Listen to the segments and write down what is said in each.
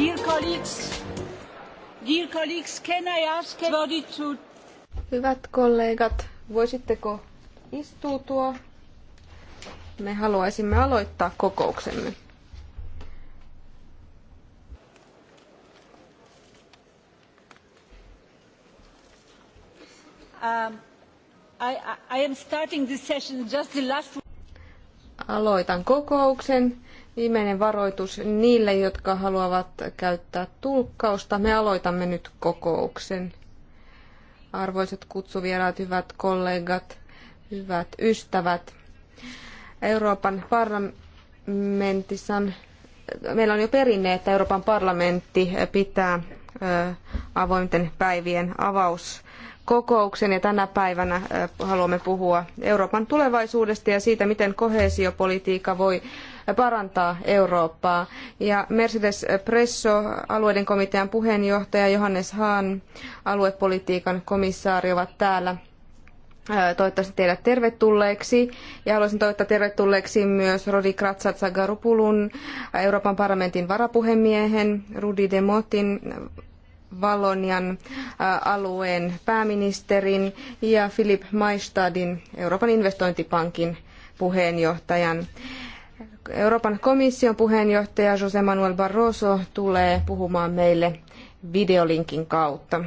Dear colleagues, dear colleagues, can I ask everybody to... Hyvät kollegat, voisitteko istuutua? Me haluaisimme aloittaa kokouksemme. Um, I, I am starting this session just the last... Aloitan kokouksen Viimeinen varoitus niille, jotka haluavat käyttää tulkkausta. Me aloitamme nyt kokouksen. Arvoisat kutsuvieraat, hyvät kollegat, hyvät ystävät. Euroopan parlamentissa on, meillä on jo perinne, että Euroopan parlamentti pitää avointen päivien avaus kokouksen ja tänä päivänä haluamme puhua Euroopan tulevaisuudesta ja siitä, miten koheesiopolitiikka voi parantaa Eurooppaa. Ja Mercedes Presso, alueiden komitean puheenjohtaja Johannes Hahn, aluepolitiikan komissaari ovat täällä toivottavasti teidät tervetulleeksi. Ja haluaisin toivottaa tervetulleeksi myös Rodi Kratsatsa Garupulun, Euroopan parlamentin varapuhemiehen, Rudi Demotin, Valonian alueen pääministerin ja Philip Maistadin, Euroopan investointipankin puheenjohtajan. Euroopan komission puheenjohtaja Jose Manuel Barroso tulee puhumaan meille videolinkin kautta.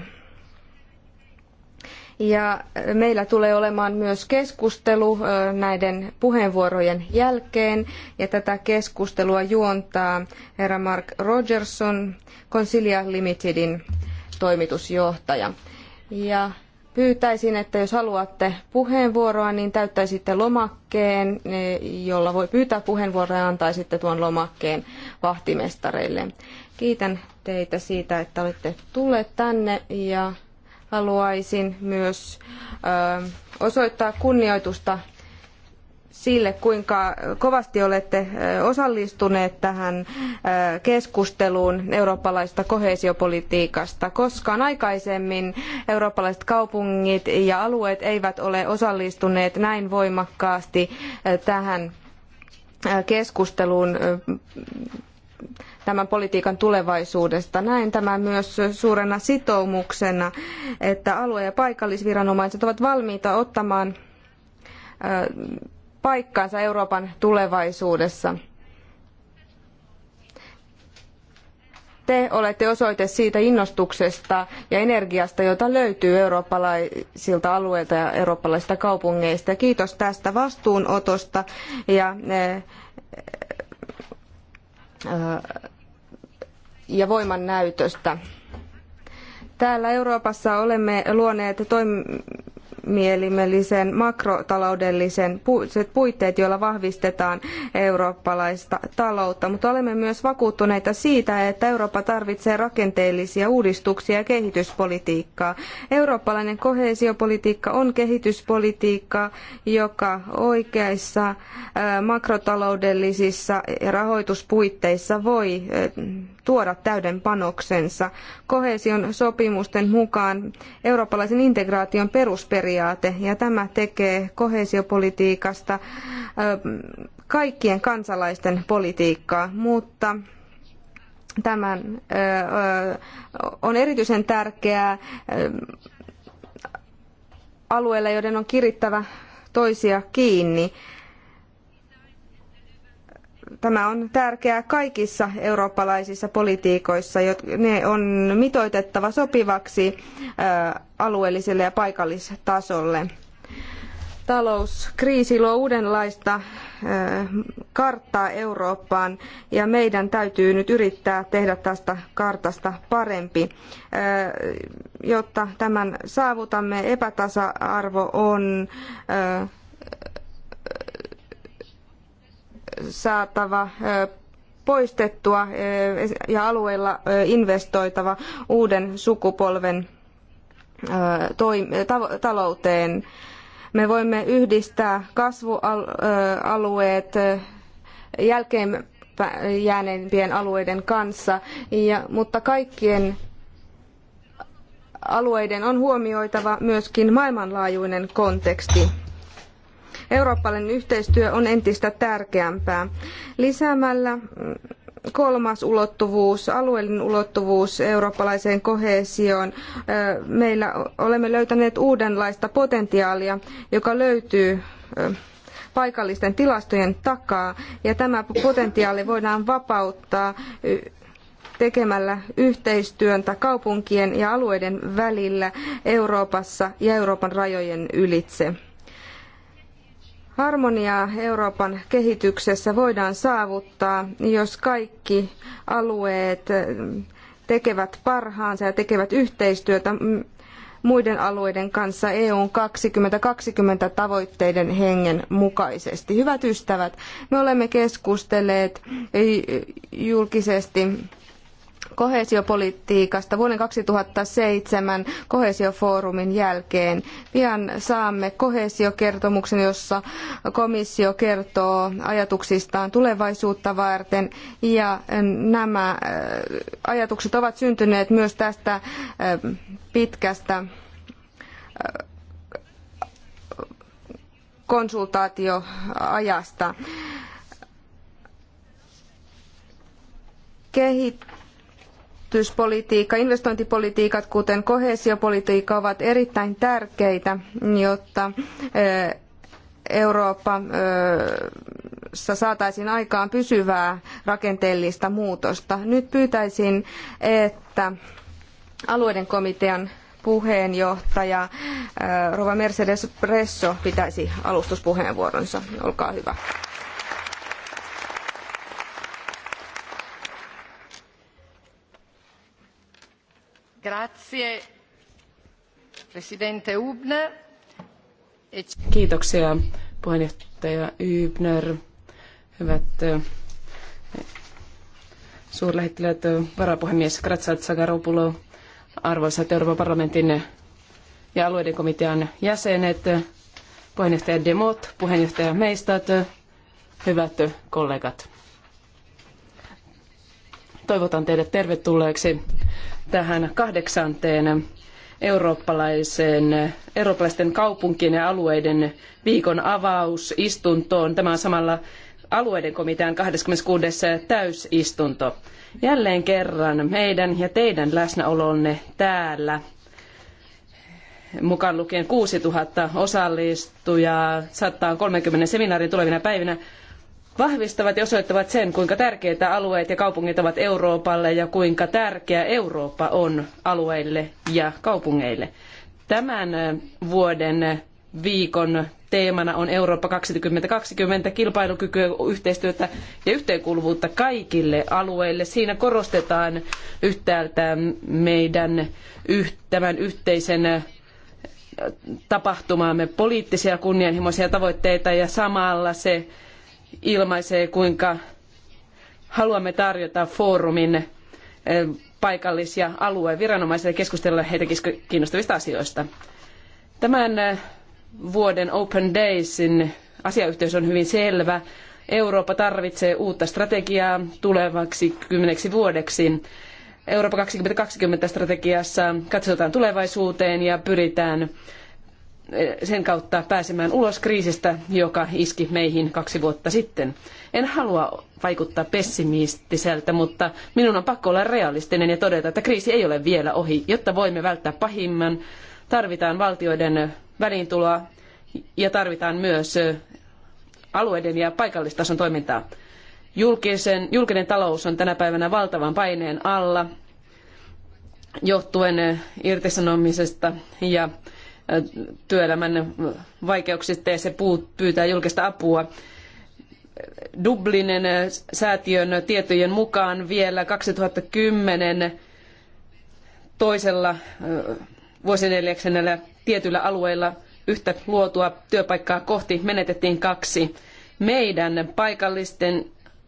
Ja meillä tulee olemaan myös keskustelu näiden puheenvuorojen jälkeen. Ja tätä keskustelua juontaa herra Mark Rogerson, Consilia Limitedin toimitusjohtaja. Ja Pyytäisin, että jos haluatte puheenvuoroa, niin täyttäisitte lomakkeen, e, jolla voi pyytää puheenvuoroa ja antaisitte tuon lomakkeen vahtimestareille. Kiitän teitä siitä, että olette tulleet tänne ja haluaisin myös osoittaa kunnioitusta sille, kuinka kovasti olette osallistuneet tähän keskusteluun eurooppalaisesta koheesiopolitiikasta. koska aikaisemmin eurooppalaiset kaupungit ja alueet eivät ole osallistuneet näin voimakkaasti tähän keskusteluun tämän politiikan tulevaisuudesta. Näen tämän myös suurena sitoumuksena, että alue- ja paikallisviranomaiset ovat valmiita ottamaan paikkaansa Euroopan tulevaisuudessa. te olette osoite siitä innostuksesta ja energiasta, jota löytyy eurooppalaisilta alueilta ja eurooppalaisista kaupungeista. Ja kiitos tästä vastuunotosta ja, eh, ja voiman näytöstä. Täällä Euroopassa olemme luoneet toim- yksimielisen makrotaloudellisen puitteet, joilla vahvistetaan eurooppalaista taloutta. Mutta olemme myös vakuuttuneita siitä, että Eurooppa tarvitsee rakenteellisia uudistuksia ja kehityspolitiikkaa. Eurooppalainen koheesiopolitiikka on kehityspolitiikka, joka oikeissa makrotaloudellisissa ja rahoituspuitteissa voi tuoda täyden panoksensa. Koheesion sopimusten mukaan eurooppalaisen integraation perusperiaatteet periaate ja tämä tekee koheesiopolitiikasta kaikkien kansalaisten politiikkaa, mutta tämän on erityisen tärkeää alueilla, joiden on kirittävä toisia kiinni tämä on tärkeää kaikissa eurooppalaisissa politiikoissa. Ne on mitoitettava sopivaksi äh, alueelliselle ja paikallistasolle. Talouskriisi luo uudenlaista äh, karttaa Eurooppaan ja meidän täytyy nyt yrittää tehdä tästä kartasta parempi. Äh, jotta tämän saavutamme, epätasa-arvo on saatava poistettua ja alueilla investoitava uuden sukupolven talouteen. Me voimme yhdistää kasvualueet jälkeen jääneimpien alueiden kanssa, ja, mutta kaikkien alueiden on huomioitava myöskin maailmanlaajuinen konteksti. Eurooppalainen yhteistyö on entistä tärkeämpää. Lisäämällä kolmas ulottuvuus, alueellinen ulottuvuus eurooppalaiseen koheesioon. Meillä olemme löytäneet uudenlaista potentiaalia, joka löytyy paikallisten tilastojen takaa, ja tämä potentiaali voidaan vapauttaa tekemällä yhteistyöntä kaupunkien ja alueiden välillä Euroopassa ja Euroopan rajojen ylitse. Harmoniaa Euroopan kehityksessä voidaan saavuttaa, jos kaikki alueet tekevät parhaansa ja tekevät yhteistyötä muiden alueiden kanssa EUn 2020 tavoitteiden hengen mukaisesti. Hyvät ystävät, me olemme keskustelleet julkisesti kohesiopolitiikasta vuoden 2007 kohesiofoorumin jälkeen. Pian saamme kohesiokertomuksen, jossa komissio kertoo ajatuksistaan tulevaisuutta varten ja nämä ajatukset ovat syntyneet myös tästä pitkästä konsultaatioajasta. Kehit- Kehityspolitiikka, investointipolitiikat, kuten koheesiopolitiikka ovat erittäin tärkeitä, jotta eh, Euroopassa eh, saataisiin aikaan pysyvää rakenteellista muutosta. Nyt pyytäisin, että alueiden komitean puheenjohtaja eh, Rova Mercedes Presso pitäisi alustuspuheenvuoronsa. Olkaa hyvä. arvoisa e puhemies Hyvät eh, suurlähettiläät, varapuhemies Kratsat Sagaropulo, arvoisat Euroopan parlamentin ja alueiden komitean jäsenet, puheenjohtaja Demot, puheenjohtaja maystadt hyvät kollegat. Toivotan teidät tervetulleeksi tähän kahdeksanteen eurooppalaisen, eurooppalaisten kaupunkien ja alueiden viikon avausistuntoon. Tämä on samalla alueiden komitean 26. täysistunto. Jälleen kerran meidän ja teidän läsnäolonne täällä mukaan lukien 6000 osallistujaa 130 seminaarin tulevina päivinä vahvistavat ja osoittavat sen, kuinka tärkeitä alueet ja kaupungit ovat Euroopalle ja kuinka tärkeä Eurooppa on alueille ja kaupungeille. Tämän vuoden viikon teemana on Eurooppa 2020, kilpailukykyä, yhteistyötä ja yhteenkuuluvuutta kaikille alueille. Siinä korostetaan yhtäältä meidän tämän yhteisen tapahtumaamme poliittisia kunnianhimoisia tavoitteita ja samalla se ilmaisee, kuinka haluamme tarjota foorumin eh, paikallis- ja alueviranomaisille keskustella heitä kiinnostavista asioista. Tämän eh, vuoden Open Daysin asiayhteys on hyvin selvä. Eurooppa tarvitsee uutta strategiaa tulevaksi kymmeneksi vuodeksi. Eurooppa 2020 strategiassa katsotaan tulevaisuuteen ja pyritään sen kautta pääsemään ulos kriisistä, joka iski meihin kaksi vuotta sitten. En halua vaikuttaa pessimistiseltä, mutta minun on pakko olla realistinen ja todeta, että kriisi ei ole vielä ohi. Jotta voimme välttää pahimman, tarvitaan valtioiden väliintuloa ja tarvitaan myös alueiden ja paikallistason toimintaa. Julkisen, julkinen talous on tänä päivänä valtavan paineen alla johtuen irtisanomisesta ja työelämän vaikeuksista ja se pyytää julkista apua. Dublinin säätiön tietojen mukaan vielä 2010 toisella vuosineljäksennellä tietyillä alueilla yhtä luotua työpaikkaa kohti menetettiin kaksi. Meidän paikallisten,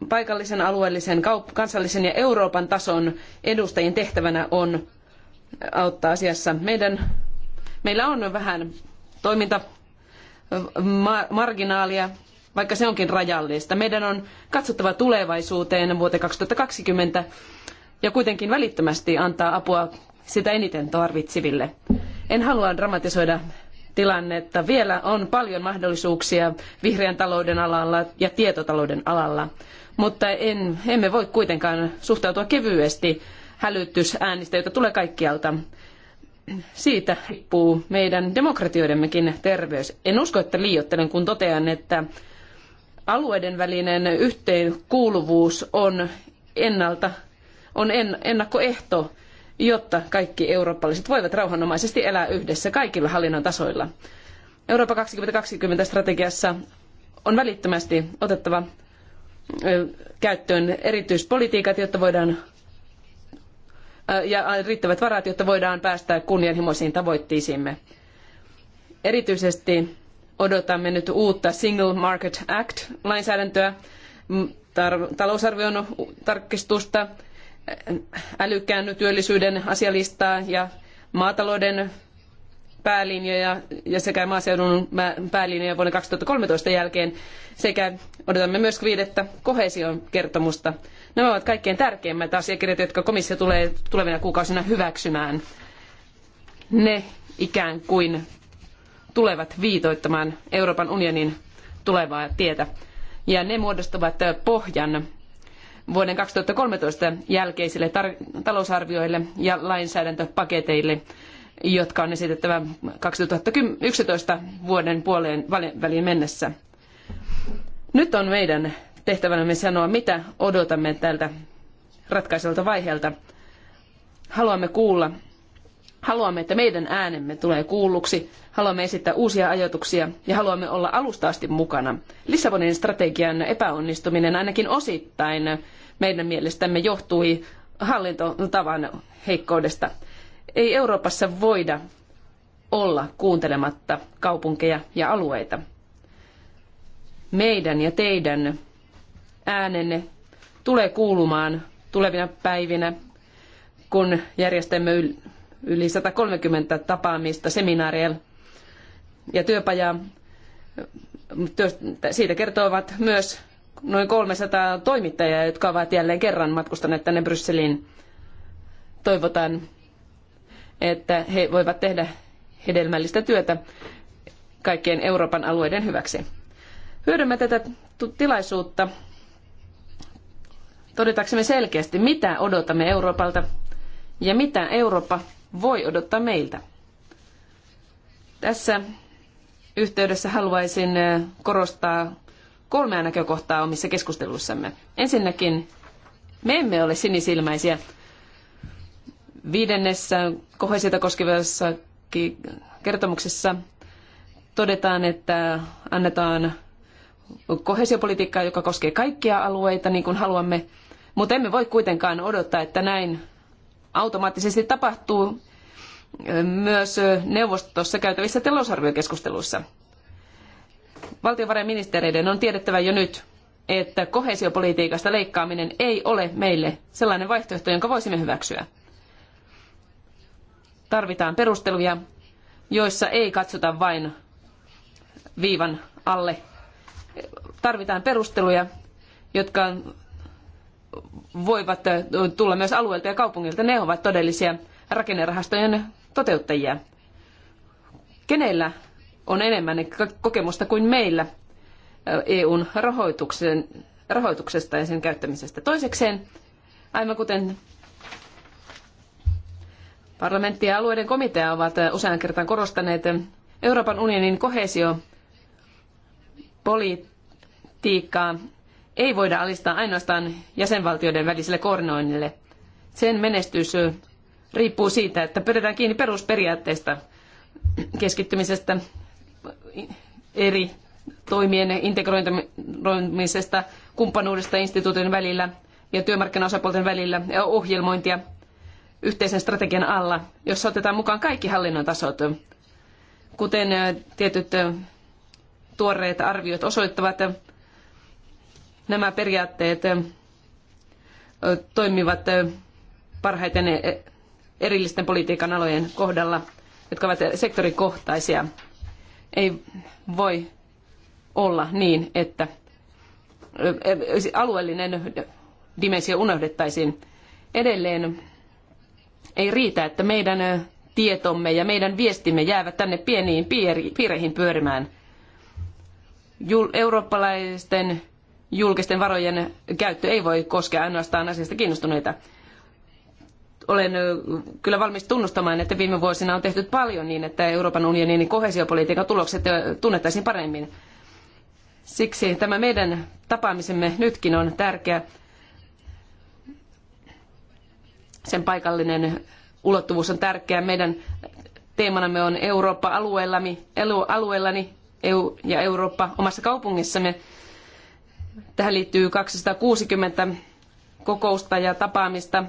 paikallisen, alueellisen, kansallisen ja Euroopan tason edustajien tehtävänä on auttaa asiassa. Meidän Meillä on vähän toimintamarginaalia, vaikka se onkin rajallista. Meidän on katsottava tulevaisuuteen vuoteen 2020 ja kuitenkin välittömästi antaa apua sitä eniten tarvitseville. En halua dramatisoida tilannetta. Vielä on paljon mahdollisuuksia vihreän talouden alalla ja tietotalouden alalla, mutta en, emme voi kuitenkaan suhtautua kevyesti hälytysäänistä, joita tulee kaikkialta siitä riippuu meidän demokratioidemmekin terveys. En usko, että liioittelen, kun totean, että alueiden välinen yhteenkuuluvuus on ennalta on ennakkoehto, jotta kaikki eurooppalaiset voivat rauhanomaisesti elää yhdessä kaikilla hallinnon tasoilla. Eurooppa 2020 strategiassa on välittömästi otettava käyttöön erityispolitiikat, jotta voidaan ja riittävät varat, jotta voidaan päästä kunnianhimoisiin tavoitteisiimme. Erityisesti odotamme nyt uutta Single Market Act-lainsäädäntöä, talousarvion tarkistusta, älykkään työllisyyden asialistaa ja maatalouden päälinjoja ja sekä maaseudun päälinjoja vuoden 2013 jälkeen sekä odotamme myös viidettä kohesion kertomusta Nämä ovat kaikkein tärkeimmät asiakirjat, jotka komissio tulee tulevina kuukausina hyväksymään. Ne ikään kuin tulevat viitoittamaan Euroopan unionin tulevaa tietä. Ja ne muodostavat pohjan vuoden 2013 jälkeisille talousarvioille ja lainsäädäntöpaketeille, jotka on esitettävä 2011 vuoden puoleen väliin mennessä. Nyt on meidän tehtävänämme sanoa, mitä odotamme tältä ratkaiselta vaiheelta. Haluamme kuulla, haluamme, että meidän äänemme tulee kuulluksi, haluamme esittää uusia ajatuksia ja haluamme olla alusta asti mukana. Lissabonin strategian epäonnistuminen ainakin osittain meidän mielestämme johtui hallintotavan heikkoudesta. Ei Euroopassa voida olla kuuntelematta kaupunkeja ja alueita. Meidän ja teidän äänenne tulee kuulumaan tulevina päivinä, kun järjestämme yli 130 tapaamista, seminaaria ja työpajaa. Siitä kertovat myös noin 300 toimittajaa, jotka ovat jälleen kerran matkustaneet tänne Brysseliin. toivotaan, että he voivat tehdä hedelmällistä työtä kaikkien Euroopan alueiden hyväksi. Hyödymme tätä tilaisuutta todetaksemme selkeästi, mitä odotamme Euroopalta ja mitä Eurooppa voi odottaa meiltä. Tässä yhteydessä haluaisin korostaa kolmea näkökohtaa omissa keskusteluissamme. Ensinnäkin me emme ole sinisilmäisiä. Viidennessä kohesiota koskevassa kertomuksessa todetaan, että annetaan kohesiopolitiikkaa, joka koskee kaikkia alueita, niin kuin haluamme. Mutta emme voi kuitenkaan odottaa, että näin automaattisesti tapahtuu myös neuvostossa käytävissä talousarviokeskusteluissa. Valtiovarainministereiden on tiedettävä jo nyt, että koheesiopolitiikasta leikkaaminen ei ole meille sellainen vaihtoehto, jonka voisimme hyväksyä. Tarvitaan perusteluja, joissa ei katsota vain viivan alle. Tarvitaan perusteluja, jotka voivat tulla myös alueelta ja kaupungilta. Ne ovat todellisia rakennerahastojen toteuttajia. Kenellä on enemmän kokemusta kuin meillä EUn rahoituksen, rahoituksesta ja sen käyttämisestä? Toisekseen, aivan kuten parlamentti ja alueiden komitea ovat usean kertaan korostaneet, Euroopan unionin kohesio politiikkaa ei voida alistaa ainoastaan jäsenvaltioiden väliselle koordinoinnille. Sen menestys riippuu siitä, että pidetään kiinni perusperiaatteista keskittymisestä eri toimien integroimisesta, kumppanuudesta instituutin välillä ja työmarkkinaosapuolten välillä ja ohjelmointia yhteisen strategian alla, jossa otetaan mukaan kaikki hallinnon tasot. Kuten tietyt tuoreet arviot osoittavat, Nämä periaatteet toimivat parhaiten e, erillisten politiikan alojen kohdalla, jotka ovat sektorikohtaisia. Ei voi olla niin, että e, alueellinen dimensio unohdettaisiin. Edelleen ei riitä, että meidän tietomme ja meidän viestimme jäävät tänne pieniin piireihin pyörimään. Eurooppalaisten julkisten varojen käyttö ei voi koskea ainoastaan asiasta kiinnostuneita. Olen kyllä valmis tunnustamaan, että viime vuosina on tehty paljon niin, että Euroopan unionin kohesiopolitiikan tulokset tunnettaisiin paremmin. Siksi tämä meidän tapaamisemme nytkin on tärkeä. Sen paikallinen ulottuvuus on tärkeä. Meidän teemanamme on Eurooppa alueellani, alueellani EU ja Eurooppa omassa kaupungissamme. Tähän liittyy 260 kokousta ja tapaamista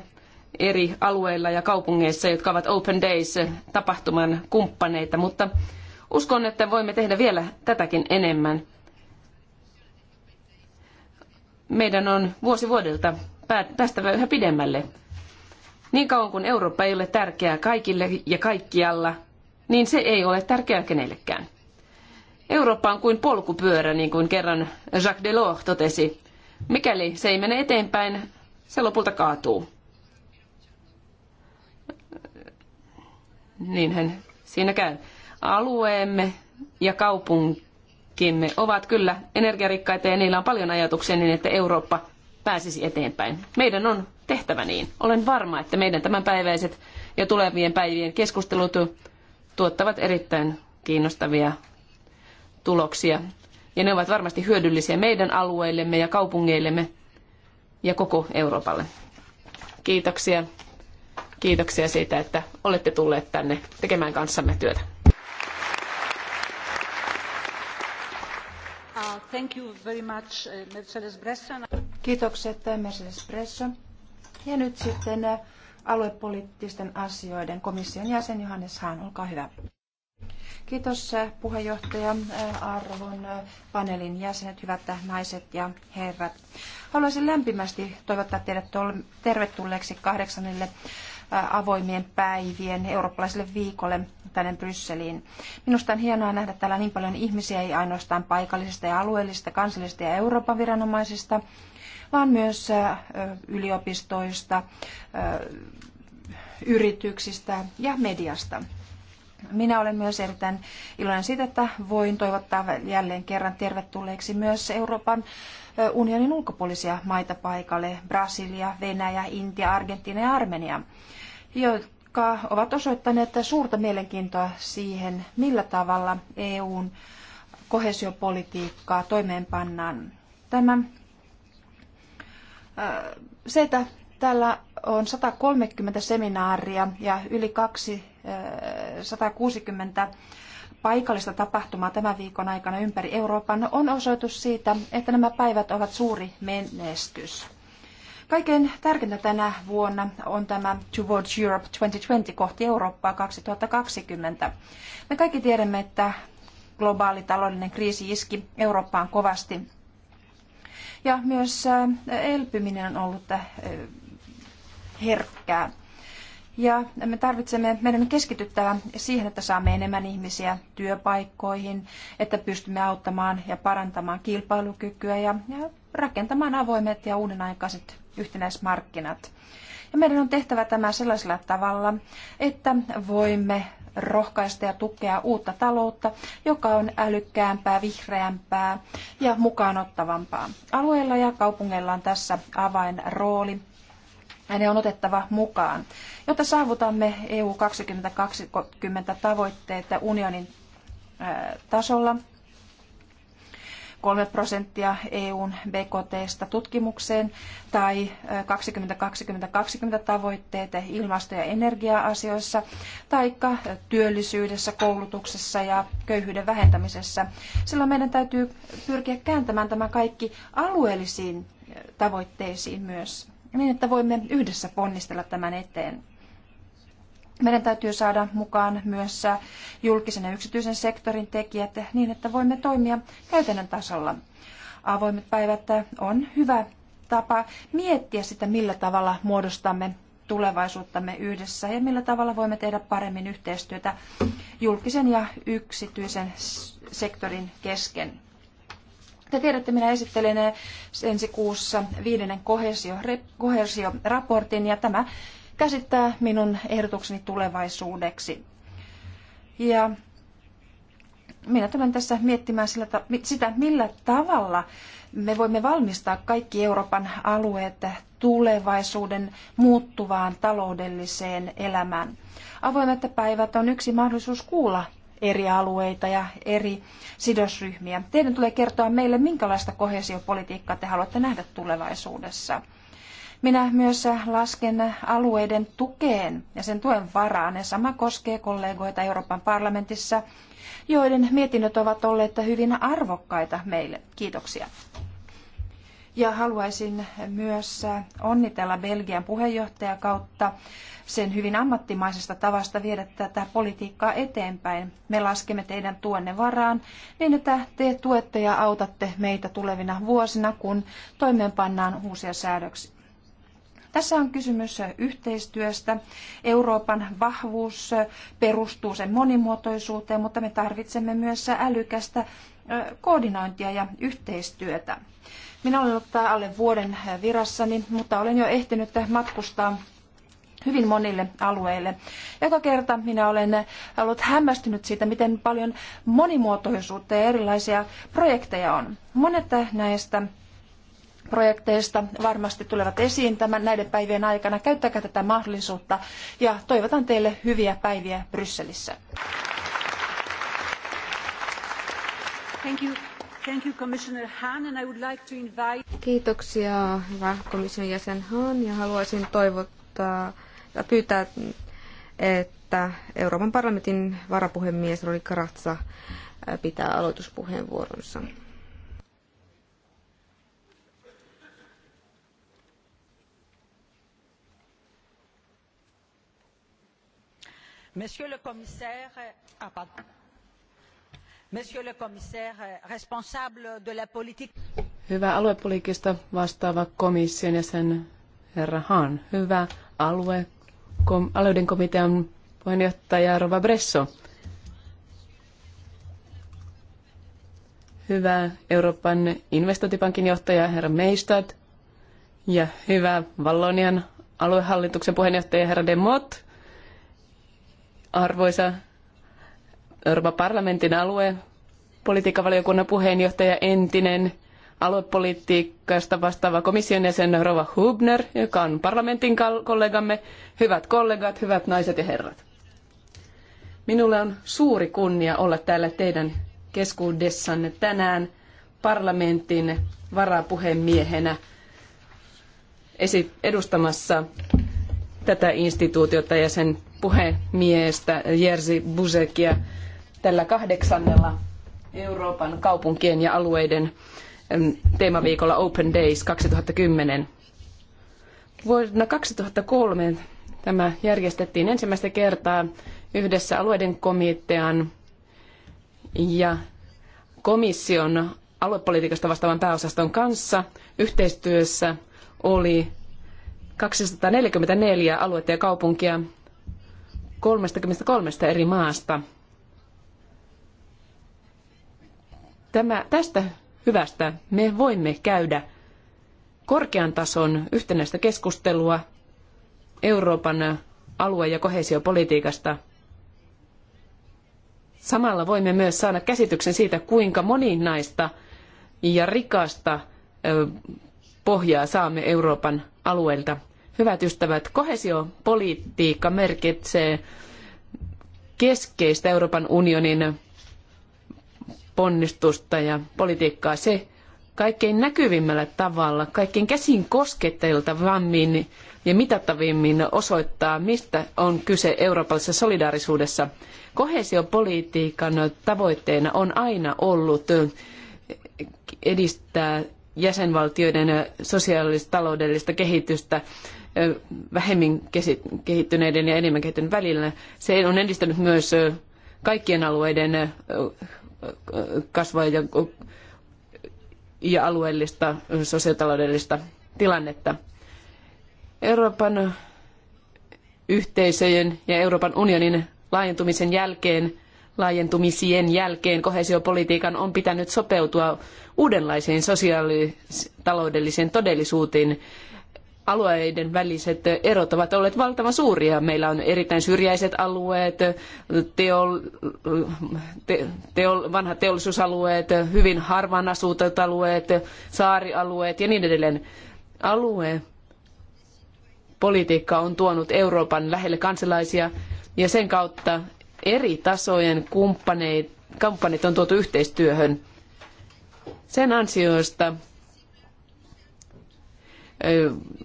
eri alueilla ja kaupungeissa, jotka ovat Open Days-tapahtuman kumppaneita, mutta uskon, että voimme tehdä vielä tätäkin enemmän. Meidän on vuosi vuodelta päästävä yhä pidemmälle. Niin kauan kuin Eurooppa ei ole tärkeää kaikille ja kaikkialla, niin se ei ole tärkeää kenellekään. Eurooppa on kuin polkupyörä, niin kuin kerran Jacques Delors totesi. Mikäli se ei mene eteenpäin, se lopulta kaatuu. Niinhän siinä käy. Alueemme ja kaupunkimme ovat kyllä energiarikkaita ja niillä on paljon ajatuksia niin, että Eurooppa pääsisi eteenpäin. Meidän on tehtävä niin. Olen varma, että meidän tämänpäiväiset ja tulevien päivien keskustelut tuottavat erittäin kiinnostavia tuloksia. Ja ne ovat varmasti hyödyllisiä meidän alueillemme ja kaupungeillemme ja koko Euroopalle. Kiitoksia. Kiitoksia siitä, että olette tulleet tänne tekemään kanssamme työtä. Uh, thank you very much, uh, Mercedes Bresson. Kiitokset uh, Mercedes Bresson. Ja nyt sitten aluepoliittisten asioiden komission jäsen Johannes Hahn, olkaa hyvä. Kiitos eh, puheenjohtaja eh, Arvon eh, paneelin jäsenet, hyvät naiset ja herrat. Haluaisin lämpimästi toivottaa teidät tervetulleeksi kahdeksanille avoimien päivien eurooppalaiselle viikolle tänne Brysseliin. Minusta on hienoa nähdä täällä niin paljon ihmisiä, ei ainoastaan paikallisista ja alueellisista, kansallisista ja Euroopan viranomaisista, vaan myös yliopistoista, yrityksistä ja mediasta. Minä olen myös erittäin iloinen siitä, että voin toivottaa jälleen kerran tervetulleeksi myös Euroopan unionin ulkopuolisia maita paikalle, Brasilia, Venäjä, Intia, Argentiina ja Armenia, jotka ovat osoittaneet suurta mielenkiintoa siihen, millä tavalla EUn kohesiopolitiikkaa toimeenpannaan. Tämä, se, että täällä on 130 seminaaria ja yli kaksi 160 paikallista tapahtumaa tämän viikon aikana ympäri Euroopan on osoitus siitä, että nämä päivät ovat suuri menestys. Kaikkein tärkeintä tänä vuonna on tämä Towards Europe 2020 kohti Eurooppaa 2020. Me kaikki tiedämme, että globaali taloudellinen kriisi iski Eurooppaan kovasti. Ja myös elpyminen on ollut herkkää. Ja me tarvitsemme, meidän keskityttävä siihen, että saamme enemmän ihmisiä työpaikkoihin, että pystymme auttamaan ja parantamaan kilpailukykyä ja, ja rakentamaan avoimet ja uudenaikaiset yhtenäismarkkinat. Ja meidän on tehtävä tämä sellaisella tavalla, että voimme rohkaista ja tukea uutta taloutta, joka on älykkäämpää, vihreämpää ja mukaanottavampaa. Alueilla ja kaupungeilla on tässä avainrooli ne on otettava mukaan. Jotta saavutamme EU 2020 tavoitteet unionin tasolla, 3 prosenttia EUn BKTstä tutkimukseen tai 2020-2020 tavoitteet ilmasto- ja energia-asioissa tai työllisyydessä, koulutuksessa ja köyhyyden vähentämisessä. Silloin meidän täytyy pyrkiä kääntämään tämä kaikki alueellisiin tavoitteisiin myös niin, että voimme yhdessä ponnistella tämän eteen. Meidän täytyy saada mukaan myös julkisen ja yksityisen sektorin tekijät niin, että voimme toimia käytännön tasolla. Avoimet päivät on hyvä tapa miettiä sitä, millä tavalla muodostamme tulevaisuuttamme yhdessä ja millä tavalla voimme tehdä paremmin yhteistyötä julkisen ja yksityisen sektorin kesken. Te tiedätte, minä esittelen ensi kuussa viidennen kohesioraportin ja tämä käsittää minun ehdotukseni tulevaisuudeksi. Ja minä tulen tässä miettimään sillä, sitä, millä tavalla me voimme valmistaa kaikki Euroopan alueet tulevaisuuden muuttuvaan taloudelliseen elämään. Avoimet päivät on yksi mahdollisuus kuulla eri alueita ja eri sidosryhmiä. Teidän tulee kertoa meille, minkälaista kohesiopolitiikkaa te haluatte nähdä tulevaisuudessa. Minä myös lasken alueiden tukeen ja sen tuen varaan. Ja sama koskee kollegoita Euroopan parlamentissa, joiden mietinnöt ovat olleet hyvin arvokkaita meille. Kiitoksia. Ja haluaisin myös onnitella Belgian puheenjohtajakautta sen hyvin ammattimaisesta tavasta viedä tätä politiikkaa eteenpäin. Me laskemme teidän tuonne varaan niin, että te tuette ja autatte meitä tulevina vuosina, kun toimeenpannaan uusia säädöksiä. Tässä on kysymys yhteistyöstä. Euroopan vahvuus perustuu sen monimuotoisuuteen, mutta me tarvitsemme myös älykästä koordinointia ja yhteistyötä. Minä olen ollut alle vuoden virassani, mutta olen jo ehtinyt matkustaa hyvin monille alueille. Joka kerta minä olen ollut hämmästynyt siitä, miten paljon monimuotoisuutta ja erilaisia projekteja on. Monet näistä projekteista varmasti tulevat esiin tämän näiden päivien aikana. Käyttäkää tätä mahdollisuutta ja toivotan teille hyviä päiviä Brysselissä. Thank you. Kiitoksia, hyvä komission jäsen Han, ja haluaisin toivottaa ja pyytää, että Euroopan parlamentin varapuhemies Roli Karatsa pitää aloituspuheenvuoronsa. Monsieur le commissaire, ah, pardon. Monsieur le commissaire euh, responsable de la politique. Hyvä aluepolitiikasta vastaava komission jäsen herra Hahn. Hyvä alue, alueiden komitean puheenjohtaja Rova Bresso. Hyvä Euroopan investointipankin johtaja herra Meistad. Ja hyvä Vallonian aluehallituksen puheenjohtaja herra De Mott. Arvoisa Euroopan parlamentin alue, politiikkavaliokunnan puheenjohtaja, entinen aluepolitiikasta vastaava komission jäsen Rova Hubner, joka on parlamentin kollegamme. Hyvät kollegat, hyvät naiset ja herrat. Minulle on suuri kunnia olla täällä teidän keskuudessanne tänään parlamentin varapuhemiehenä edustamassa tätä instituutiota ja sen puhemiestä Jerzy Buzekia tällä kahdeksannella Euroopan kaupunkien ja alueiden teemaviikolla Open Days 2010. Vuonna 2003 tämä järjestettiin ensimmäistä kertaa yhdessä alueiden komitean ja komission aluepolitiikasta vastaavan pääosaston kanssa yhteistyössä oli 244 aluetta ja kaupunkia 33 eri maasta – Tämä, tästä hyvästä me voimme käydä korkean tason yhtenäistä keskustelua Euroopan alue- ja koheesiopolitiikasta. Samalla voimme myös saada käsityksen siitä, kuinka moninaista ja rikasta pohjaa saamme Euroopan alueelta. Hyvät ystävät, koheesiopolitiikka merkitsee keskeistä Euroopan unionin ponnistusta ja politiikkaa. Se kaikkein näkyvimmällä tavalla, kaikkein käsin kosketeltavammin ja mitattavimmin osoittaa, mistä on kyse eurooppalaisessa solidaarisuudessa. Koheesiopolitiikan tavoitteena on aina ollut edistää jäsenvaltioiden sosiaalista taloudellista kehitystä vähemmin kehittyneiden ja enemmän kehittyneiden välillä. Se on edistänyt myös kaikkien alueiden kasvua ja, ja alueellista sosiotaloudellista tilannetta. Euroopan yhteisöjen ja Euroopan unionin laajentumisen jälkeen laajentumisien jälkeen koheesiopolitiikan on pitänyt sopeutua uudenlaiseen sosiaalitaloudellisiin todellisuuteen alueiden väliset erot ovat olleet valtavan suuria. Meillä on erittäin syrjäiset alueet, teol, te, teol, vanhat teollisuusalueet, hyvin harvaan asutut alueet, saarialueet ja niin edelleen. Alue politiikka on tuonut Euroopan lähelle kansalaisia ja sen kautta eri tasojen kumppaneit, kumppanit on tuotu yhteistyöhön. Sen ansiosta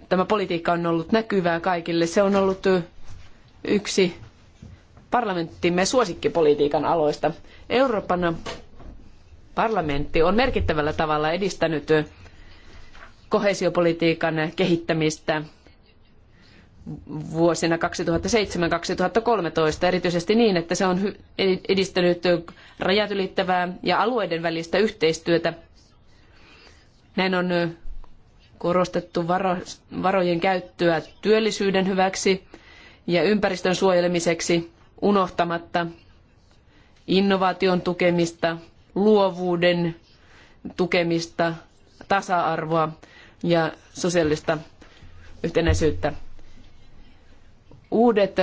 Tämä politiikka on ollut näkyvää kaikille. Se on ollut yksi parlamenttimme suosikkipolitiikan aloista. Euroopan parlamentti on merkittävällä tavalla edistänyt koheesiopolitiikan kehittämistä vuosina 2007-2013, erityisesti niin, että se on edistänyt rajat ylittävää ja alueiden välistä yhteistyötä. Näin on korostettu varojen käyttöä työllisyyden hyväksi ja ympäristön suojelemiseksi unohtamatta innovaation tukemista, luovuuden tukemista, tasa-arvoa ja sosiaalista yhtenäisyyttä. Uudet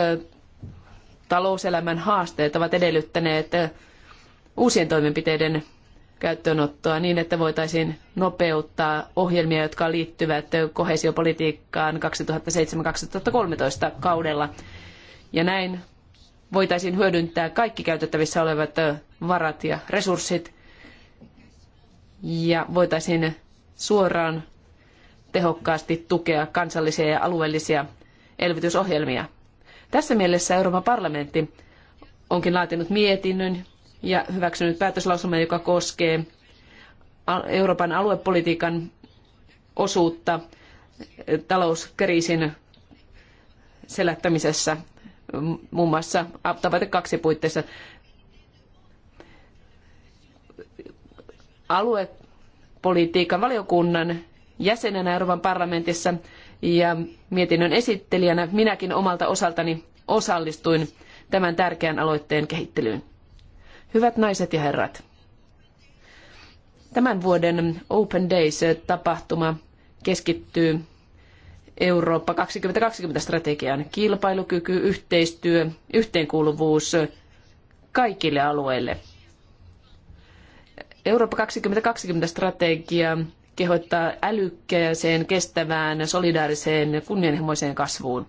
talouselämän haasteet ovat edellyttäneet uusien toimenpiteiden käyttöönottoa niin, että voitaisiin nopeuttaa ohjelmia, jotka liittyvät koheesiopolitiikkaan 2007-2013 kaudella. Ja näin voitaisiin hyödyntää kaikki käytettävissä olevat varat ja resurssit ja voitaisiin suoraan tehokkaasti tukea kansallisia ja alueellisia elvytysohjelmia. Tässä mielessä Euroopan parlamentti onkin laatinut mietinnön, ja hyväksynyt päätöslausuma, joka koskee Euroopan aluepolitiikan osuutta talouskriisin selättämisessä muun muassa tavoite kaksi puitteissa. Aluepolitiikan valiokunnan jäsenenä Euroopan parlamentissa ja mietinnön esittelijänä minäkin omalta osaltani osallistuin tämän tärkeän aloitteen kehittelyyn. Hyvät naiset ja herrat, tämän vuoden Open Days-tapahtuma keskittyy Eurooppa 2020-strategian kilpailukyky, yhteistyö, yhteenkuuluvuus kaikille alueille. Eurooppa 2020-strategia kehottaa älykkääseen, kestävään, solidaariseen ja kunnianhimoiseen kasvuun.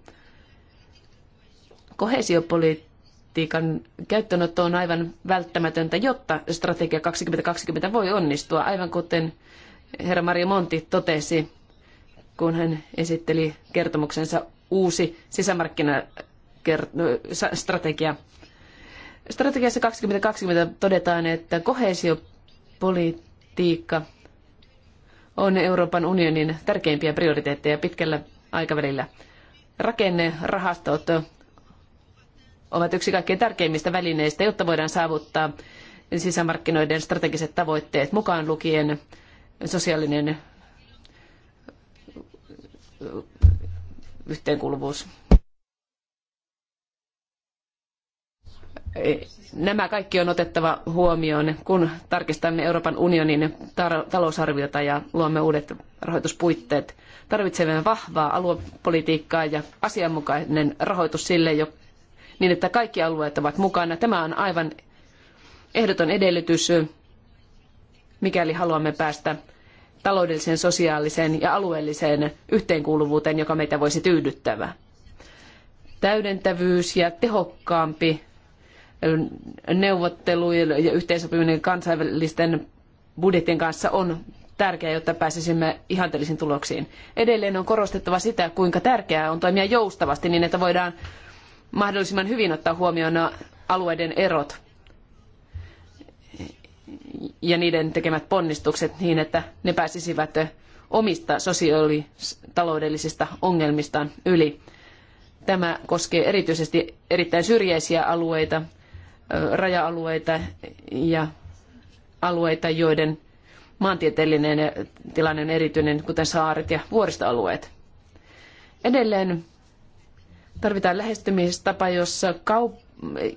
Kohesiopolitiikka politiikan käyttöönotto on aivan välttämätöntä, jotta strategia 2020 voi onnistua, aivan kuten herra Mario Monti totesi, kun hän esitteli kertomuksensa uusi sisämarkkinastrategia. Strategiassa 2020 todetaan, että koheesiopolitiikka on Euroopan unionin tärkeimpiä prioriteetteja pitkällä aikavälillä. Rakennerahastot ovat yksi kaikkein tärkeimmistä välineistä, jotta voidaan saavuttaa sisämarkkinoiden strategiset tavoitteet, mukaan lukien sosiaalinen yhteenkuuluvuus. E, nämä kaikki on otettava huomioon, kun tarkistamme Euroopan unionin talousarviota ja luomme uudet rahoituspuitteet. Tarvitsemme vahvaa aluepolitiikkaa ja asianmukainen rahoitus sille, niin, että kaikki alueet ovat mukana. Tämä on aivan ehdoton edellytys, mikäli haluamme päästä taloudelliseen, sosiaaliseen ja alueelliseen yhteenkuuluvuuteen, joka meitä voisi tyydyttävää. Täydentävyys ja tehokkaampi neuvottelu ja yhteensopiminen kansainvälisten budjettien kanssa on tärkeää, jotta pääsisimme ihanteellisiin tuloksiin. Edelleen on korostettava sitä, kuinka tärkeää on toimia joustavasti niin, että voidaan mahdollisimman hyvin ottaa huomioon alueiden erot ja niiden tekemät ponnistukset niin, että ne pääsisivät omista sosiaalitaloudellisista ongelmistaan yli. Tämä koskee erityisesti erittäin syrjäisiä alueita, raja-alueita ja alueita, joiden maantieteellinen tilanne on erityinen, kuten saaret ja vuoristoalueet. Edelleen Tarvitaan lähestymistapa, jossa, kaup-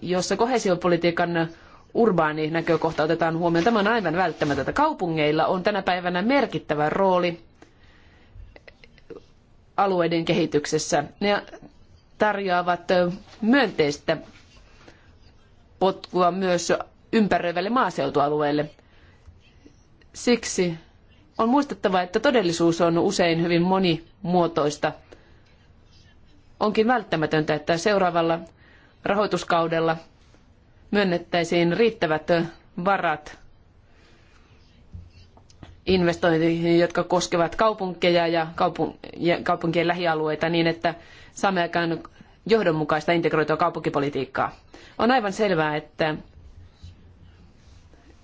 jossa kohesiopolitiikan urbaani näkökohta otetaan huomioon. Tämä on aivan välttämätöntä. Kaupungeilla on tänä päivänä merkittävä rooli alueiden kehityksessä. Ne tarjoavat myönteistä potkua myös ympäröivälle maaseutualueelle. Siksi on muistettava, että todellisuus on usein hyvin monimuotoista. Onkin välttämätöntä, että seuraavalla rahoituskaudella myönnettäisiin riittävät varat investointeihin, jotka koskevat kaupunkeja ja, kaupunkien lähialueita niin, että saamme aikaan johdonmukaista integroitua kaupunkipolitiikkaa. On aivan selvää, että,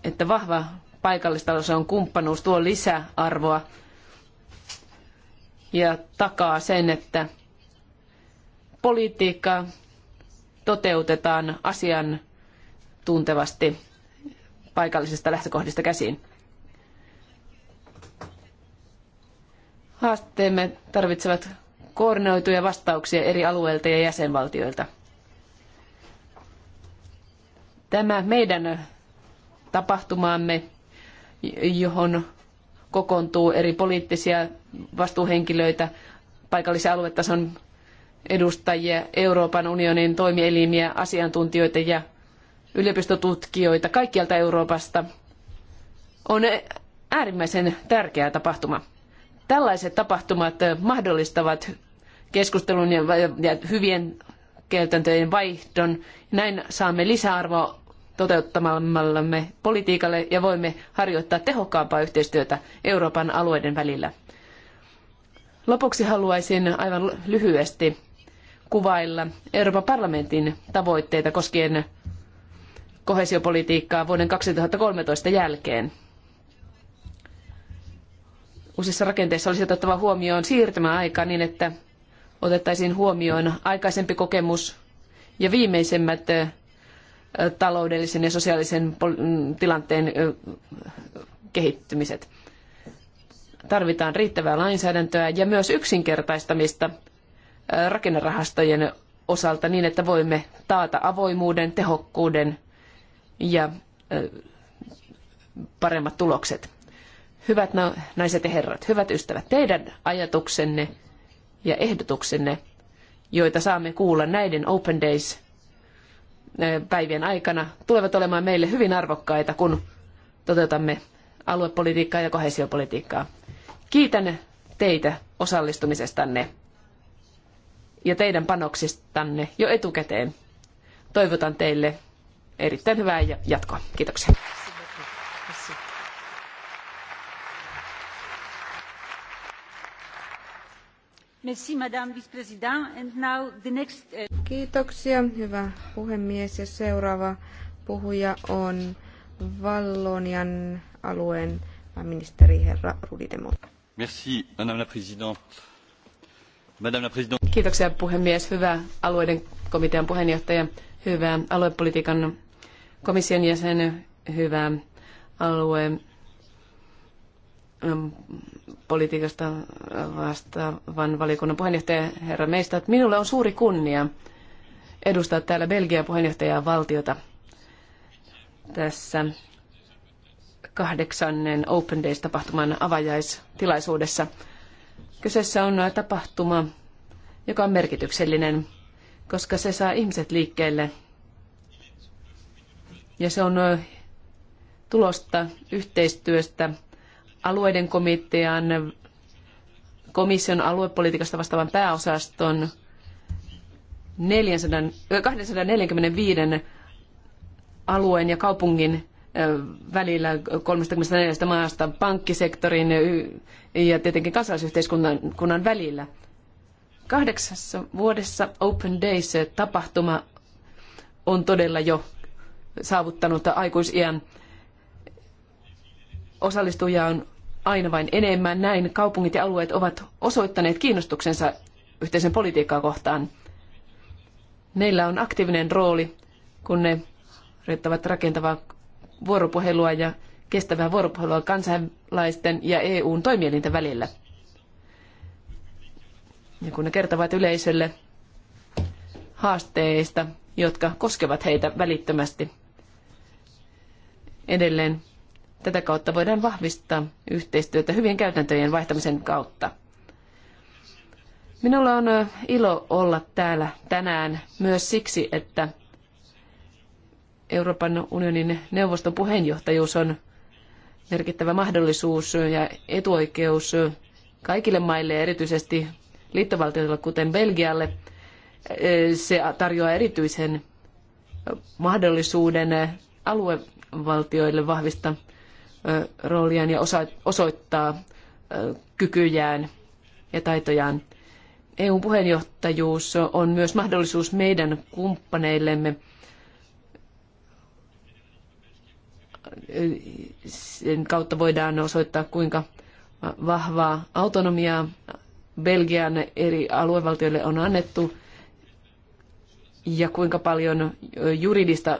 että vahva on kumppanuus tuo lisäarvoa ja takaa sen, että politiikka toteutetaan asian tuntevasti paikallisista lähtökohdista käsin. Haasteemme tarvitsevat koordinoituja vastauksia eri alueilta ja jäsenvaltioilta. Tämä meidän tapahtumaamme, johon kokoontuu eri poliittisia vastuuhenkilöitä, paikallisen aluetason edustajia, Euroopan unionin toimielimiä, asiantuntijoita ja yliopistotutkijoita kaikkialta Euroopasta. On äärimmäisen tärkeä tapahtuma. Tällaiset tapahtumat mahdollistavat keskustelun ja, hyvien käytäntöjen vaihdon. Näin saamme lisäarvoa toteuttamallamme politiikalle ja voimme harjoittaa tehokkaampaa yhteistyötä Euroopan alueiden välillä. Lopuksi haluaisin aivan lyhyesti kuvailla Euroopan parlamentin tavoitteita koskien koheesiopolitiikkaa vuoden 2013 jälkeen. Uusissa rakenteissa olisi otettava huomioon siirtymäaika niin, että otettaisiin huomioon aikaisempi kokemus ja viimeisemmät taloudellisen ja sosiaalisen mm, tilanteen kehittymiset. Tarvitaan riittävää lainsäädäntöä ja myös yksinkertaistamista rakennerahastojen osalta niin, että voimme taata avoimuuden, tehokkuuden ja paremmat tulokset. Hyvät naiset ja herrat, hyvät ystävät, teidän ajatuksenne ja ehdotuksenne, joita saamme kuulla näiden Open Days päivien aikana, tulevat olemaan meille hyvin arvokkaita, kun toteutamme aluepolitiikkaa ja koheesiopolitiikkaa. Kiitän teitä osallistumisestanne ja teidän panoksistanne jo etukäteen. Toivotan teille erittäin hyvää jatkoa. Kiitoksia. Eh, Kiitoksia, hyvä puhemies. Ja seuraava puhuja on Vallonian alueen pääministeri herra Rudi Demo. Merci, madame la présidente. Kiitoksia puhemies. Hyvä alueiden komitean puheenjohtaja, hyvä aluepolitiikan komission jäsen, hyvä aluepolitiikasta mm, vastaavan valiokunnan puheenjohtaja herra maystadt Minulle on suuri kunnia edustaa täällä Belgian puheenjohtajavaltiota valtiota tässä kahdeksannen Open Days-tapahtuman avajaistilaisuudessa. Kyseessä on tapahtuma, joka on merkityksellinen, koska se saa ihmiset liikkeelle. Ja se on tulosta yhteistyöstä alueiden komitean, komission aluepolitiikasta vastaavan pääosaston 400, 245 alueen ja kaupungin välillä 34 maasta pankkisektorin ja tietenkin kansalaisyhteiskunnan välillä. Kahdeksassa vuodessa Open Days-tapahtuma on todella jo saavuttanut aikuisiän. Osallistujia on aina vain enemmän. Näin kaupungit ja alueet ovat osoittaneet kiinnostuksensa yhteisen politiikkaa kohtaan. Meillä on aktiivinen rooli, kun ne yrittävät rakentavaa vuoropuhelua ja kestävää vuoropuhelua kansalaisten ja EUn toimielinten välillä. Ja kun ne kertovat yleisölle haasteista, jotka koskevat heitä välittömästi edelleen. Tätä kautta voidaan vahvistaa yhteistyötä hyvien käytäntöjen vaihtamisen kautta. Minulla on ilo olla täällä tänään myös siksi, että Euroopan unionin neuvoston puheenjohtajuus on merkittävä mahdollisuus ja etuoikeus kaikille maille ja erityisesti liittovaltioille, kuten Belgialle. Se tarjoaa erityisen mahdollisuuden aluevaltioille vahvistaa rooliaan ja osoittaa kykyjään ja taitojaan. eu puheenjohtajuus on myös mahdollisuus meidän kumppaneillemme – sen kautta voidaan osoittaa, kuinka vahvaa autonomiaa Belgian eri aluevaltioille on annettu ja kuinka paljon juridista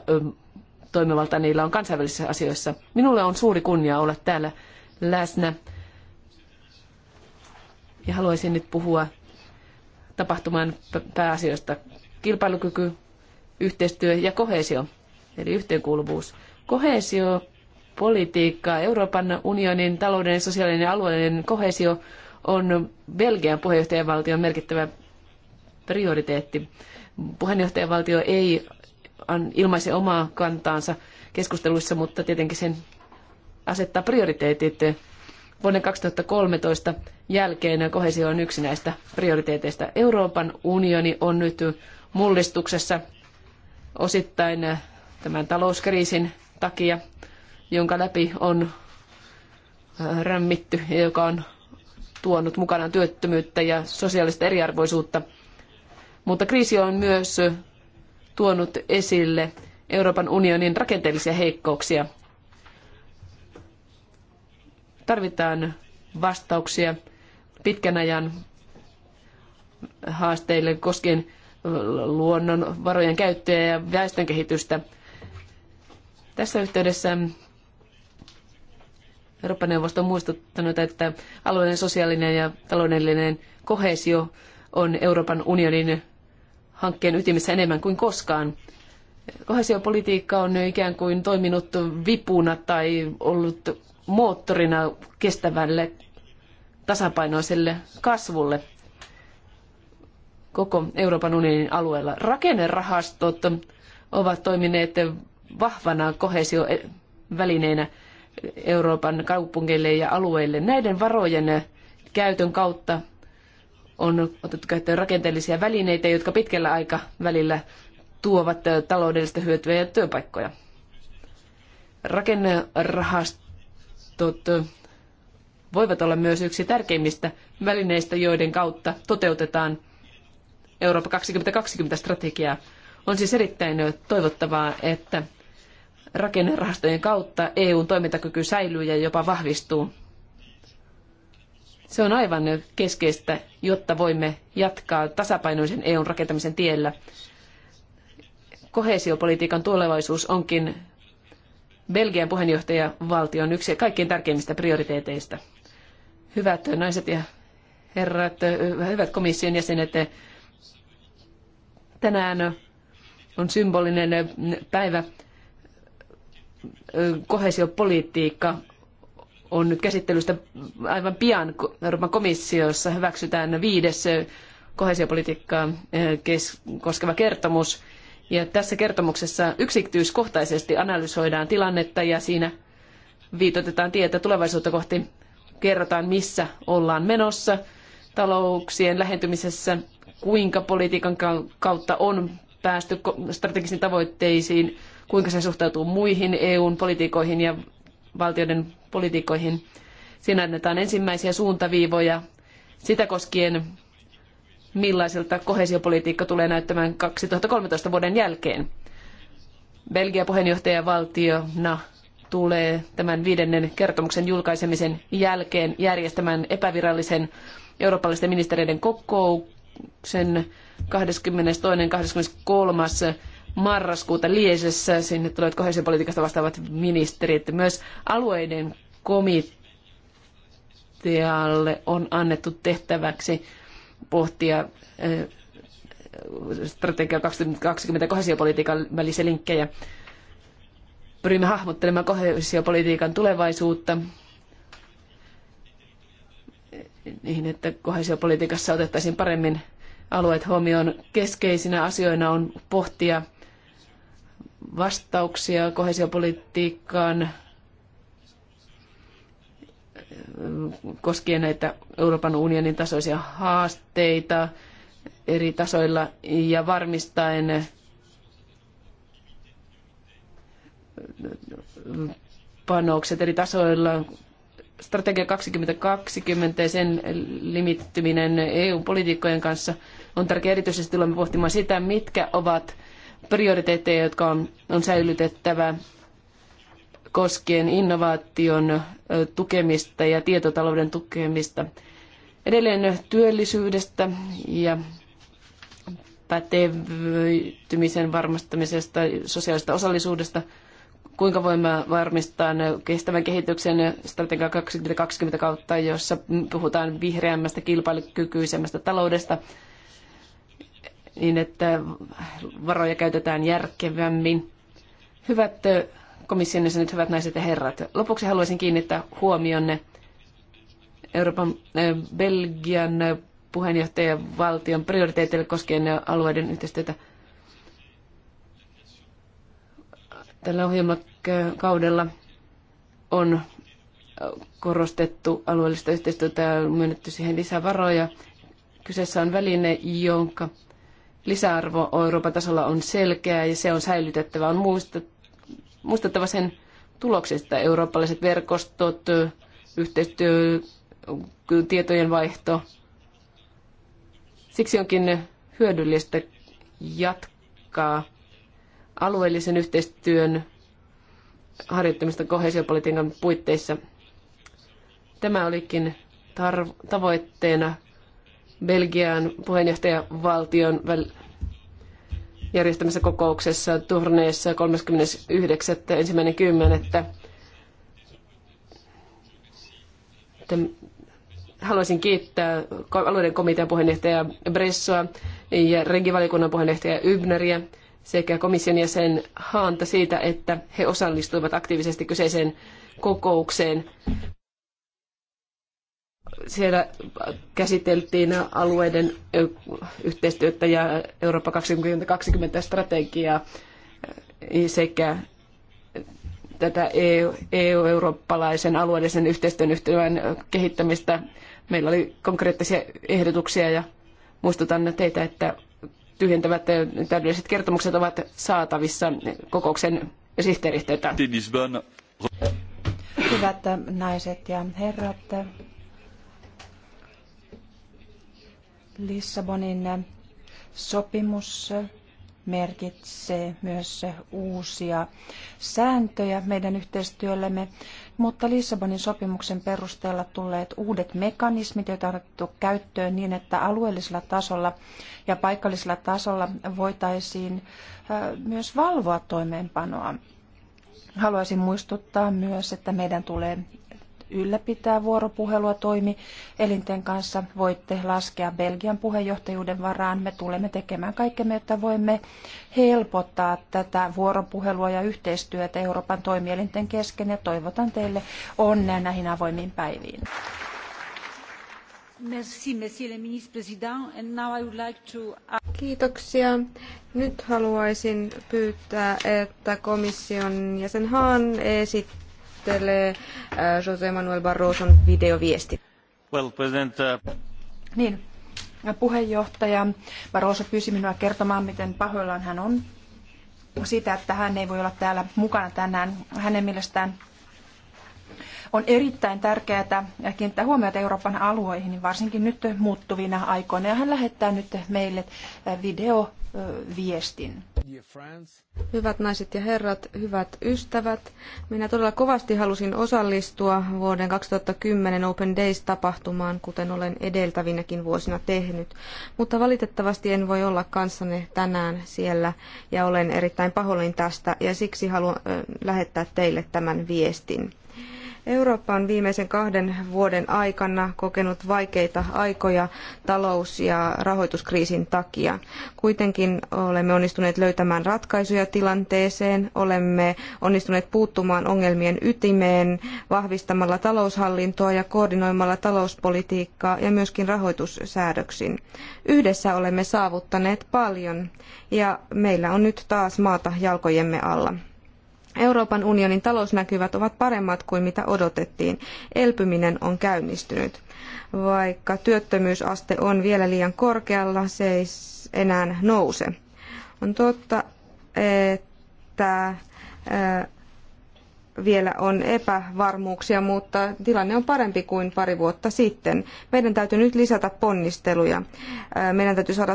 toimivaltaa niillä on kansainvälisissä asioissa. Minulle on suuri kunnia olla täällä läsnä ja haluaisin nyt puhua tapahtuman pääasioista. Kilpailukyky, yhteistyö ja kohesio, eli yhteenkuuluvuus. Kohesiopolitiikka, Euroopan unionin talouden, sosiaalinen ja alueellinen kohesio on Belgian puheenjohtajavaltion merkittävä prioriteetti. Puheenjohtajavaltio ei ilmaise omaa kantaansa keskusteluissa, mutta tietenkin sen asettaa prioriteetit vuoden 2013 jälkeen kohesio on yksi näistä prioriteeteista. Euroopan unioni on nyt mullistuksessa osittain tämän talouskriisin takia, jonka läpi on rämmitty ja joka on tuonut mukanaan työttömyyttä ja sosiaalista eriarvoisuutta. Mutta kriisi on myös tuonut esille Euroopan unionin rakenteellisia heikkouksia. Tarvitaan vastauksia pitkän ajan haasteille koskien luonnonvarojen käyttöä ja väestönkehitystä. kehitystä tässä yhteydessä Eurooppa-neuvosto on muistuttanut, että alueellinen sosiaalinen ja taloudellinen kohesio on Euroopan unionin hankkeen ytimessä enemmän kuin koskaan. Kohesiopolitiikka on ikään kuin toiminut vipuna tai ollut moottorina kestävälle tasapainoiselle kasvulle koko Euroopan unionin alueella. Rakennerahastot ovat toimineet vahvana kohesiovälineenä Euroopan kaupungeille ja alueille. Näiden varojen käytön kautta on otettu käyttöön rakenteellisia välineitä, jotka pitkällä aikavälillä tuovat taloudellista hyötyä ja työpaikkoja. Rakennerahastot voivat olla myös yksi tärkeimmistä välineistä, joiden kautta toteutetaan Eurooppa 2020 strategiaa. On siis erittäin toivottavaa, että rakennerahastojen kautta EUn toimintakyky säilyy ja jopa vahvistuu. Se on aivan keskeistä, jotta voimme jatkaa tasapainoisen EUn rakentamisen tiellä. Koheesiopolitiikan tulevaisuus onkin Belgian puheenjohtajavaltion yksi kaikkein tärkeimmistä prioriteeteista. Hyvät naiset ja herrat, hyvät komission jäsenet, tänään on symbolinen päivä kohesiopolitiikka on nyt käsittelystä aivan pian. Euroopan komissiossa hyväksytään viides kohesiopolitiikkaa koskeva kertomus. Ja tässä kertomuksessa yksityiskohtaisesti analysoidaan tilannetta ja siinä viitoitetaan tietä tulevaisuutta kohti. Kerrotaan, missä ollaan menossa talouksien lähentymisessä, kuinka politiikan kautta on päästy strategisiin tavoitteisiin kuinka se suhtautuu muihin EUn politiikoihin ja valtioiden politiikoihin. Siinä annetaan ensimmäisiä suuntaviivoja sitä koskien, millaiselta kohesiopolitiikka tulee näyttämään 2013 vuoden jälkeen. Belgia puheenjohtajavaltiona tulee tämän viidennen kertomuksen julkaisemisen jälkeen järjestämään epävirallisen eurooppalaisten ministereiden kokouksen 22. 23 marraskuuta Liesessä. Sinne tulevat kohdallisen politiikasta vastaavat ministerit. Myös alueiden komitealle on annettu tehtäväksi pohtia eh, strategia 2020 kohesiopolitiikan välisiä linkkejä. Pyrimme hahmottelemaan kohesiopolitiikan tulevaisuutta niin, että kohesiopolitiikassa otettaisiin paremmin alueet huomioon. Keskeisinä asioina on pohtia vastauksia kohesiopolitiikkaan koskien näitä Euroopan unionin tasoisia haasteita eri tasoilla ja varmistaen panokset eri tasoilla. Strategia 2020 ja sen limittyminen EU-politiikkojen kanssa on tärkeää. Erityisesti tulemme pohtimaan sitä, mitkä ovat prioriteetteja, jotka on, on säilytettävä koskien innovaation tukemista ja tietotalouden tukemista. Edelleen työllisyydestä ja pätevöitymisen varmistamisesta, sosiaalista osallisuudesta, kuinka voimme varmistaa kestävän kehityksen strategia 2020 kautta, jossa puhutaan vihreämmästä, kilpailukykyisemmästä taloudesta – niin, että varoja käytetään järkevämmin. Hyvät komission jäsenet, hyvät naiset ja herrat, lopuksi haluaisin kiinnittää huomionne Euroopan Belgian puheenjohtajan valtion prioriteeteille koskien alueiden yhteistyötä. Tällä ohjelmakaudella on korostettu alueellista yhteistyötä ja myönnetty siihen lisää varoja. Kyseessä on väline, jonka lisäarvo Euroopan tasolla on selkeä ja se on säilytettävä. On muistettava sen tuloksista eurooppalaiset verkostot, yhteistyö, tietojen vaihto. Siksi onkin hyödyllistä jatkaa alueellisen yhteistyön harjoittamista kohesiopolitiikan puitteissa. Tämä olikin tavoitteena Belgian puheenjohtajavaltion väl- järjestämässä kokouksessa Turneessa 39.1.10. Haluaisin kiittää alueiden komitean puheenjohtaja Bressoa ja regivaliokunnan puheenjohtaja Ybneriä sekä komission jäsen Haanta siitä, että he osallistuivat aktiivisesti kyseiseen kokoukseen. Siellä käsiteltiin alueiden yhteistyötä ja Eurooppa 2020 strategiaa sekä tätä EU-eurooppalaisen e alueellisen yhteistyön yhtymän kehittämistä. Meillä oli konkreettisia ehdotuksia ja muistutan teitä, että tyhjentävät täydelliset kertomukset ovat saatavissa kokouksen sihteeristöltä. Hyvät naiset ja herrat, Lissabonin sopimus merkitsee myös uusia sääntöjä meidän yhteistyöllemme, mutta Lissabonin sopimuksen perusteella tulleet uudet mekanismit, joita on otettu käyttöön niin, että alueellisella tasolla ja paikallisella tasolla voitaisiin myös valvoa toimeenpanoa. Haluaisin muistuttaa myös, että meidän tulee ylläpitää vuoropuhelua toimi elinten kanssa. Voitte laskea Belgian puheenjohtajuuden varaan. Me tulemme tekemään kaikkemme, että voimme helpottaa tätä vuoropuhelua ja yhteistyötä Euroopan toimielinten kesken ja toivotan teille onnea näihin avoimiin päiviin. Kiitoksia. Nyt haluaisin pyytää, että komission jäsen Hahn esittää esittelee äh, Jose Manuel Barroson videoviesti. Well, president, uh... Niin, puheenjohtaja Barroso pyysi minua kertomaan, miten pahoillaan hän on siitä, että hän ei voi olla täällä mukana tänään. Hänen mielestään on erittäin tärkeää kiinnittää huomiota Euroopan alueihin, varsinkin nyt muuttuvina aikoina. Ja hän lähettää nyt meille äh, videoviestin. Hyvät naiset ja herrat, hyvät ystävät, minä todella kovasti halusin osallistua vuoden 2010 Open Days-tapahtumaan, kuten olen edeltävinäkin vuosina tehnyt. Mutta valitettavasti en voi olla kanssanne tänään siellä ja olen erittäin pahoillani tästä ja siksi haluan lähettää teille tämän viestin. Eurooppa on viimeisen kahden vuoden aikana kokenut vaikeita aikoja talous- ja rahoituskriisin takia. Kuitenkin olemme onnistuneet löytämään ratkaisuja tilanteeseen, olemme onnistuneet puuttumaan ongelmien ytimeen vahvistamalla taloushallintoa ja koordinoimalla talouspolitiikkaa ja myöskin rahoitussäädöksin. Yhdessä olemme saavuttaneet paljon ja meillä on nyt taas maata jalkojemme alla. Euroopan unionin talousnäkyvät ovat paremmat kuin mitä odotettiin. Elpyminen on käynnistynyt. Vaikka työttömyysaste on vielä liian korkealla, se ei enää nouse. On totta, että että vielä on epävarmuuksia, mutta tilanne on parempi kuin pari vuotta sitten. Meidän täytyy nyt lisätä ponnisteluja. Äh, meidän täytyy saada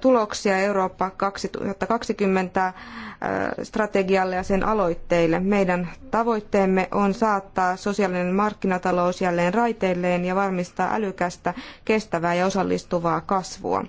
tuloksia Eurooppa 2020 äh, strategialle ja sen aloitteille. Meidän tavoitteemme on saattaa sosiaalinen markkinatalous jälleen raiteilleen ja varmistaa älykästä, kestävää ja osallistuvaa kasvua.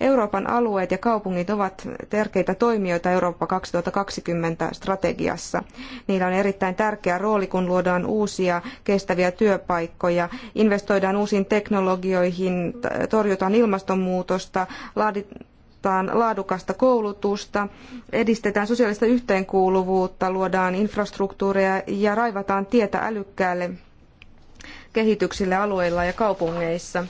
Euroopan alueet ja kaupungit ovat tärkeitä toimijoita Eurooppa 2020 strategiassa. Niillä on erittäin tärkeä tärkeä rooli, kun luodaan uusia kestäviä työpaikkoja, investoidaan uusiin teknologioihin, torjutaan ilmastonmuutosta, laaditaan laadukasta koulutusta, edistetään sosiaalista yhteenkuuluvuutta, luodaan infrastruktuureja ja raivataan tietä älykkäälle kehityksille alueilla ja kaupungeissa.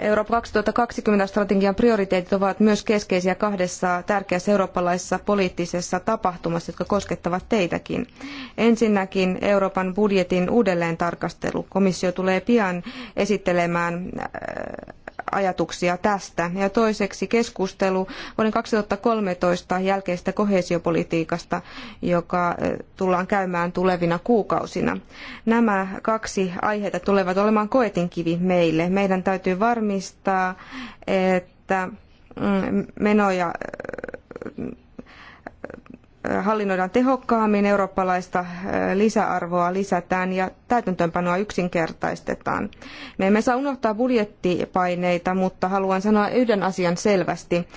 Eurooppa 2020 strategian prioriteetit ovat myös keskeisiä kahdessa tärkeässä eurooppalaisessa poliittisessa tapahtumassa, jotka koskettavat teitäkin. Ensinnäkin Euroopan budjetin uudelleentarkastelu. Komissio tulee pian esittelemään äh, ajatuksia tästä. Ja toiseksi keskustelu vuoden 2013 jälkeistä koheesiopolitiikasta, joka tullaan käymään tulevina kuukausina. Nämä kaksi aihetta tulevat olemaan koetinkivi meille. Meidän täytyy varmistaa, että mm, menoja hallinnoidaan tehokkaammin, eurooppalaista lisäarvoa lisätään ja täytäntöönpanoa yksinkertaistetaan. Me emme saa unohtaa budjettipaineita, mutta haluan sanoa yhden asian selvästi.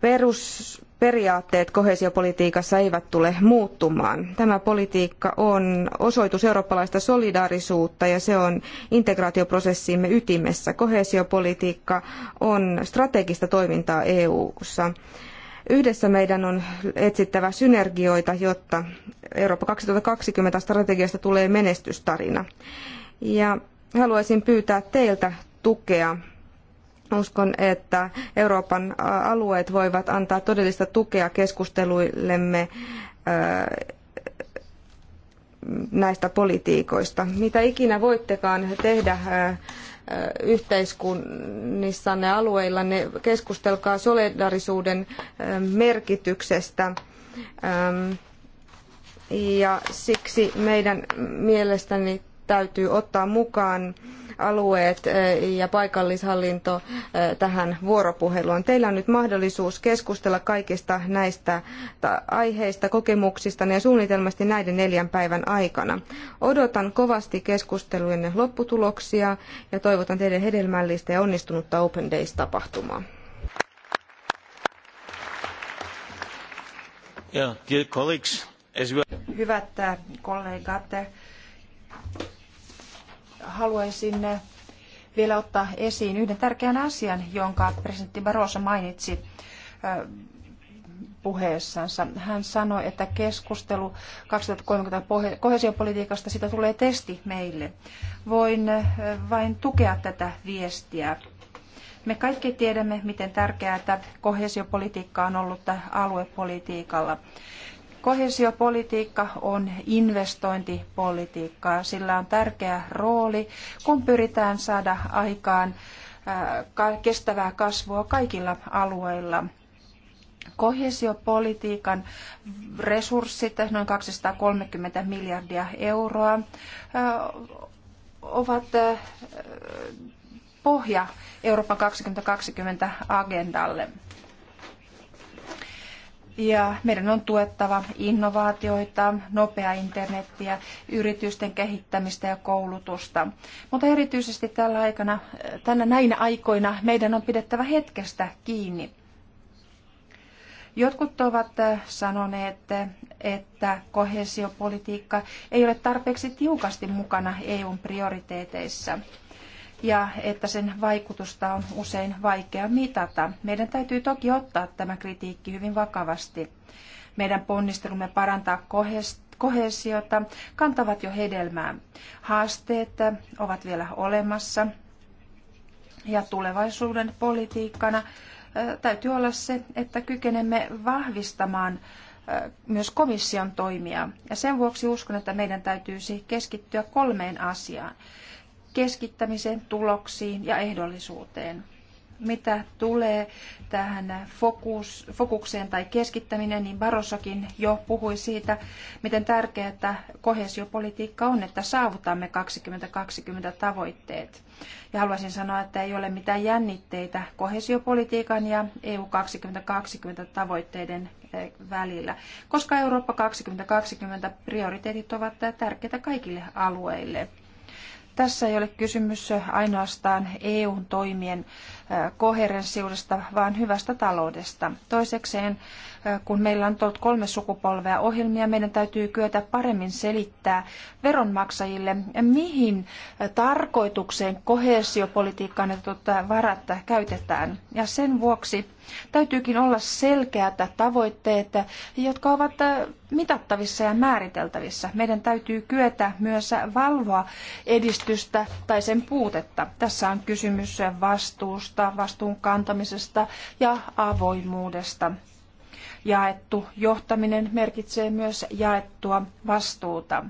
Perusperiaatteet koheesiopolitiikassa eivät tule muuttumaan. Tämä politiikka on osoitus eurooppalaista solidaarisuutta ja se on integraatioprosessimme ytimessä. Koheesiopolitiikka on strategista toimintaa EU-ssa. eu ssa Yhdessä meidän on etsittävä synergioita, jotta Eurooppa 2020 strategiasta tulee menestystarina. Ja haluaisin pyytää teiltä tukea Uskon, että Euroopan alueet voivat antaa todellista tukea keskusteluillemme näistä politiikoista. Mitä ikinä voittekaan tehdä yhteiskunnissanne alueillanne. Keskustelkaa solidarisuuden merkityksestä. Ja siksi meidän mielestäni täytyy ottaa mukaan alueet eh, ja paikallishallinto eh, tähän vuoropuheluun. Teillä on nyt mahdollisuus keskustella kaikista näistä aiheista, kokemuksista ja suunnitelmasti näiden neljän päivän aikana. Odotan kovasti keskustelujenne lopputuloksia ja toivotan teille hedelmällistä ja onnistunutta Open Days-tapahtumaa. Hyvät eh, kollegat, haluaisin vielä ottaa esiin yhden tärkeän asian, jonka presidentti Barroso mainitsi puheessansa. Hän sanoi, että keskustelu 2030 kohesiopolitiikasta sitä tulee testi meille. Voin vain tukea tätä viestiä. Me kaikki tiedämme, miten tärkeää kohesiopolitiikka on ollut aluepolitiikalla. Kohesiopolitiikka on investointipolitiikkaa. Sillä on tärkeä rooli, kun pyritään saada aikaan kestävää kasvua kaikilla alueilla. Kohesiopolitiikan resurssit, noin 230 miljardia euroa, ovat pohja Euroopan 2020 agendalle. Ja meidän on tuettava innovaatioita, nopeaa internettiä, yritysten kehittämistä ja koulutusta. Mutta erityisesti tällä aikana, tänä näinä aikoina meidän on pidettävä hetkestä kiinni. Jotkut ovat äh, sanoneet, että kohesiopolitiikka ei ole tarpeeksi tiukasti mukana EUn prioriteeteissa ja että sen vaikutusta on usein vaikea mitata. Meidän täytyy toki ottaa tämä kritiikki hyvin vakavasti. Meidän ponnistelumme parantaa kohesiota kantavat jo hedelmää. Haasteet ovat vielä olemassa ja tulevaisuuden politiikkana täytyy olla se, että kykenemme vahvistamaan myös komission toimia. Ja sen vuoksi uskon, että meidän täytyisi keskittyä kolmeen asiaan keskittämisen tuloksiin ja ehdollisuuteen. Mitä tulee tähän fokus, fokukseen tai keskittäminen, niin Barossakin jo puhui siitä, miten tärkeää että kohesiopolitiikka on, että saavutamme 2020 tavoitteet. Ja haluaisin sanoa, että ei ole mitään jännitteitä kohesiopolitiikan ja EU 2020 tavoitteiden eh, välillä, koska Eurooppa 2020 prioriteetit ovat tärkeitä kaikille alueille – tässä ei ole kysymys ainoastaan EUn toimien äh, koherenssiudesta, vaan hyvästä taloudesta. Toisekseen kun meillä on ollut kolme sukupolvea ohjelmia, meidän täytyy kyetä paremmin selittää veronmaksajille, mihin tarkoitukseen kohesiopolitiikkaan että varat käytetään. Ja sen vuoksi täytyykin olla selkeät tavoitteet, jotka ovat mitattavissa ja määriteltävissä. Meidän täytyy kyetä myös valvoa edistystä tai sen puutetta. Tässä on kysymys vastuusta, vastuun kantamisesta ja avoimuudesta. Jaettu johtaminen merkitsee myös jaettua vastuuta.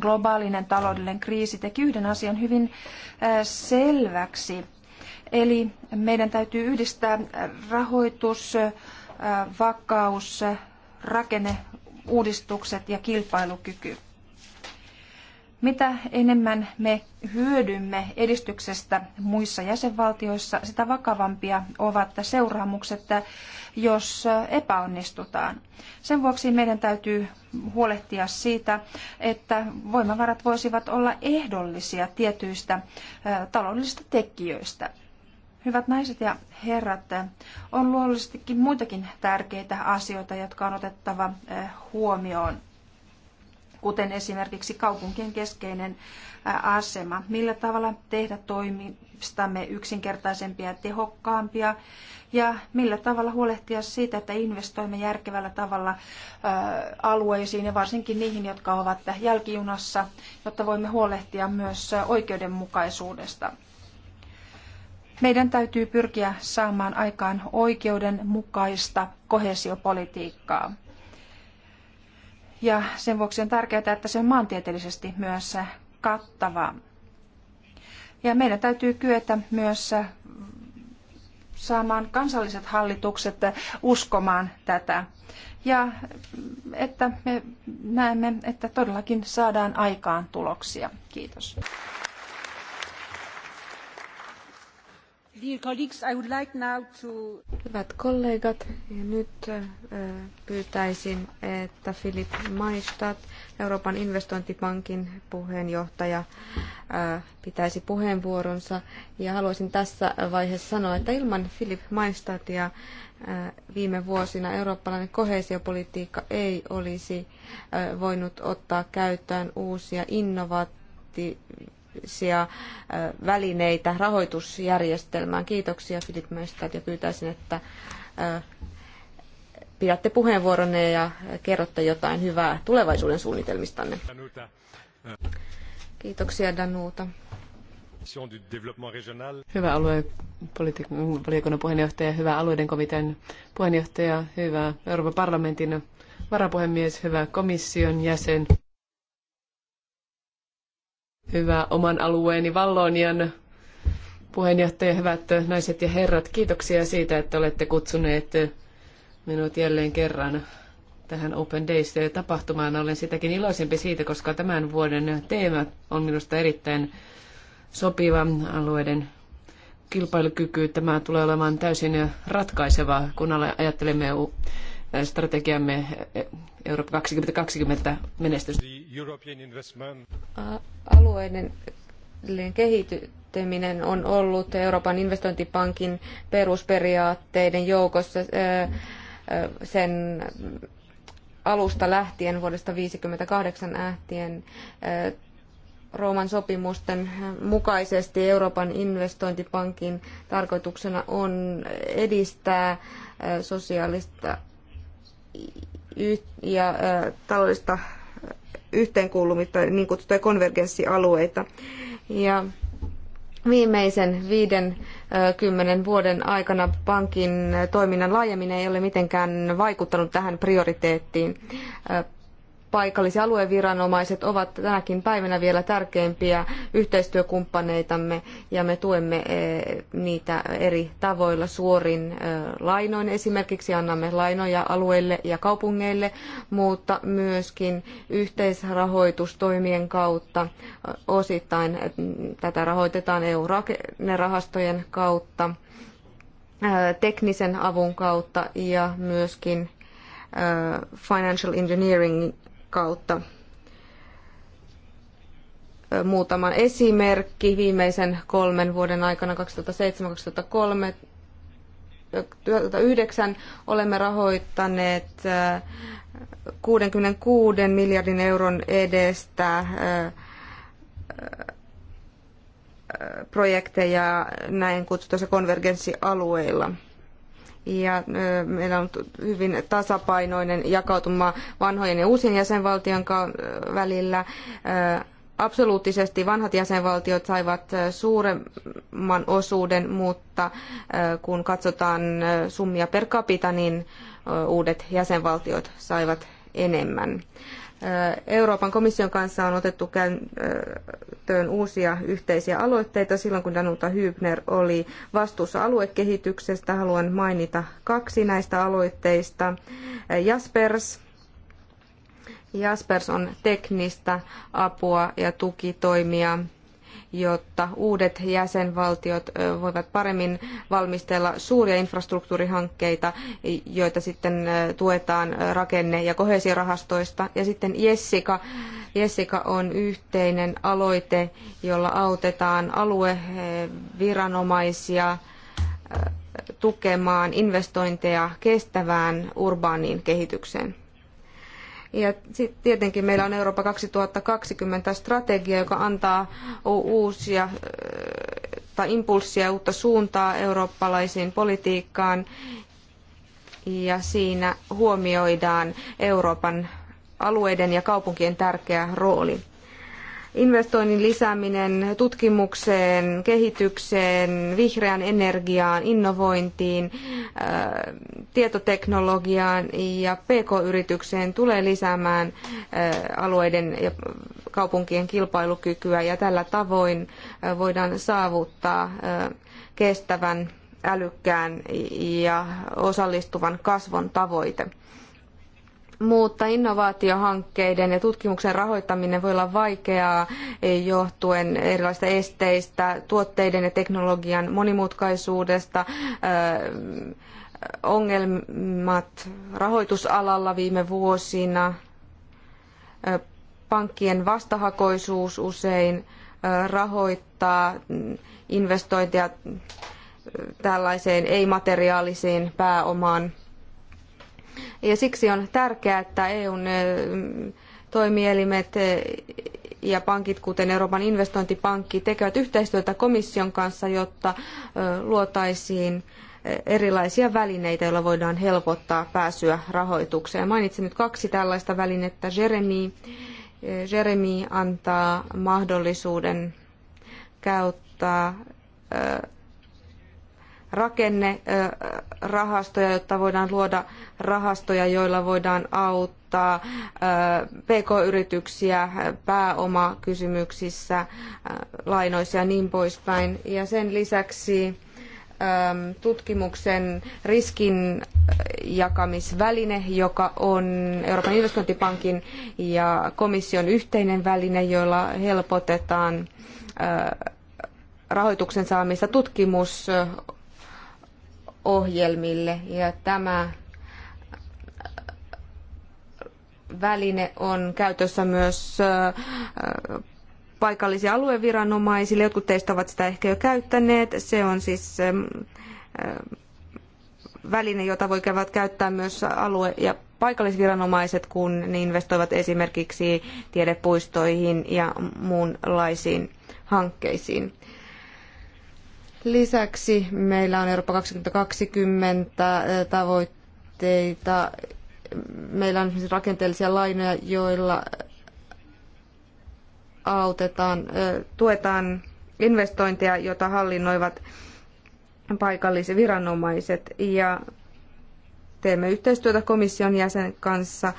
Globaalinen taloudellinen kriisi teki yhden asian hyvin äh, selväksi. Eli meidän täytyy yhdistää äh, rahoitus, äh, vakaus, rakenneuudistukset ja kilpailukyky. Mitä enemmän me hyödymme edistyksestä muissa jäsenvaltioissa, sitä vakavampia ovat seuraamukset jos epäonnistutaan. Sen vuoksi meidän täytyy huolehtia siitä, että voimavarat voisivat olla ehdollisia tietyistä taloudellisista tekijöistä. Hyvät naiset ja herrat, on luonnollisestikin muitakin tärkeitä asioita, jotka on otettava huomioon kuten esimerkiksi kaupunkien keskeinen asema. Millä tavalla tehdä toimi, stamme yksinkertaisempia ja tehokkaampia ja millä tavalla huolehtia siitä, että investoimme järkevällä tavalla alueisiin ja varsinkin niihin, jotka ovat jälkijunassa, jotta voimme huolehtia myös oikeudenmukaisuudesta. Meidän täytyy pyrkiä saamaan aikaan oikeudenmukaista kohesiopolitiikkaa. Ja sen vuoksi on tärkeää, että se on maantieteellisesti myös kattava. Ja meidän täytyy kyetä myös äh, saamaan kansalliset hallitukset äh, uskomaan tätä. Ja mm, että me näemme, että todellakin saadaan aikaan tuloksia. Kiitos. Dear colleagues, I would like now to... Hyvät kollegat, ja nyt äh, pyytäisin, että Filip Maistat, Euroopan investointipankin puheenjohtaja, äh, pitäisi puheenvuoronsa. Ja haluaisin tässä vaiheessa sanoa, että ilman Filip Maistatia äh, viime vuosina eurooppalainen koheesiopolitiikka ei olisi voinut ottaa käyttöön uusia innovaatioita uusia välineitä rahoitusjärjestelmään. Kiitoksia Filip Meistad ja pyytäisin, että pidätte puheenvuoronne ja kerrotte jotain hyvää tulevaisuuden suunnitelmistanne. Kiitoksia Danuta. Hyvä aluepolitiikan puheenjohtaja, hyvä alueiden komitean puheenjohtaja, hyvä Euroopan parlamentin varapuhemies, hyvä komission jäsen hyvä oman alueeni Vallonian puheenjohtaja, hyvät naiset ja herrat, kiitoksia siitä, että olette kutsuneet minut jälleen kerran tähän Open Days-tapahtumaan. Olen sitäkin iloisempi siitä, koska tämän vuoden teema on minusta erittäin sopiva alueiden kilpailukyky. Tämä tulee olemaan täysin ratkaiseva, kun ajattelemme strategiamme eh, Eurooppa 2020 menestystä. Alueellinen kehittyminen on ollut Euroopan investointipankin perusperiaatteiden joukossa eh, eh, sen alusta lähtien, vuodesta 1958 lähtien. Rooman sopimusten mukaisesti Euroopan investointipankin tarkoituksena on edistää sosiaalista ja taloudellista yhteenkuulumista, niin kutsuttuja konvergenssialueita. Ja viimeisen viiden kymmenen vuoden aikana pankin toiminnan laajemmin ei ole mitenkään vaikuttanut tähän prioriteettiin paikallisen alueen viranomaiset ovat tänäkin päivänä vielä tärkeimpiä yhteistyökumppaneitamme ja me tuemme eh, niitä eri tavoilla suorin eh, lainoin. Esimerkiksi annamme lainoja alueille ja kaupungeille, mutta myöskin yhteisrahoitustoimien kautta eh, osittain tätä rahoitetaan EU-rahastojen kautta teknisen avun kautta ja myöskin financial engineering kautta. Muutaman esimerkki viimeisen kolmen vuoden aikana 2007-2009 olemme rahoittaneet 66 miljardin euron edestä projekteja näin kutsutuissa konvergenssialueilla – ja meillä on hyvin tasapainoinen jakautuma vanhojen ja uusien jäsenvaltion välillä. Absoluuttisesti vanhat jäsenvaltiot saivat suuremman osuuden, mutta kun katsotaan summia per capita, niin uudet jäsenvaltiot saivat enemmän. Euroopan komission kanssa on otettu käyttöön uusia yhteisiä aloitteita. Silloin kun Danuta Hübner oli vastuussa aluekehityksestä, haluan mainita kaksi näistä aloitteista. Jaspers, Jaspers on teknistä apua ja tukitoimia jotta uudet jäsenvaltiot voivat paremmin valmistella suuria infrastruktuurihankkeita, joita sitten tuetaan rakenne- ja kohesiorahastoista. Ja sitten Jessica. Jessica on yhteinen aloite, jolla autetaan alueviranomaisia tukemaan investointeja kestävään urbaaniin kehitykseen. Ja tietenkin meillä on Eurooppa 2020 strategia, joka antaa uusia tai impulssia ja uutta suuntaa eurooppalaisiin politiikkaan. Ja siinä huomioidaan Euroopan alueiden ja kaupunkien tärkeä rooli investoinnin lisääminen tutkimukseen, kehitykseen, vihreään energiaan, innovointiin, äh, tietoteknologiaan ja pk-yritykseen tulee lisäämään äh, alueiden ja kaupunkien kilpailukykyä ja tällä tavoin äh, voidaan saavuttaa kestävän, älykkään ja osallistuvan kasvun tavoite mutta innovaatiohankkeiden ja tutkimuksen rahoittaminen voi olla vaikeaa johtuen erilaisista esteistä, tuotteiden ja teknologian monimutkaisuudesta, ongelmat rahoitusalalla viime vuosina, pankkien vastahakoisuus usein rahoittaa investointeja tällaiseen ei-materiaaliseen pääomaan – ja siksi on tärkeää, että EUn toimielimet ja pankit, kuten Euroopan investointipankki, tekevät yhteistyötä komission kanssa, jotta luotaisiin erilaisia välineitä, joilla voidaan helpottaa pääsyä rahoitukseen. Mainitsin nyt kaksi tällaista välinettä. Jeremy, Jeremy antaa mahdollisuuden käyttää rakennerahastoja, jotta voidaan luoda rahastoja, joilla voidaan auttaa äh, pk-yrityksiä pääomakysymyksissä, äh, lainoissa ja niin poispäin. Ja sen lisäksi ähm, tutkimuksen riskin jakamisväline, joka on Euroopan investointipankin ja komission yhteinen väline, jolla helpotetaan äh, rahoituksen saamista tutkimus ohjelmille. Ja tämä äh, väline on käytössä myös äh, paikallisia alueviranomaisille. Jotkut teistä ovat sitä ehkä jo käyttäneet. Se on siis ähm, äh, väline, jota voi käyttää myös alue- ja paikallisviranomaiset, kun ne investoivat esimerkiksi tiedepuistoihin ja muunlaisiin hankkeisiin. Lisäksi meillä on Eurooppa 2020 tavoitteita. Meillä on rakenteellisia lainoja, joilla autetaan, tuetaan investointeja, joita hallinnoivat paikalliset viranomaiset ja teemme yhteistyötä komission jäsen kanssa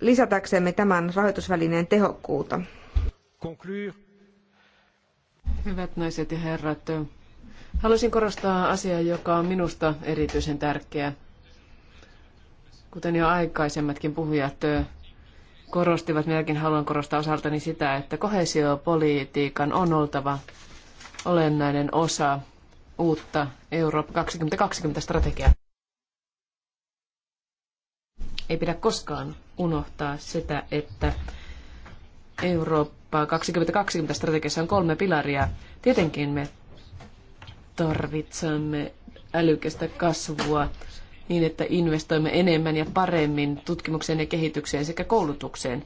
lisätäksemme tämän rahoitusvälineen tehokkuutta. Conclure Hyvät naiset ja herrat, haluaisin korostaa asiaa, joka on minusta erityisen tärkeä. Kuten jo aikaisemmatkin puhujat korostivat, minäkin haluan korostaa osaltani sitä, että kohesiopolitiikan on oltava olennainen osa uutta Eurooppa 2020-strategiaa. Ei pidä koskaan unohtaa sitä, että Eurooppa 2020 strategiassa on kolme pilaria. Tietenkin me tarvitsemme älykästä kasvua niin, että investoimme enemmän ja paremmin tutkimukseen ja kehitykseen sekä koulutukseen.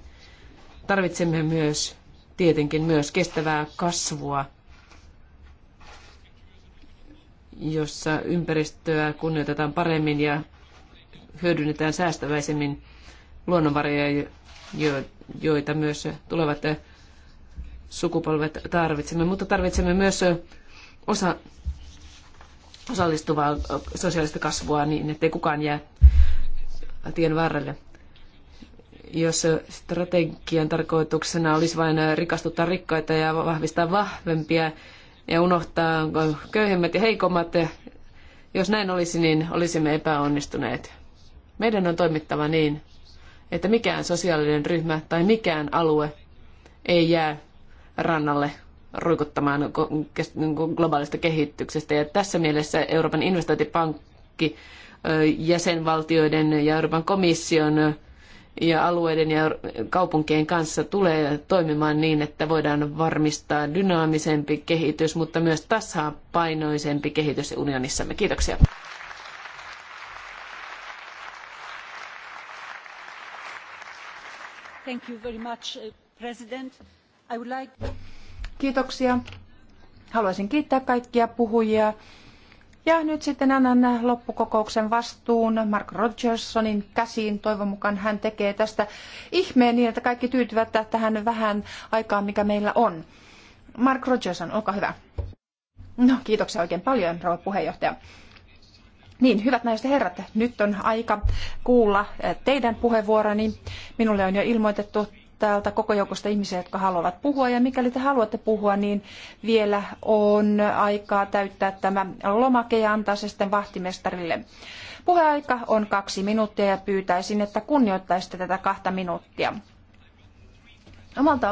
Tarvitsemme myös tietenkin myös kestävää kasvua, jossa ympäristöä kunnioitetaan paremmin ja hyödynnetään säästäväisemmin luonnonvaroja, joita myös tulevat sukupolvet tarvitsemme, mutta tarvitsemme myös osa, osallistuvaa sosiaalista kasvua niin, ettei kukaan jää tien varrelle. Jos strategian tarkoituksena olisi vain rikastuttaa rikkaita ja vahvistaa vahvempia ja unohtaa köyhemmät ja heikommat, jos näin olisi, niin olisimme epäonnistuneet. Meidän on toimittava niin, että mikään sosiaalinen ryhmä tai mikään alue ei jää rannalle ruikuttamaan niin globaalista kehityksestä. Ja tässä mielessä Euroopan investointipankki jäsenvaltioiden ja Euroopan komission ja alueiden ja kaupunkien kanssa tulee toimimaan niin, että voidaan varmistaa dynaamisempi kehitys, mutta myös tasapainoisempi kehitys unionissamme. Kiitoksia. Uh, kiitoksia. Haluaisin kiittää kaikkia puhujia. Ja nyt sitten annan loppukokouksen vastuun Mark Rogersonin käsiin. Toivon mukaan hän tekee tästä ihmeen niin, että kaikki tyytyvät tähän vähän aikaan, mikä meillä on. Mark Rogerson, olkaa hyvä. No, kiitoksia oikein paljon, rouva puheenjohtaja. Niin, hyvät naiset ja herrat, nyt on aika kuulla eh, teidän puheenvuoroni. Minulle on jo ilmoitettu täältä koko joukosta ihmisiä, jotka haluavat puhua. Ja mikäli te haluatte puhua, niin vielä on aikaa täyttää tämä lomake ja antaa se sitten vahtimestarille. Puheaika on kaksi minuuttia ja pyytäisin, että kunnioittaisitte tätä kahta minuuttia. Omalta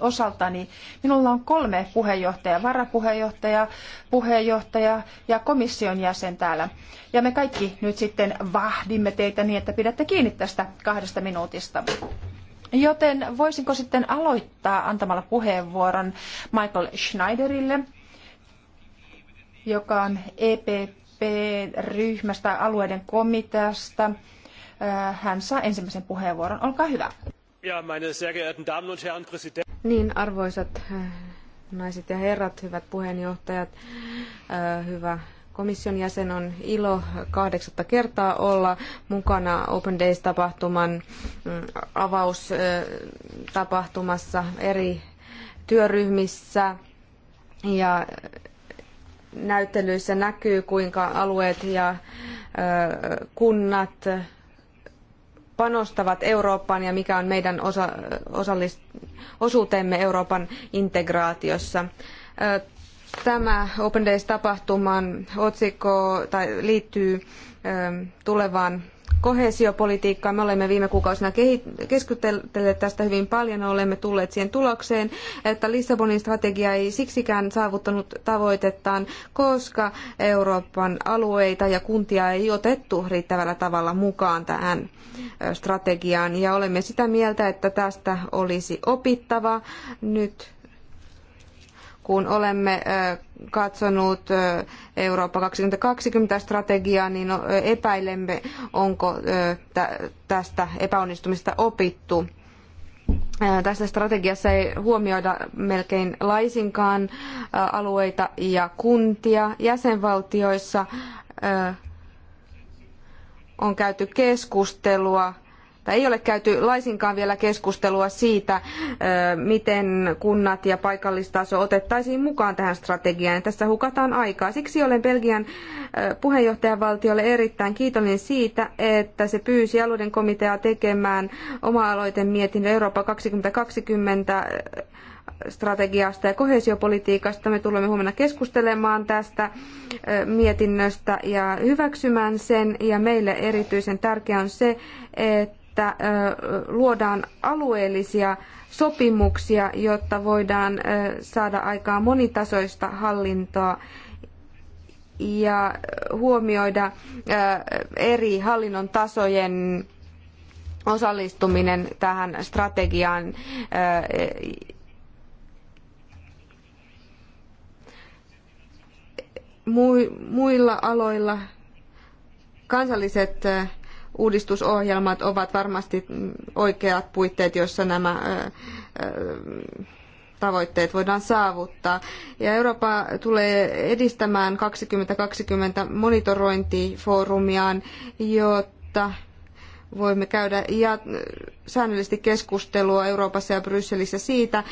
osaltani minulla on kolme puheenjohtajaa, varapuheenjohtaja, puheenjohtaja ja komission jäsen täällä. Ja me kaikki nyt sitten vahdimme teitä niin, että pidätte kiinni tästä kahdesta minuutista. Joten voisinko sitten aloittaa antamalla puheenvuoron Michael Schneiderille, joka on EPP-ryhmästä alueiden komiteasta. Hän saa ensimmäisen puheenvuoron. Olkaa hyvä. Ja, meine sehr geehrten Damen und Herren, Präsident. Niin, arvoisat äh, naiset ja herrat, hyvät puheenjohtajat, äh, hyvä komission jäsen on ilo kahdeksatta kertaa olla mukana Open Days-tapahtuman mm, avaustapahtumassa eri työryhmissä ja äh, näyttelyissä näkyy, kuinka alueet ja kunnat panostavat Eurooppaan ja mikä on meidän osa, osallist- osuutemme Euroopan integraatiossa. Tämä Open Days-tapahtuman otsikko tai liittyy tulevaan Koheesiopolitiikkaa, Me olemme viime kuukausina keskustelleet tästä hyvin paljon ja olemme tulleet siihen tulokseen, että Lissabonin strategia ei siksikään saavuttanut tavoitettaan, koska Euroopan alueita ja kuntia ei otettu riittävällä tavalla mukaan tähän strategiaan. Ja olemme sitä mieltä, että tästä olisi opittava nyt kun olemme katsonut Eurooppa 2020 strategiaa, niin epäilemme, onko tästä epäonnistumista opittu. Tässä strategiassa ei huomioida melkein laisinkaan alueita ja kuntia. Jäsenvaltioissa on käyty keskustelua tai ei ole käyty laisinkaan vielä keskustelua siitä, miten kunnat ja paikallistaso otettaisiin mukaan tähän strategiaan. Tässä hukataan aikaa. Siksi olen Belgian puheenjohtajavaltiolle erittäin kiitollinen siitä, että se pyysi alueiden komiteaa tekemään oma-aloitemietinnön Eurooppa 2020 strategiasta ja koheesiopolitiikasta Me tulemme huomenna keskustelemaan tästä mietinnöstä ja hyväksymään sen. Ja meille erityisen tärkeää on se, että että luodaan alueellisia sopimuksia, jotta voidaan saada aikaan monitasoista hallintoa ja huomioida eri hallinnon tasojen osallistuminen tähän strategiaan muilla aloilla kansalliset uudistusohjelmat ovat varmasti oikeat puitteet, joissa nämä tavoitteet voidaan saavuttaa. Ja Eurooppa tulee edistämään 2020 monitorointifoorumiaan, jotta voimme käydä ja säännöllisesti keskustelua Euroopassa ja Brysselissä siitä,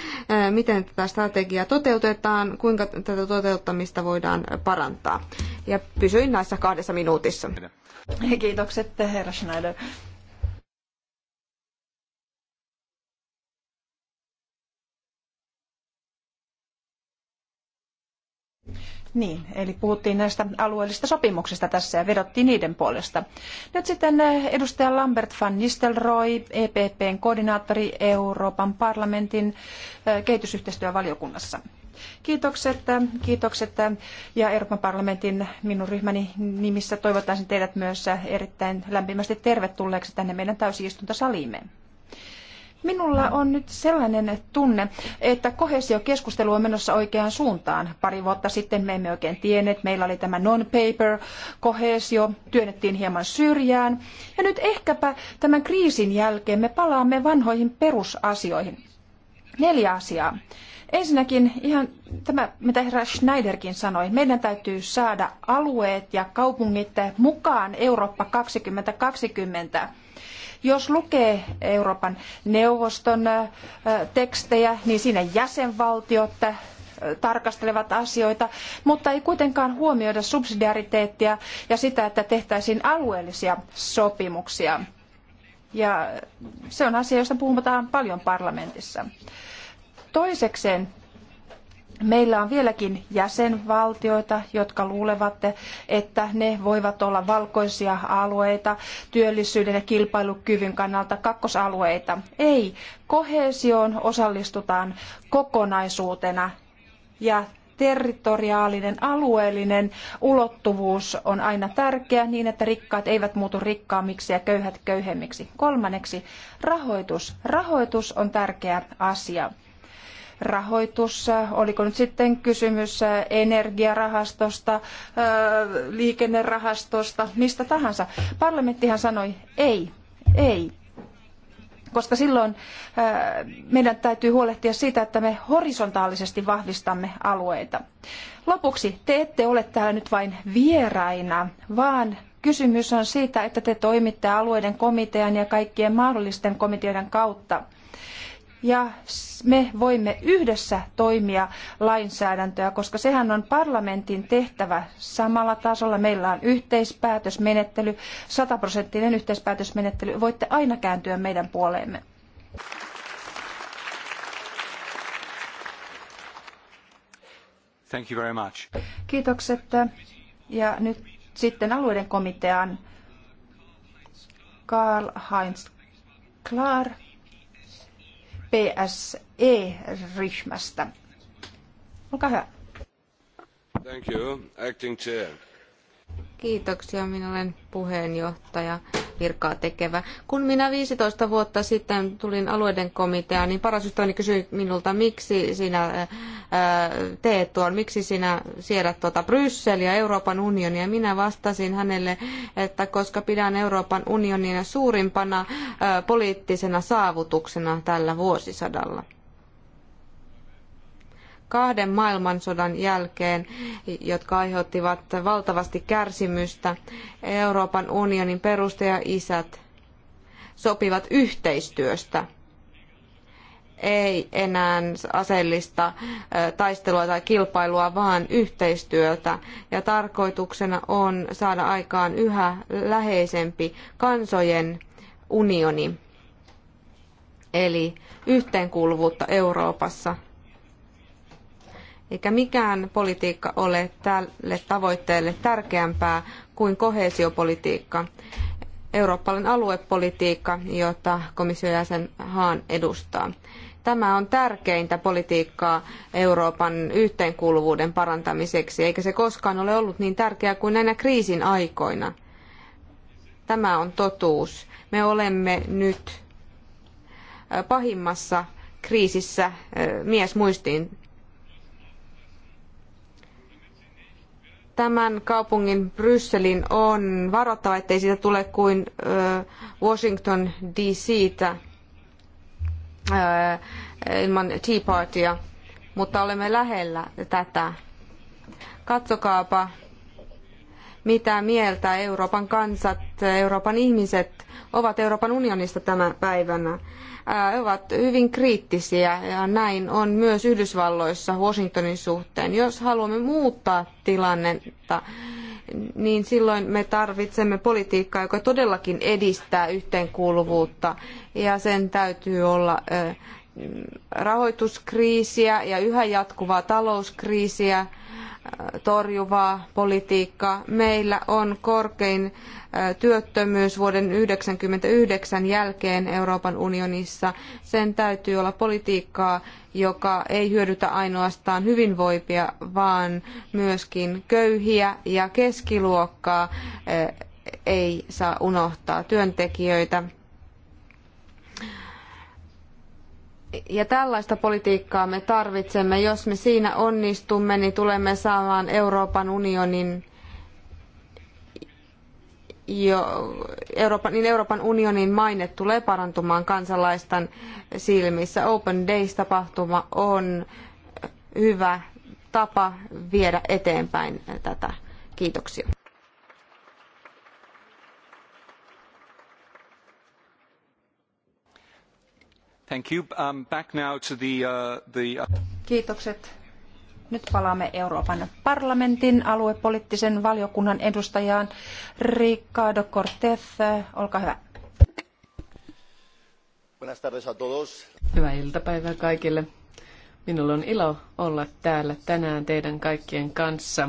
miten tätä strategiaa toteutetaan, kuinka tätä toteuttamista voidaan parantaa. Ja pysyin näissä kahdessa minuutissa. Kiitokset, herra Schneider. Niin, eli puhuttiin näistä alueellista sopimuksista tässä ja vedottiin niiden puolesta. Nyt sitten eh, edustaja Lambert van Nistelrooy, EPPn koordinaattori Euroopan parlamentin eh, kehitysyhteistyövaliokunnassa. Kiitokset, kiitokset ja Euroopan parlamentin minun ryhmäni nimissä toivotaisin teidät myös erittäin lämpimästi tervetulleeksi tänne meidän täysistuntosaliimme. Minulla on nyt sellainen tunne, että kohesiokeskustelu on menossa oikeaan suuntaan. Pari vuotta sitten me emme oikein tienneet. Meillä oli tämä non-paper kohesio, työnnettiin hieman syrjään. Ja nyt ehkäpä tämän kriisin jälkeen me palaamme vanhoihin perusasioihin. Neljä asiaa. Ensinnäkin ihan tämä, mitä herra Schneiderkin sanoi, meidän täytyy saada alueet ja kaupungit mukaan Eurooppa 2020. Jos lukee Euroopan neuvoston tekstejä, niin siinä jäsenvaltiot tarkastelevat asioita, mutta ei kuitenkaan huomioida subsidiariteettia ja sitä, että tehtäisiin alueellisia sopimuksia. Ja se on asia, josta puhutaan paljon parlamentissa. Toisekseen meillä on vieläkin jäsenvaltioita, jotka luulevat, että ne voivat olla valkoisia alueita työllisyyden ja kilpailukyvyn kannalta kakkosalueita. Ei, kohesioon osallistutaan kokonaisuutena ja territoriaalinen, alueellinen ulottuvuus on aina tärkeä niin, että rikkaat eivät muutu rikkaammiksi ja köyhät köyhemmiksi. Kolmanneksi, rahoitus. Rahoitus on tärkeä asia rahoitus, oliko nyt sitten kysymys energiarahastosta, liikennerahastosta, mistä tahansa. Parlamenttihan sanoi ei, ei, koska silloin meidän täytyy huolehtia siitä, että me horisontaalisesti vahvistamme alueita. Lopuksi te ette ole täällä nyt vain vieraina, vaan kysymys on siitä, että te toimitte alueiden komitean ja kaikkien mahdollisten komiteoiden kautta ja me voimme yhdessä toimia lainsäädäntöä, koska sehän on parlamentin tehtävä samalla tasolla. Meillä on yhteispäätösmenettely, sataprosenttinen yhteispäätösmenettely. Voitte aina kääntyä meidän puoleemme. Thank you very much. Kiitokset. Ja nyt sitten alueiden komiteaan Karl Heinz Klar. PSE-ryhmästä. Olkaa hyvä. Thank you, acting chair. Kiitoksia, minä olen puheenjohtaja, virkaa tekevä. Kun minä 15 vuotta sitten tulin alueiden komiteaan, niin paras ystäväni kysyi minulta, miksi sinä ää, äh, teet tuon, miksi sinä siedät tuota Brysseliä, Euroopan unionia. Minä vastasin hänelle, että koska pidän Euroopan unionia suurimpana ää, äh, poliittisena saavutuksena tällä vuosisadalla kahden maailmansodan jälkeen, jotka aiheuttivat valtavasti kärsimystä, Euroopan unionin perustajaisät sopivat yhteistyöstä ei enää aseellista taistelua tai kilpailua, vaan yhteistyötä. Ja tarkoituksena on saada aikaan yhä läheisempi kansojen unioni, eli yhteenkuuluvuutta Euroopassa. Eikä mikään politiikka ole tälle tavoitteelle tärkeämpää kuin koheesiopolitiikka, eurooppalainen aluepolitiikka, jota komission jäsen Haan edustaa. Tämä on tärkeintä politiikkaa Euroopan yhteenkuuluvuuden parantamiseksi, eikä se koskaan ole ollut niin tärkeää kuin näinä kriisin aikoina. Tämä on totuus. Me olemme nyt pahimmassa kriisissä eh, miesmuistiin tämän kaupungin Brysselin on varottava, ettei siitä tule kuin Washington DCtä ilman Tea Partya, mutta olemme lähellä tätä. Katsokaapa, mitä mieltä Euroopan kansat, Euroopan ihmiset ovat Euroopan unionista tämän päivänä, äh, He ovat hyvin kriittisiä ja näin on myös Yhdysvalloissa Washingtonin suhteen. Jos haluamme muuttaa tilannetta, niin silloin me tarvitsemme politiikkaa, joka todellakin edistää yhteenkuuluvuutta ja sen täytyy olla äh, rahoituskriisiä ja yhä jatkuvaa talouskriisiä torjuvaa politiikkaa. Meillä on korkein työttömyys vuoden 1999 jälkeen Euroopan unionissa. Sen täytyy olla politiikkaa, joka ei hyödytä ainoastaan hyvinvoipia, vaan myöskin köyhiä ja keskiluokkaa ei saa unohtaa työntekijöitä Ja tällaista politiikkaa me tarvitsemme. Jos me siinä onnistumme, niin tulemme saamaan Euroopan unionin jo, Euroopan, niin Euroopan unionin maine tulee parantumaan kansalaisten silmissä. Open Days-tapahtuma on hyvä tapa viedä eteenpäin tätä. Kiitoksia. Kiitokset. Nyt palaamme Euroopan parlamentin aluepoliittisen valiokunnan edustajaan Ricardo Cortez. Olkaa hyvä. Hyvää iltapäivää kaikille. Minulla on ilo olla täällä tänään teidän kaikkien kanssa.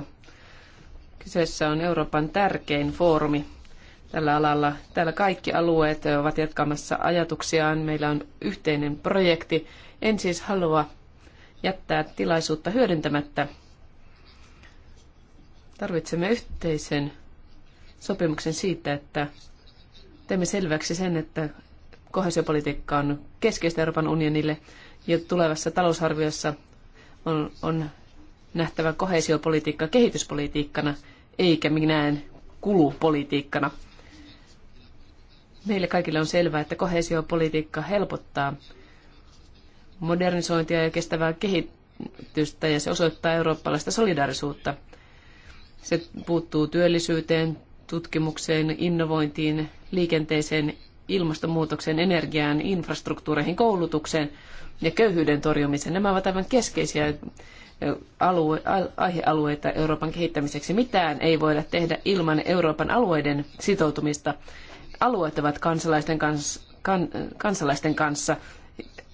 Kyseessä on Euroopan tärkein foorumi tällä alalla. Täällä kaikki alueet ovat jatkamassa ajatuksiaan. Meillä on yhteinen projekti. En siis halua jättää tilaisuutta hyödyntämättä. Tarvitsemme yhteisen sopimuksen siitä, että teemme selväksi sen, että kohesiopolitiikka on keskeistä Euroopan unionille ja tulevassa talousarviossa on, on nähtävä kohesiopolitiikka kehityspolitiikkana eikä minään kulupolitiikkana. Meille kaikille on selvää, että kohesiopolitiikka helpottaa modernisointia ja kestävää kehitystä ja se osoittaa eurooppalaista solidaarisuutta. Se puuttuu työllisyyteen, tutkimukseen, innovointiin, liikenteeseen, ilmastonmuutokseen, energiaan, infrastruktuureihin, koulutukseen ja köyhyyden torjumiseen. Nämä ovat aivan keskeisiä alue, aihealueita Euroopan kehittämiseksi. Mitään ei voida tehdä ilman Euroopan alueiden sitoutumista alueet ovat kansalaisten, kans, kan, kansalaisten kanssa.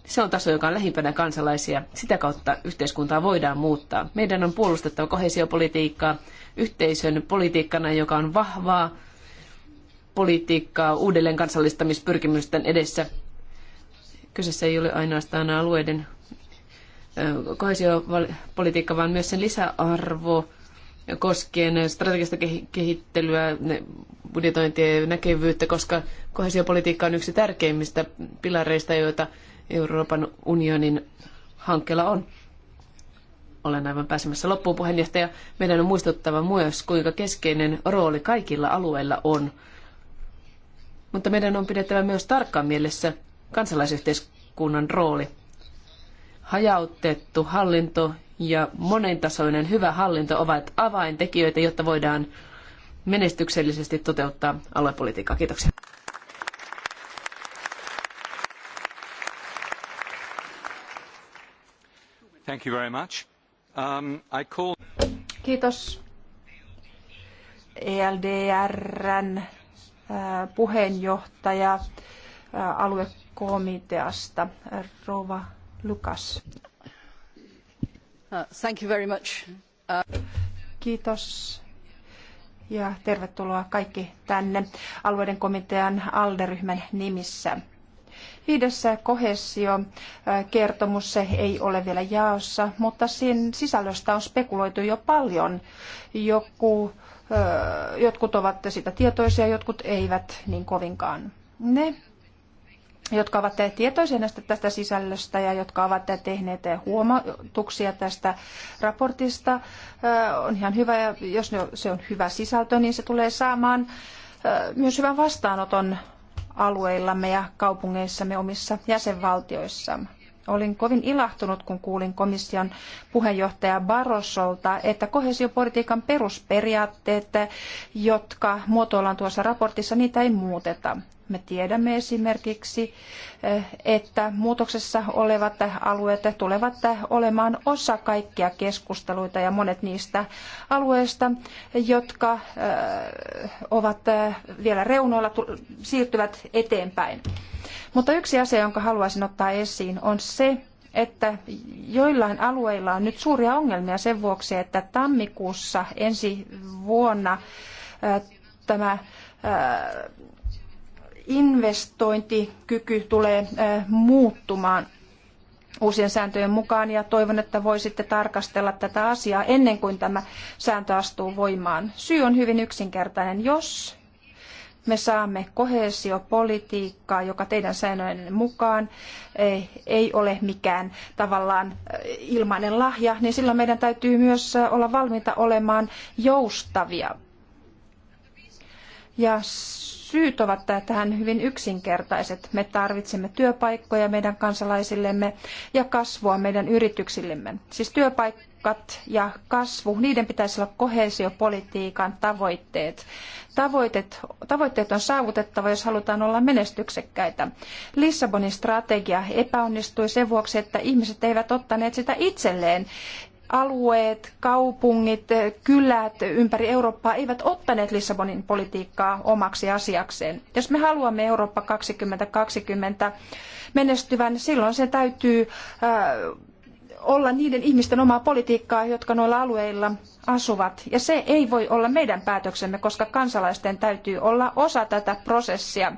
Se on taso, joka on lähimpänä kansalaisia. Sitä kautta yhteiskuntaa voidaan muuttaa. Meidän on puolustettava kohesiopolitiikkaa yhteisön politiikkana, joka on vahvaa politiikkaa uudelleen kansallistamispyrkimysten edessä. Kyseessä ei ole ainoastaan alueiden kohesiopolitiikka, vaan myös sen lisäarvo koskien strategista kehittelyä, ja näkyvyyttä, koska kohesiopolitiikka on yksi tärkeimmistä pilareista, joita Euroopan unionin hankkeella on. Olen aivan pääsemässä loppuun puheenjohtaja. Meidän on muistuttava myös, kuinka keskeinen rooli kaikilla alueilla on. Mutta meidän on pidettävä myös tarkkaan mielessä kansalaisyhteiskunnan rooli. Hajautettu hallinto ja monentasoinen hyvä hallinto ovat avaintekijöitä, jotta voidaan menestyksellisesti toteuttaa aluepolitiikkaa. Kiitoksia. Thank you very much. Um, I call... Kiitos. ELDRn äh, puheenjohtaja äh, aluekomiteasta, äh, Rova Lukas. Uh, thank you very much. Uh... Kiitos ja tervetuloa kaikki tänne alueiden komitean alderyhmän nimissä. Viidessä kohesio kertomus se ei ole vielä jaossa, mutta sen sisällöstä on spekuloitu jo paljon. Joku, jotkut ovat sitä tietoisia, jotkut eivät niin kovinkaan. Ne jotka ovat tietoisia näistä tästä sisällöstä ja jotka ovat tehneet huomautuksia tästä raportista. On ihan hyvä, ja jos se on hyvä sisältö, niin se tulee saamaan myös hyvän vastaanoton alueillamme ja kaupungeissamme omissa jäsenvaltioissamme. Olin kovin ilahtunut, kun kuulin komission puheenjohtaja Barrosolta, että kohesiopolitiikan perusperiaatteet, jotka muotoillaan tuossa raportissa, niitä ei muuteta. Me tiedämme esimerkiksi, että muutoksessa olevat alueet tulevat olemaan osa kaikkia keskusteluita ja monet niistä alueista, jotka ovat vielä reunoilla, siirtyvät eteenpäin. Mutta yksi asia, jonka haluaisin ottaa esiin, on se, että joillain alueilla on nyt suuria ongelmia sen vuoksi, että tammikuussa ensi vuonna tämä investointikyky tulee muuttumaan uusien sääntöjen mukaan ja toivon, että voisitte tarkastella tätä asiaa ennen kuin tämä sääntö astuu voimaan. Syy on hyvin yksinkertainen. Jos me saamme koheesiopolitiikkaa, joka teidän säännöiden mukaan eh, ei ole mikään tavallaan eh, ilmainen lahja, niin silloin meidän täytyy myös eh, olla valmiita olemaan joustavia. Ja syyt ovat tähän hyvin yksinkertaiset. Me tarvitsemme työpaikkoja meidän kansalaisillemme ja kasvua meidän yrityksillemme. Siis työpaikat ja kasvu, niiden pitäisi olla koheesiopolitiikan tavoitteet. Tavoitet, tavoitteet on saavutettava, jos halutaan olla menestyksekkäitä. Lissabonin strategia epäonnistui sen vuoksi, että ihmiset eivät ottaneet sitä itselleen alueet, kaupungit, kylät ympäri Eurooppaa eivät ottaneet Lissabonin politiikkaa omaksi asiakseen. Jos me haluamme Eurooppa 2020 menestyvän, silloin se täytyy äh, olla niiden ihmisten omaa politiikkaa, jotka noilla alueilla asuvat. Ja se ei voi olla meidän päätöksemme, koska kansalaisten täytyy olla osa tätä prosessia.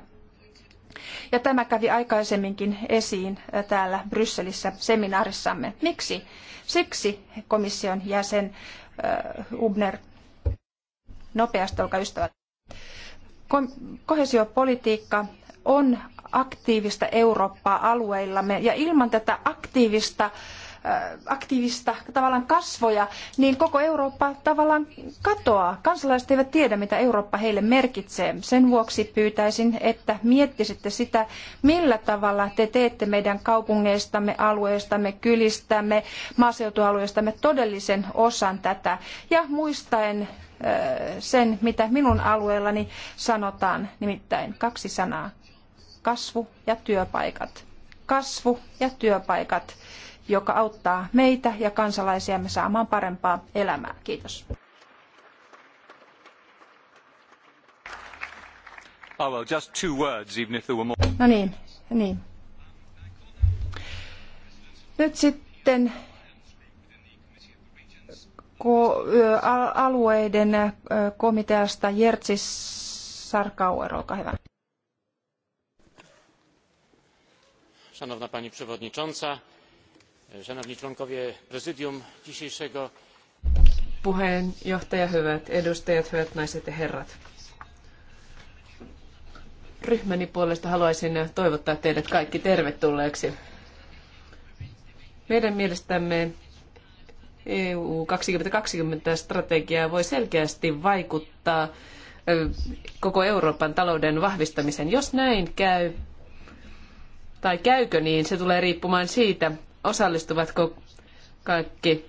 Ja tämä kävi aikaisemminkin esiin täällä Brysselissä seminaarissamme. Miksi? Siksi komission jäsen äh, Ubner, nopeasti olkaa ystävät. Ko- kohesiopolitiikka on aktiivista Eurooppaa alueillamme ja ilman tätä aktiivista äh, aktiivista tavallaan kasvoja, niin koko Eurooppa tavallaan katoaa. Kansalaiset eivät tiedä, mitä Eurooppa heille merkitsee. Sen vuoksi pyytäisin, että miettisitte sitä, millä tavalla te teette meidän kaupungeistamme, alueistamme, kylistämme, maaseutualueistamme todellisen osan tätä. Ja muistaen sen, mitä minun alueellani sanotaan, nimittäin kaksi sanaa, kasvu ja työpaikat. Kasvu ja työpaikat joka auttaa meitä ja kansalaisiamme saamaan parempaa elämää. Kiitos. Oh well, just two words, even if there were more. No niin, niin. Nyt sitten alueiden komiteasta Jertsi Sarkauer, olkaa hyvä. Szanowna Pani Przewodnicząca, Szanowni puheenjohtaja, hyvät edustajat, hyvät naiset ja herrat. Ryhmäni puolesta haluaisin toivottaa teidät kaikki tervetulleeksi. Meidän mielestämme EU 2020 strategia voi selkeästi vaikuttaa koko Euroopan talouden vahvistamiseen. Jos näin käy, tai käykö niin, se tulee riippumaan siitä, osallistuvatko kaikki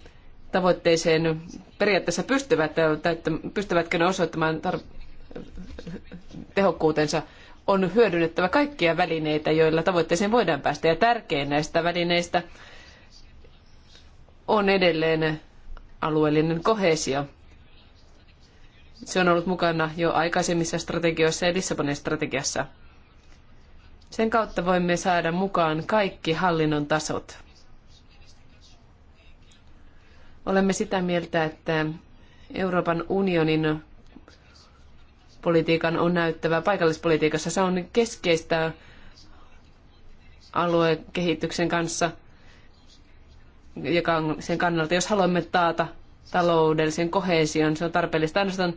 tavoitteeseen periaatteessa pystyvät, pystyvätkö ne osoittamaan tar- tehokkuutensa, on hyödynnettävä kaikkia välineitä, joilla tavoitteeseen voidaan päästä. Ja tärkein näistä välineistä on edelleen alueellinen kohesio. Se on ollut mukana jo aikaisemmissa strategioissa ja Lissabonin strategiassa. Sen kautta voimme saada mukaan kaikki hallinnon tasot. Olemme sitä mieltä, että Euroopan unionin politiikan on näyttävä paikallispolitiikassa. Se on keskeistä aluekehityksen kanssa, joka on sen kannalta, jos haluamme taata taloudellisen kohesion, se on tarpeellista ainoastaan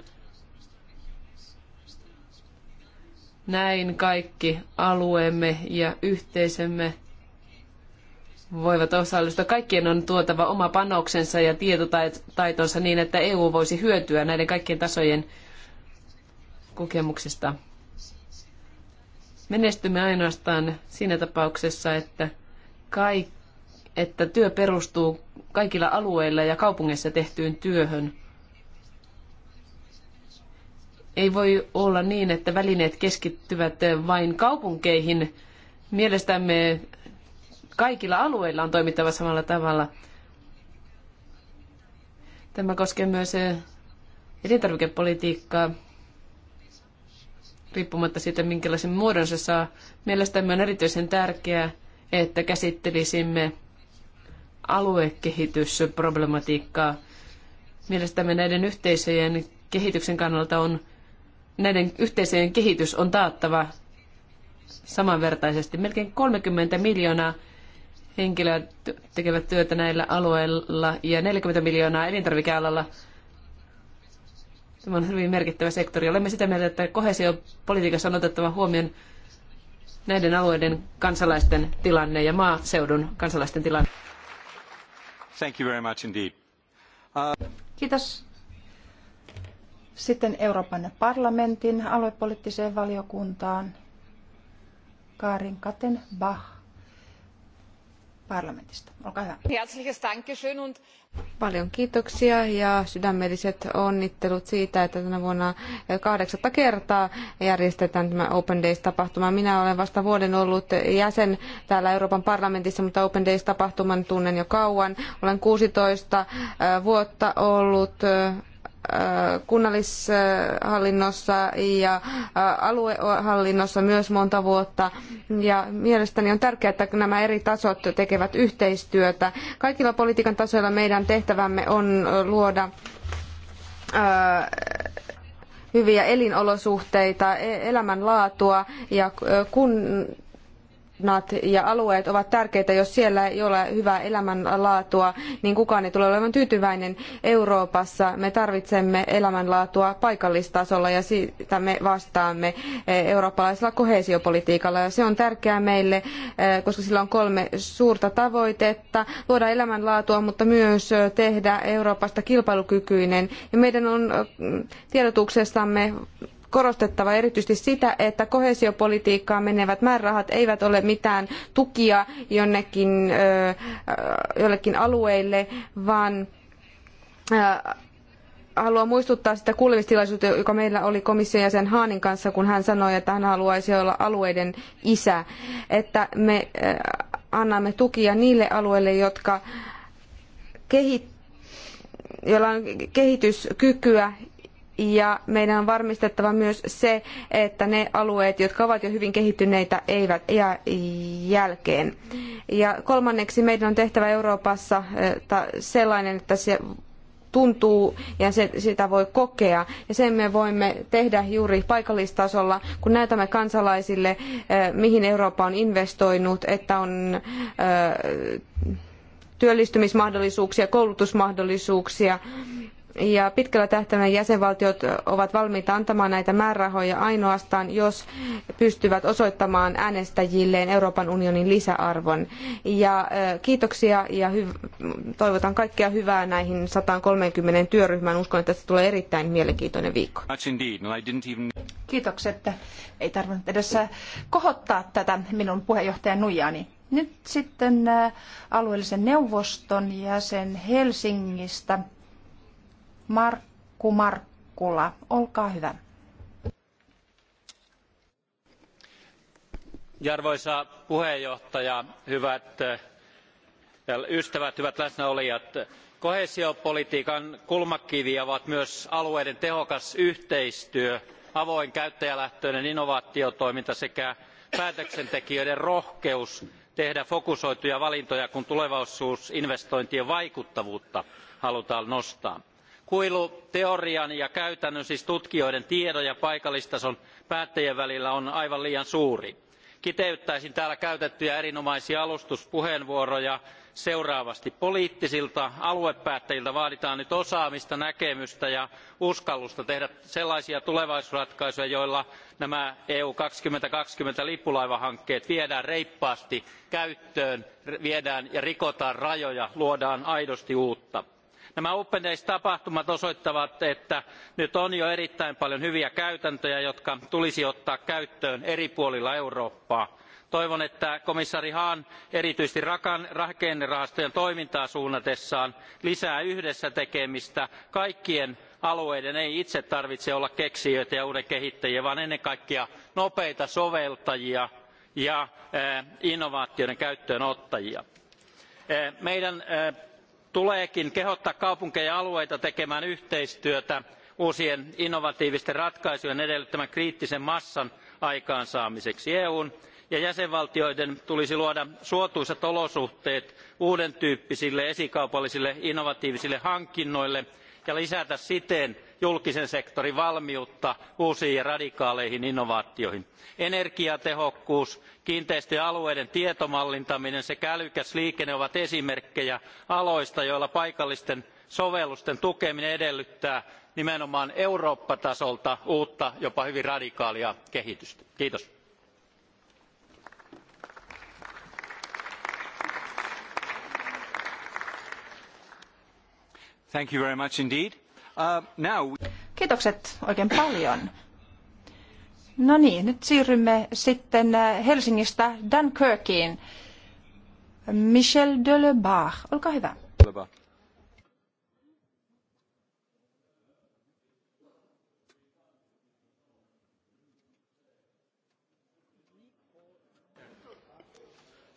näin kaikki alueemme ja yhteisömme voivat osallistua. Kaikkien on tuotava oma panoksensa ja tietotaitonsa niin, että EU voisi hyötyä näiden kaikkien tasojen kokemuksista. Menestymme ainoastaan siinä tapauksessa, että, kaik, että työ perustuu kaikilla alueilla ja kaupungeissa tehtyyn työhön. Ei voi olla niin, että välineet keskittyvät vain kaupunkeihin. Mielestämme kaikilla alueilla on toimittava samalla tavalla. Tämä koskee myös eh, elintarvikepolitiikkaa riippumatta siitä, minkälaisen muodon se saa. Mielestäni on erityisen tärkeää, että käsittelisimme aluekehitysproblematiikkaa. Mielestäni näiden yhteisöjen kehityksen kannalta on, näiden yhteisöjen kehitys on taattava samanvertaisesti. Melkein 30 miljoonaa henkilöä tekevät työtä näillä alueilla ja 40 miljoonaa elintarvikealalla. Tämä on hyvin merkittävä sektori. Olemme sitä mieltä, että kohesiopolitiikassa on otettava huomioon näiden alueiden kansalaisten tilanne ja maaseudun kansalaisten tilanne. Thank you very much indeed. Uh... Kiitos. Sitten Euroopan parlamentin aluepoliittiseen valiokuntaan. Karin Katenbach parlamentista. Olkaa hyvä. Paljon kiitoksia ja sydämelliset onnittelut siitä, että tänä vuonna kahdeksatta kertaa järjestetään tämä Open Days-tapahtuma. Minä olen vasta vuoden ollut jäsen täällä Euroopan parlamentissa, mutta Open Days-tapahtuman tunnen jo kauan. Olen 16 vuotta ollut kunnallishallinnossa ja aluehallinnossa myös monta vuotta. Ja mielestäni on tärkeää, että nämä eri tasot tekevät yhteistyötä. Kaikilla politiikan tasoilla meidän tehtävämme on luoda hyviä elinolosuhteita, e-, elämänlaatua ja kun kunnat ja alueet ovat tärkeitä. Jos siellä ei ole hyvää elämänlaatua, niin kukaan ei tule olemaan tyytyväinen Euroopassa. Me tarvitsemme elämänlaatua paikallistasolla ja siitä me vastaamme eh, eurooppalaisella koheesiopolitiikalla Ja se on tärkeää meille, eh, koska sillä on kolme suurta tavoitetta. Luoda elämänlaatua, mutta myös eh, tehdä Euroopasta kilpailukykyinen. Ja meidän on tiedotuksessamme korostettava erityisesti sitä, että koheesiopolitiikkaan menevät määrärahat eivät ole mitään tukia jonnekin, jollekin alueille, vaan haluan muistuttaa sitä kuulemistilaisuutta, joka meillä oli komission jäsen Haanin kanssa, kun hän sanoi, että hän haluaisi olla alueiden isä, että me annamme tukia niille alueille, jotka kehittävät joilla on kehityskykyä ja meidän on varmistettava myös se, että ne alueet, jotka ovat jo hyvin kehittyneitä, eivät jää jälkeen. Ja kolmanneksi meidän on tehtävä Euroopassa eh, sellainen, että se tuntuu ja se, sitä voi kokea. Ja sen me voimme tehdä juuri paikallistasolla, kun näytämme kansalaisille, eh, mihin Eurooppa on investoinut, että on eh, työllistymismahdollisuuksia, koulutusmahdollisuuksia ja pitkällä tähtäimellä jäsenvaltiot ovat valmiita antamaan näitä määrärahoja ainoastaan, jos pystyvät osoittamaan äänestäjilleen Euroopan unionin lisäarvon. Ja kiitoksia ja toivotan kaikkea hyvää näihin 130 työryhmään. Uskon, että tästä tulee erittäin mielenkiintoinen viikko. Kiitokset. Ei tarvinnut edes kohottaa tätä minun puheenjohtajan nuijaani. Nyt sitten alueellisen neuvoston jäsen Helsingistä Markku Markkula. Olkaa hyvä. arvoisa puheenjohtaja, hyvät ystävät hyvät läsnäolijat kohesiopolitiikan kulmakiviä ovat myös alueiden tehokas yhteistyö avoin käyttäjälähtöinen innovaatiotoiminta sekä päätöksentekijöiden rohkeus tehdä fokusoituja valintoja kun tulevaisuusinvestointien vaikuttavuutta halutaan nostaa kuilu teorian ja käytännön siis tutkijoiden tiedon ja paikallistason päättäjien välillä on aivan liian suuri. kiteyttäisin täällä käytettyjä erinomaisia alustuspuheenvuoroja seuraavasti poliittisilta aluepäättäjiltä vaaditaan nyt osaamista näkemystä ja uskallusta tehdä sellaisia tulevaisuusratkaisuja joilla nämä eu kaksituhatta kaksikymmentä lippulaivahankkeet viedään reippaasti käyttöön viedään ja rikotaan rajoja luodaan aidosti uutta nämä open days tapahtumat osoittavat että nyt on jo erittäin paljon hyviä käytäntöjä jotka tulisi ottaa käyttöön eri puolilla eurooppaa. toivon että komissaari hahn erityisesti rakennerahastojen toimintaa suunnatessaan lisää yhdessä tekemistä kaikkien alueiden ei itse tarvitse olla keksijöitä ja uuden kehittäjiä vaan ennen kaikkea nopeita soveltajia ja eh, innovaatioiden käyttöönottajia. Eh, meidän eh, tuleekin kehottaa kaupunkeja ja alueita tekemään yhteistyötä uusien innovatiivisten ratkaisujen edellyttämän kriittisen massan aikaansaamiseksi. eu n ja jäsenvaltioiden tulisi luoda suotuisat olosuhteet uuden tyyppisille esikaupallisille innovatiivisille hankinnoille ja lisätä siten julkisen sektorin valmiutta uusiin ja radikaaleihin innovaatioihin. energiatehokkuus kiinteistöjen alueiden tietomallintaminen sekä älykäs liikenne ovat esimerkkejä aloista joilla paikallisten sovellusten tukeminen edellyttää nimenomaan eurooppa tasolta uutta jopa hyvin radikaalia kehitystä. Kiitos. Uh, Kiitokset oikein paljon. No niin, nyt siirrymme sitten äh, Helsingistä Dunkirkiin. Michel Delebach, olkaa hyvä. Delebach.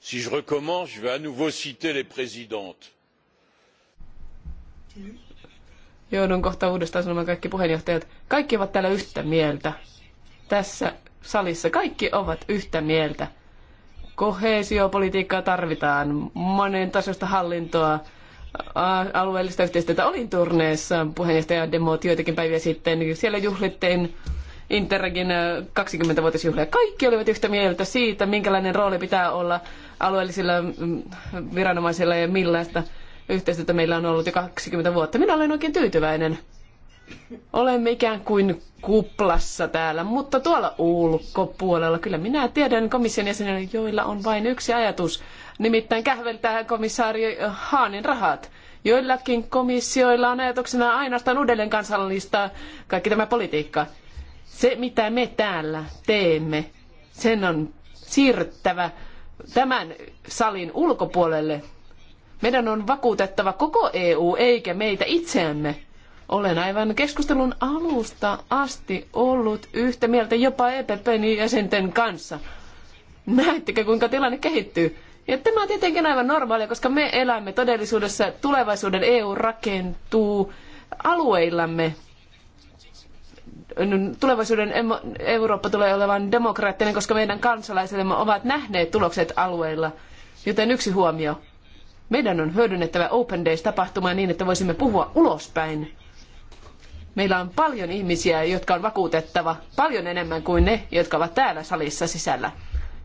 si je recommence je vais à nouveau citer les présidentes Joudun kohta uudestaan sanomaan kaikki puheenjohtajat. Kaikki ovat täällä yhtä mieltä. Tässä salissa kaikki ovat yhtä mieltä. Kohesiopolitiikkaa tarvitaan, monen tasosta hallintoa, alueellista yhteistyötä. Olin turneessa puheenjohtaja Demot joitakin päiviä sitten. Siellä juhlittiin Interregin 20-vuotisjuhlia. Kaikki olivat yhtä mieltä siitä, minkälainen rooli pitää olla alueellisilla mm, viranomaisilla ja millaista yhteistyötä meillä on ollut jo 20 vuotta. Minä olen oikein tyytyväinen. Olemme ikään kuin kuplassa täällä, mutta tuolla ulkopuolella kyllä minä tiedän komission jäsenille, joilla on vain yksi ajatus, nimittäin kähveltää komissaari Haanin rahat. Joillakin komissioilla on ajatuksena ainoastaan uudelleen kansallista kaikki tämä politiikka. Se, mitä me täällä teemme, sen on siirryttävä tämän salin ulkopuolelle meidän on vakuutettava koko EU eikä meitä itseämme. Olen aivan keskustelun alusta asti ollut yhtä mieltä jopa EPPn jäsenten kanssa. Näettekö, kuinka tilanne kehittyy? Ja tämä on tietenkin aivan normaalia, koska me elämme todellisuudessa, tulevaisuuden EU rakentuu alueillamme. Tulevaisuuden Eurooppa tulee olemaan demokraattinen, koska meidän kansalaisemme ovat nähneet tulokset alueilla. Joten yksi huomio. Meidän on hyödynnettävä Open Days-tapahtumaa niin, että voisimme puhua ulospäin. Meillä on paljon ihmisiä, jotka on vakuutettava, paljon enemmän kuin ne, jotka ovat täällä salissa sisällä.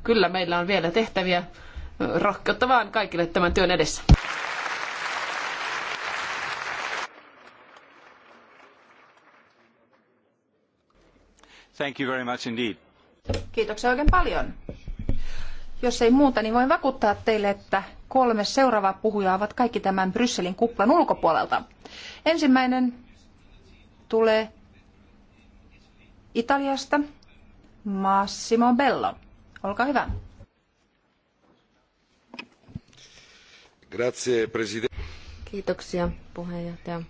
Kyllä meillä on vielä tehtäviä. Rohkeutta vaan kaikille tämän työn edessä. Thank you very much indeed. Kiitoksia oikein paljon. Jos ei muuta, niin voin vakuuttaa teille, että kolme seuraavaa puhujaa ovat kaikki tämän Brysselin kuplan ulkopuolelta. Ensimmäinen tulee Italiasta, Massimo Bello. Olkaa hyvä. Kiitoksia puheenjohtaja.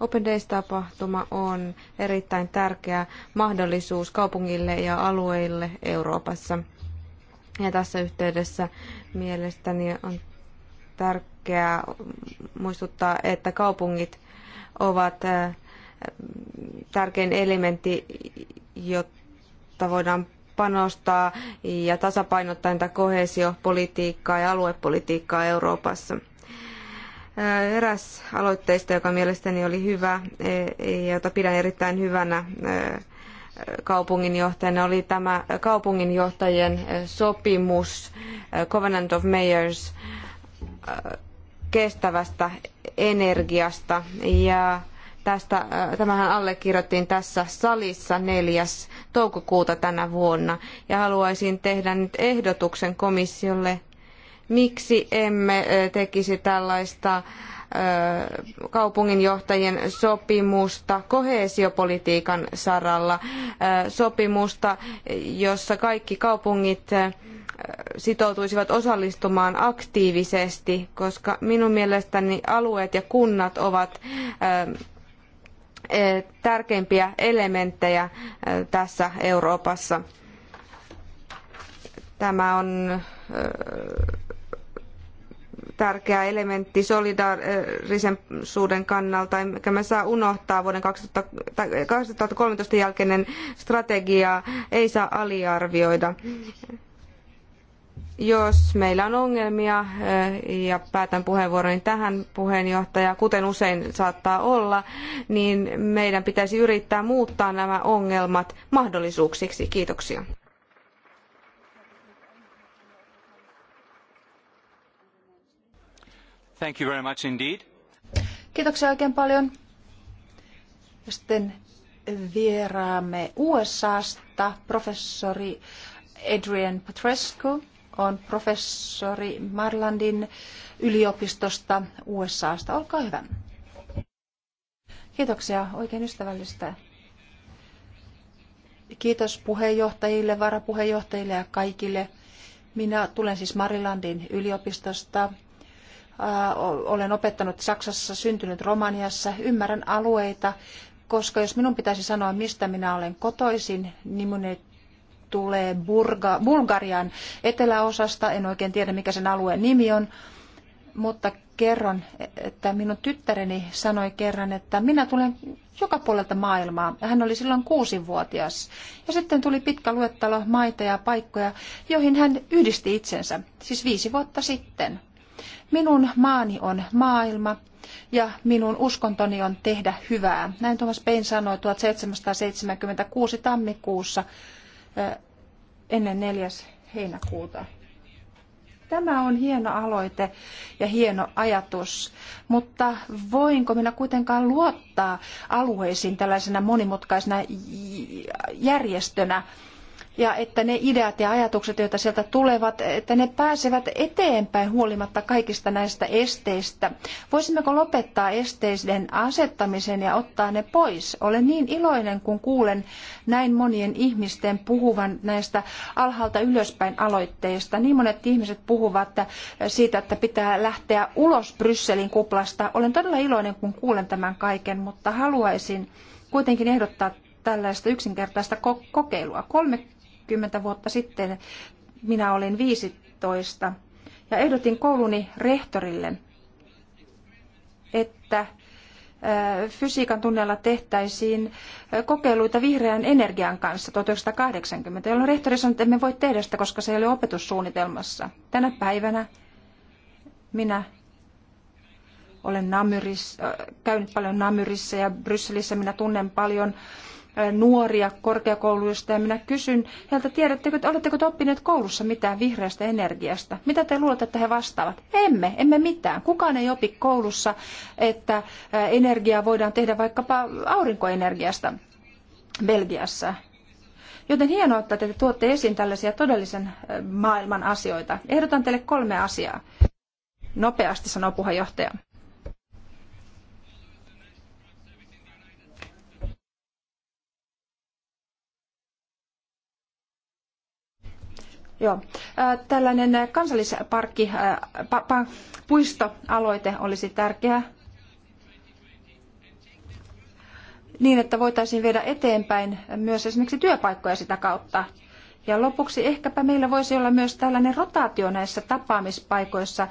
Open Days-tapahtuma on erittäin tärkeä mahdollisuus kaupungille ja alueille Euroopassa. Ja tässä yhteydessä mielestäni on tärkeää muistuttaa, että kaupungit ovat äh, tärkein elementti, jotta voidaan panostaa ja tasapainottaa tätä kohesiopolitiikkaa ja aluepolitiikkaa Euroopassa. Äh, eräs aloitteista, joka mielestäni oli hyvä e- ja jota pidän erittäin hyvänä, äh, kaupunginjohtajana oli tämä kaupunginjohtajien eh, sopimus eh, Covenant of Mayors eh, kestävästä energiasta ja tästä, tämähän allekirjoitettiin tässä salissa 4. toukokuuta tänä vuonna ja haluaisin tehdä nyt ehdotuksen komissiolle, miksi emme tekisi tällaista äh, kaupunginjohtajien sopimusta koheesiopolitiikan saralla, sopimusta, jossa kaikki kaupungit sitoutuisivat osallistumaan aktiivisesti, koska minun mielestäni alueet ja kunnat ovat tärkeimpiä elementtejä tässä Euroopassa. Tämä on tärkeä elementti solidaarisuuden kannalta, emmekä me saa unohtaa vuoden 2013 jälkeinen strategiaa ei saa aliarvioida. Jos meillä on ongelmia, eh, ja päätän puheenvuoroni tähän puheenjohtaja, kuten usein saattaa olla, niin meidän pitäisi yrittää muuttaa nämä ongelmat mahdollisuuksiksi. Kiitoksia. Kiitoksia oikein paljon. Sitten vieraamme USAsta professori Adrian Patrescu on professori Marylandin yliopistosta USAsta. Olkaa hyvä. Kiitoksia oikein ystävällistä. Kiitos puheenjohtajille, varapuheenjohtajille ja kaikille. Minä tulen siis Marylandin yliopistosta Äh, olen opettanut Saksassa, syntynyt Romaniassa, ymmärrän alueita, koska jos minun pitäisi sanoa, mistä minä olen kotoisin, niin minun tulee Burga, Bulgarian eteläosasta, en oikein tiedä mikä sen alueen nimi on, mutta kerron, että minun tyttäreni sanoi kerran, että minä tulen joka puolelta maailmaa. Hän oli silloin kuusivuotias. Ja sitten tuli pitkä luettelo maita ja paikkoja, joihin hän yhdisti itsensä, siis viisi vuotta sitten. Minun maani on maailma ja minun uskontoni on tehdä hyvää. Näin Thomas Paine sanoi 1776 tammikuussa ennen 4. heinäkuuta. Tämä on hieno aloite ja hieno ajatus, mutta voinko minä kuitenkaan luottaa alueisiin tällaisena monimutkaisena järjestönä, ja että ne ideat ja ajatukset, joita sieltä tulevat, että ne pääsevät eteenpäin huolimatta kaikista näistä esteistä. Voisimmeko lopettaa esteiden asettamisen ja ottaa ne pois? Olen niin iloinen, kun kuulen näin monien ihmisten puhuvan näistä alhaalta ylöspäin aloitteista. Niin monet ihmiset puhuvat siitä, että pitää lähteä ulos Brysselin kuplasta. Olen todella iloinen, kun kuulen tämän kaiken, mutta haluaisin kuitenkin ehdottaa tällaista yksinkertaista kokeilua. Kolme 20 vuotta sitten minä olin 15 ja ehdotin kouluni rehtorille, että äh, fysiikan tunnella tehtäisiin äh, kokeiluita vihreän energian kanssa 1980, jolloin rehtori sanoi, että emme voi tehdä sitä, koska se ei ole opetussuunnitelmassa. Tänä päivänä minä olen Namyris, äh, käynyt paljon Namyrissä ja Brysselissä minä tunnen paljon nuoria korkeakouluista ja minä kysyn heiltä, tiedättekö, että oletteko te oppineet koulussa mitään vihreästä energiasta? Mitä te luulette, että he vastaavat? Emme, emme mitään. Kukaan ei opi koulussa, että energiaa voidaan tehdä vaikkapa aurinkoenergiasta Belgiassa. Joten hienoa, että te tuotte esiin tällaisia todellisen maailman asioita. Ehdotan teille kolme asiaa. Nopeasti sanoo puheenjohtaja. Joo. Tällainen kansallisparkki, pa, pa, puistoaloite olisi tärkeä niin, että voitaisiin viedä eteenpäin myös esimerkiksi työpaikkoja sitä kautta. Ja lopuksi ehkäpä meillä voisi olla myös tällainen rotaatio näissä tapaamispaikoissa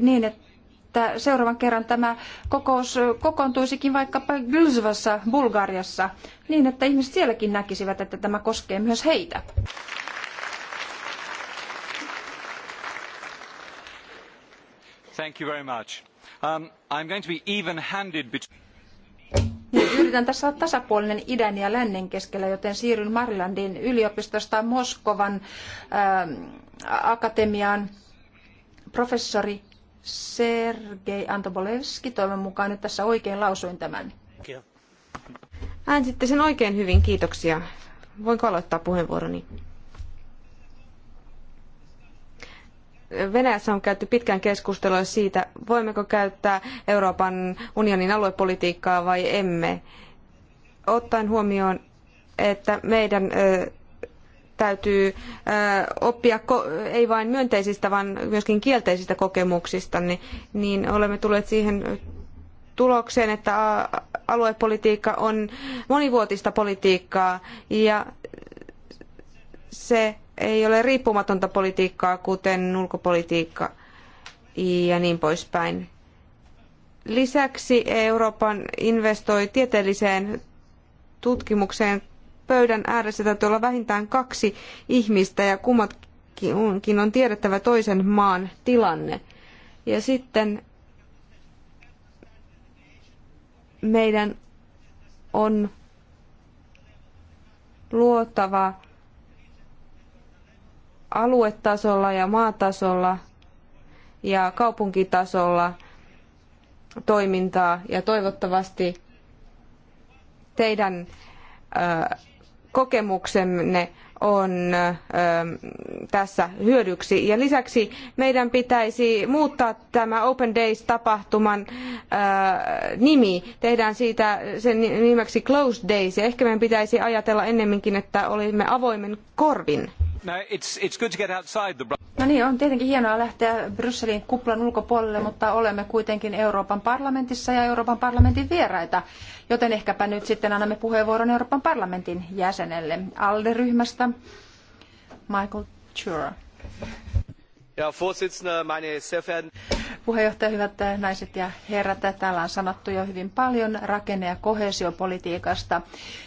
niin, että seuraavan kerran tämä kokous kokoontuisikin vaikkapa Gylsvassa, Bulgariassa, niin että ihmiset sielläkin näkisivät, että tämä koskee myös heitä. Nyt um, niin, yritän tässä olla tasapuolinen idän ja lännen keskellä, joten siirryn Marilandin yliopistosta Moskovan ää, ähm, akatemiaan. Professori Sergei Antobolevski, toivon mukaan nyt tässä oikein lausuin tämän. Äänsitte sen oikein hyvin, kiitoksia. Voinko aloittaa puheenvuoroni? Venäjässä on käyty pitkään keskustelua siitä, voimmeko käyttää Euroopan unionin aluepolitiikkaa vai emme. Ottaen huomioon, että meidän täytyy oppia ei vain myönteisistä, vaan myöskin kielteisistä kokemuksista, niin, niin olemme tulleet siihen tulokseen, että aluepolitiikka on monivuotista politiikkaa ja se ei ole riippumatonta politiikkaa, kuten ulkopolitiikka ja niin poispäin. Lisäksi Euroopan investoi tieteelliseen tutkimukseen. Pöydän ääressä täytyy olla vähintään kaksi ihmistä ja kummatkin on tiedettävä toisen maan tilanne. Ja sitten meidän on luotava aluetasolla ja maatasolla ja kaupunkitasolla toimintaa ja toivottavasti teidän kokemuksenne on tässä hyödyksi. Ja lisäksi meidän pitäisi muuttaa tämä Open Days-tapahtuman nimi. Tehdään siitä sen nimeksi Closed Days. Ja ehkä meidän pitäisi ajatella ennemminkin, että olimme avoimen korvin. No, no, niin, on tietenkin hienoa lähteä Brysselin kuplan ulkopuolelle, mutta olemme kuitenkin Euroopan parlamentissa ja Euroopan parlamentin vieraita, joten ehkäpä nyt sitten annamme puheenvuoron Euroopan parlamentin jäsenelle. ALDE-ryhmästä Michael Chura herr puheenjohtaja, hyvät naiset ja herrat, täällä on sanottu jo hyvin paljon rakenne- ja koheesiopolitiikasta.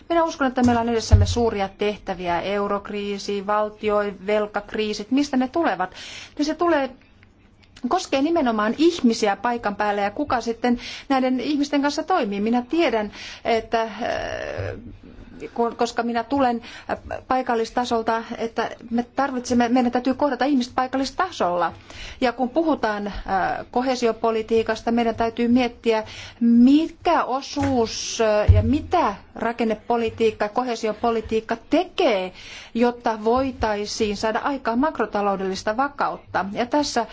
Minä uskon, että meillä on edessämme suuria tehtäviä, eurokriisi, valtioi, velkakriisit, mistä ne tulevat. Niin se tulee koskee nimenomaan ihmisiä paikan päällä ja kuka sitten näiden ihmisten kanssa toimii. Minä tiedän, että koska minä tulen äh, paikallistasolta, että me tarvitsemme, meidän täytyy kohdata ihmiset paikallistasolla. Ja kun puhutaan äh, kohesiopolitiikasta, meidän täytyy miettiä, mikä osuus äh, ja mitä rakennepolitiikka ja kohesiopolitiikka tekee, jotta voitaisiin saada aikaan makrotaloudellista vakautta. Ja tässä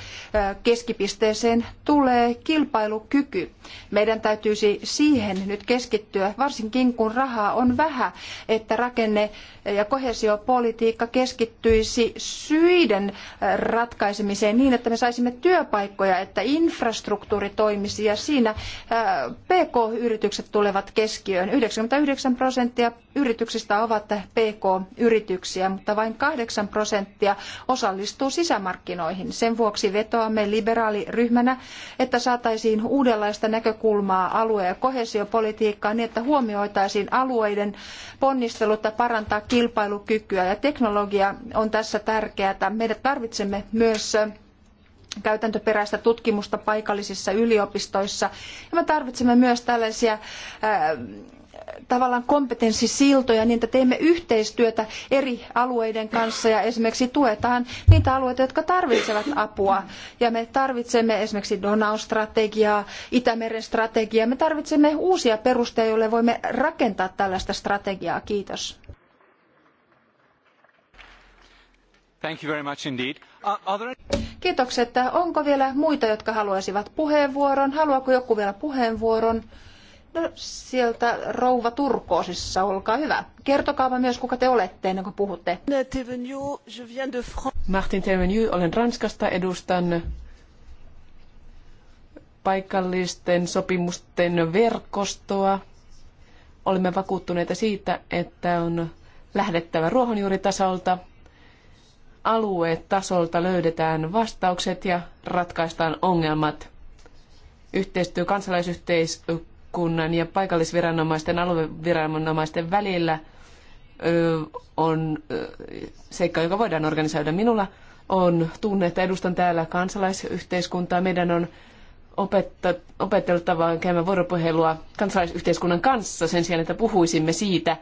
keskipisteeseen tulee kilpailukyky. Meidän täytyisi siihen nyt keskittyä, varsinkin kun rahaa on vähän että rakenne- ja koheesiopolitiikka keskittyisi syiden äh, ratkaisemiseen niin, että me saisimme työpaikkoja, että infrastruktuuri toimisi ja siinä äh, PK-yritykset tulevat keskiöön. 99 prosenttia yrityksistä ovat PK-yrityksiä, mutta vain 8 prosenttia osallistuu sisämarkkinoihin. Sen vuoksi vetoamme liberaaliryhmänä, että saataisiin uudenlaista näkökulmaa alue- ja koheesiopolitiikkaan niin, että huomioitaisiin alueiden ponnistelut parantaa kilpailukykyä ja teknologia on tässä tärkeää. Me tarvitsemme myös käytäntöperäistä tutkimusta paikallisissa yliopistoissa ja me tarvitsemme myös tällaisia tavallaan kompetenssisiltoja niin, että teemme yhteistyötä eri alueiden kanssa ja esimerkiksi tuetaan niitä alueita, jotka tarvitsevat apua. Ja me tarvitsemme esimerkiksi Donau-strategiaa, Itämeren strategiaa. Me tarvitsemme uusia perusteita, joille voimme rakentaa tällaista strategiaa. Kiitos. Thank you very much indeed. There... Onko vielä muita, jotka haluaisivat puheenvuoron? Haluaako joku vielä puheenvuoron? No sieltä Rouva Turkoosissa, olkaa hyvä. Kertokaapa myös, kuka te olette ennen kuin puhutte. Martin Tevenu, olen Ranskasta, edustan paikallisten sopimusten verkostoa. Olemme vakuuttuneita siitä, että on lähdettävä ruohonjuuritasolta. Aluetasolta löydetään vastaukset ja ratkaistaan ongelmat. Yhteistyö kansalaisyhteiskunnan kunnan ja paikallisviranomaisten, alueviranomaisten välillä on seikka, joka voidaan organisoida. Minulla on tunne, että edustan täällä kansalaisyhteiskuntaa. Meidän on opetta, opeteltavaa käymään vuoropuhelua kansalaisyhteiskunnan kanssa sen sijaan, että puhuisimme siitä.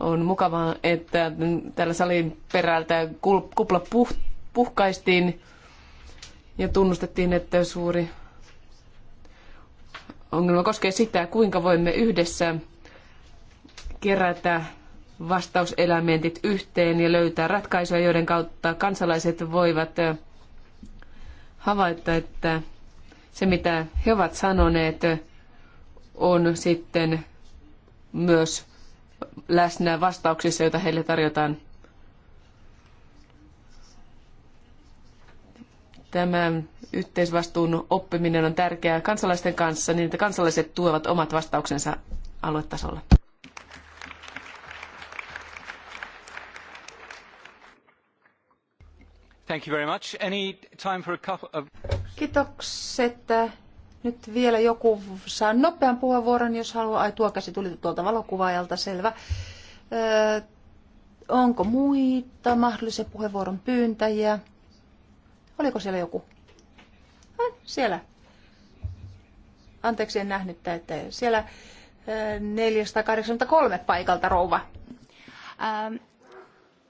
On mukavaa, että täällä salin perältä kupla puh- puhkaistiin ja tunnustettiin, että suuri Ongelma koskee sitä, kuinka voimme yhdessä kerätä vastauselementit yhteen ja löytää ratkaisuja, joiden kautta kansalaiset voivat havaita, että se mitä he ovat sanoneet on sitten myös läsnä vastauksissa, joita heille tarjotaan. Tämän yhteisvastuun oppiminen on tärkeää kansalaisten kanssa, niin että kansalaiset tuovat omat vastauksensa aluetasolla. Thank you very much. Any time for a couple of... Kiitokset. Nyt vielä joku saa nopean puheenvuoron, jos haluaa. Ai, tuo käsi tuli tuolta valokuvaajalta, selvä. onko muita mahdollisia puheenvuoron pyyntäjiä? Oliko siellä joku? siellä. Anteeksi, en nähnyt että Siellä 483 äh, paikalta, rouva. Um, ähm,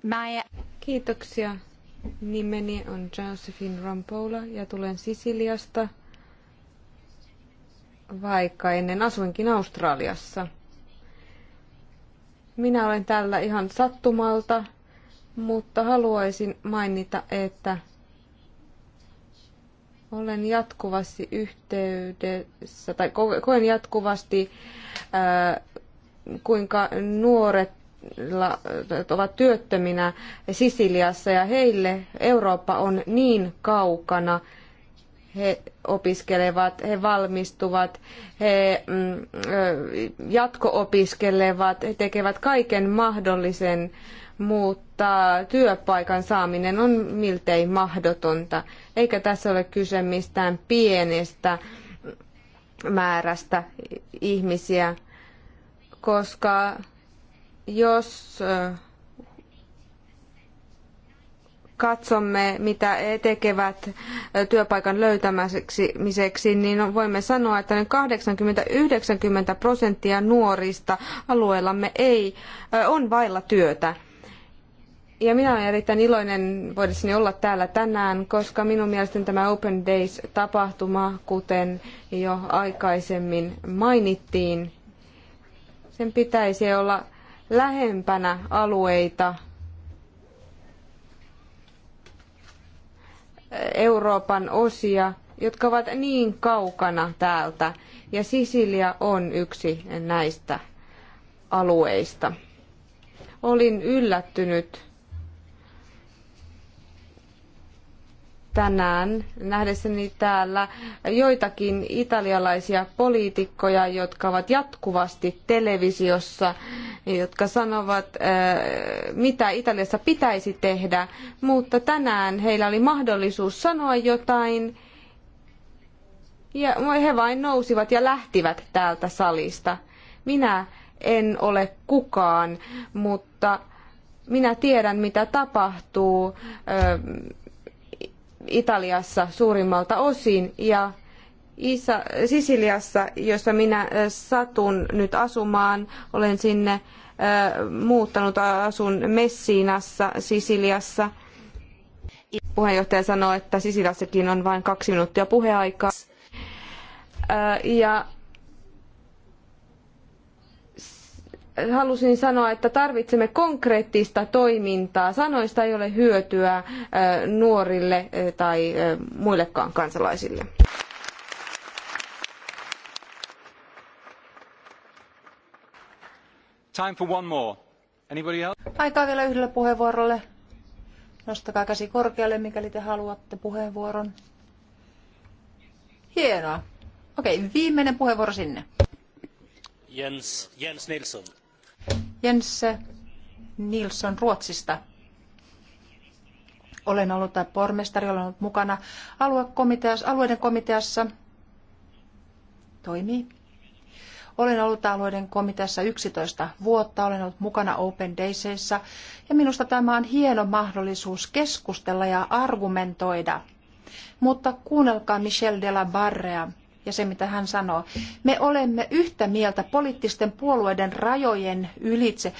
my... Kiitoksia. Nimeni on Josephine Rampola ja tulen Sisiliasta, vaikka ennen asuinkin Australiassa. Minä olen täällä ihan sattumalta, mutta haluaisin mainita, että olen jatkuvasti yhteydessä, tai koen jatkuvasti, kuinka nuoret ovat työttöminä Sisiliassa ja heille Eurooppa on niin kaukana. He opiskelevat, he valmistuvat, he mm, jatko-opiskelevat, he tekevät kaiken mahdollisen mutta työpaikan saaminen on miltei mahdotonta. Eikä tässä ole kyse mistään pienestä määrästä ihmisiä, koska jos katsomme, mitä he tekevät työpaikan löytämiseksi, niin voimme sanoa, että 80-90 prosenttia nuorista alueellamme ei, on vailla työtä. Ja minä olen erittäin iloinen voidessani olla täällä tänään, koska minun mielestäni tämä Open Days-tapahtuma, kuten jo aikaisemmin mainittiin, sen pitäisi olla lähempänä alueita Euroopan osia, jotka ovat niin kaukana täältä. Ja Sisilia on yksi näistä alueista. Olin yllättynyt tänään nähdessäni täällä joitakin italialaisia poliitikkoja, jotka ovat jatkuvasti televisiossa, jotka sanovat, äh, mitä Italiassa pitäisi tehdä, mutta tänään heillä oli mahdollisuus sanoa jotain, ja he vain nousivat ja lähtivät täältä salista. Minä en ole kukaan, mutta minä tiedän, mitä tapahtuu ähm, Italiassa suurimmalta osin ja Isa, Sisiliassa, jossa minä satun nyt asumaan, olen sinne muuttanut, asun Messinassa, Sisiliassa. Puheenjohtaja sanoi, että Sisiliassakin on vain kaksi minuuttia puheaikaa. Ja halusin sanoa, että tarvitsemme konkreettista toimintaa. Sanoista ei ole hyötyä nuorille tai muillekaan kansalaisille. Time for one more. Anybody else? Aikaa vielä yhdelle puheenvuorolle. Nostakaa käsi korkealle, mikäli te haluatte puheenvuoron. Hienoa. Okei, viimeinen puheenvuoro sinne. Jens, Jens Nilsson. Jens Nilsson Ruotsista. Olen ollut tai pormestari, olen ollut mukana aluekomiteassa, alueiden komiteassa. Toimii. Olen ollut alueiden komiteassa 11 vuotta, olen ollut mukana Open Daysissa ja minusta tämä on hieno mahdollisuus keskustella ja argumentoida. Mutta kuunnelkaa Michel de la Barrea, ja se, mitä hän sanoo. Me olemme yhtä mieltä poliittisten puolueiden rajojen ylitse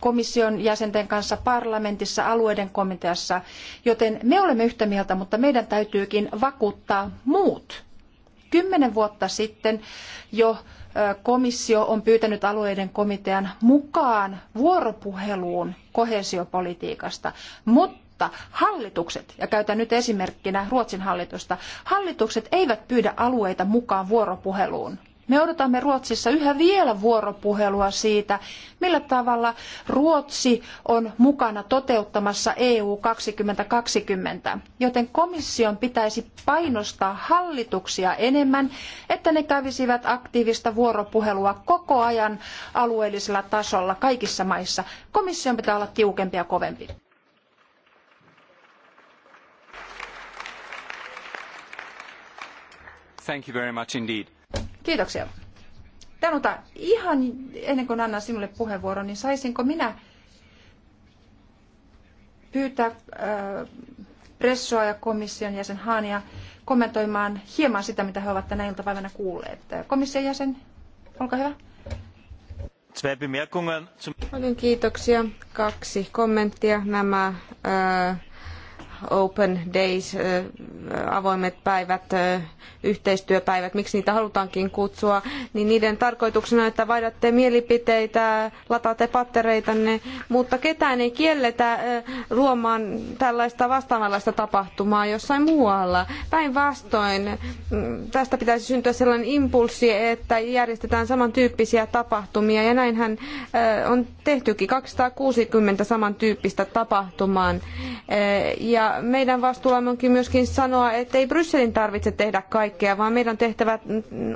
komission jäsenten kanssa parlamentissa, alueiden komiteassa, joten me olemme yhtä mieltä, mutta meidän täytyykin vakuuttaa muut. Kymmenen vuotta sitten jo komissio on pyytänyt alueiden komitean mukaan vuoropuheluun koheesiopolitiikasta, mutta mutta hallitukset, ja käytän nyt esimerkkinä Ruotsin hallitusta, hallitukset eivät pyydä alueita mukaan vuoropuheluun. Me odotamme Ruotsissa yhä vielä vuoropuhelua siitä, millä tavalla Ruotsi on mukana toteuttamassa EU 2020, joten komission pitäisi painostaa hallituksia enemmän, että ne kävisivät aktiivista vuoropuhelua koko ajan alueellisella tasolla kaikissa maissa. Komission pitää olla tiukempi ja kovempi. Thank you very much indeed. Kiitoksia. Tanuta, ihan ennen kuin annan sinulle puheenvuoron, niin saisinko minä pyytää äh, Pressoa ja komission jäsen Haania kommentoimaan hieman sitä, mitä he ovat tänä iltapäivänä kuulleet. Komission jäsen, olkaa hyvä. Paljon kiitoksia. Kaksi kommenttia. Nämä äh, Open Days, avoimet päivät, yhteistyöpäivät, miksi niitä halutaankin kutsua, niin niiden tarkoituksena on, että vaihdatte mielipiteitä, lataatte pattereitanne, mutta ketään ei kielletä luomaan tällaista vastaavanlaista tapahtumaa jossain muualla. Päinvastoin tästä pitäisi syntyä sellainen impulssi, että järjestetään samantyyppisiä tapahtumia ja näinhän on tehtykin 260 samantyyppistä tapahtumaan. Ja meidän vastuullamme onkin myöskin sanoa, että ei Brysselin tarvitse tehdä kaikkea, vaan meidän on tehtävä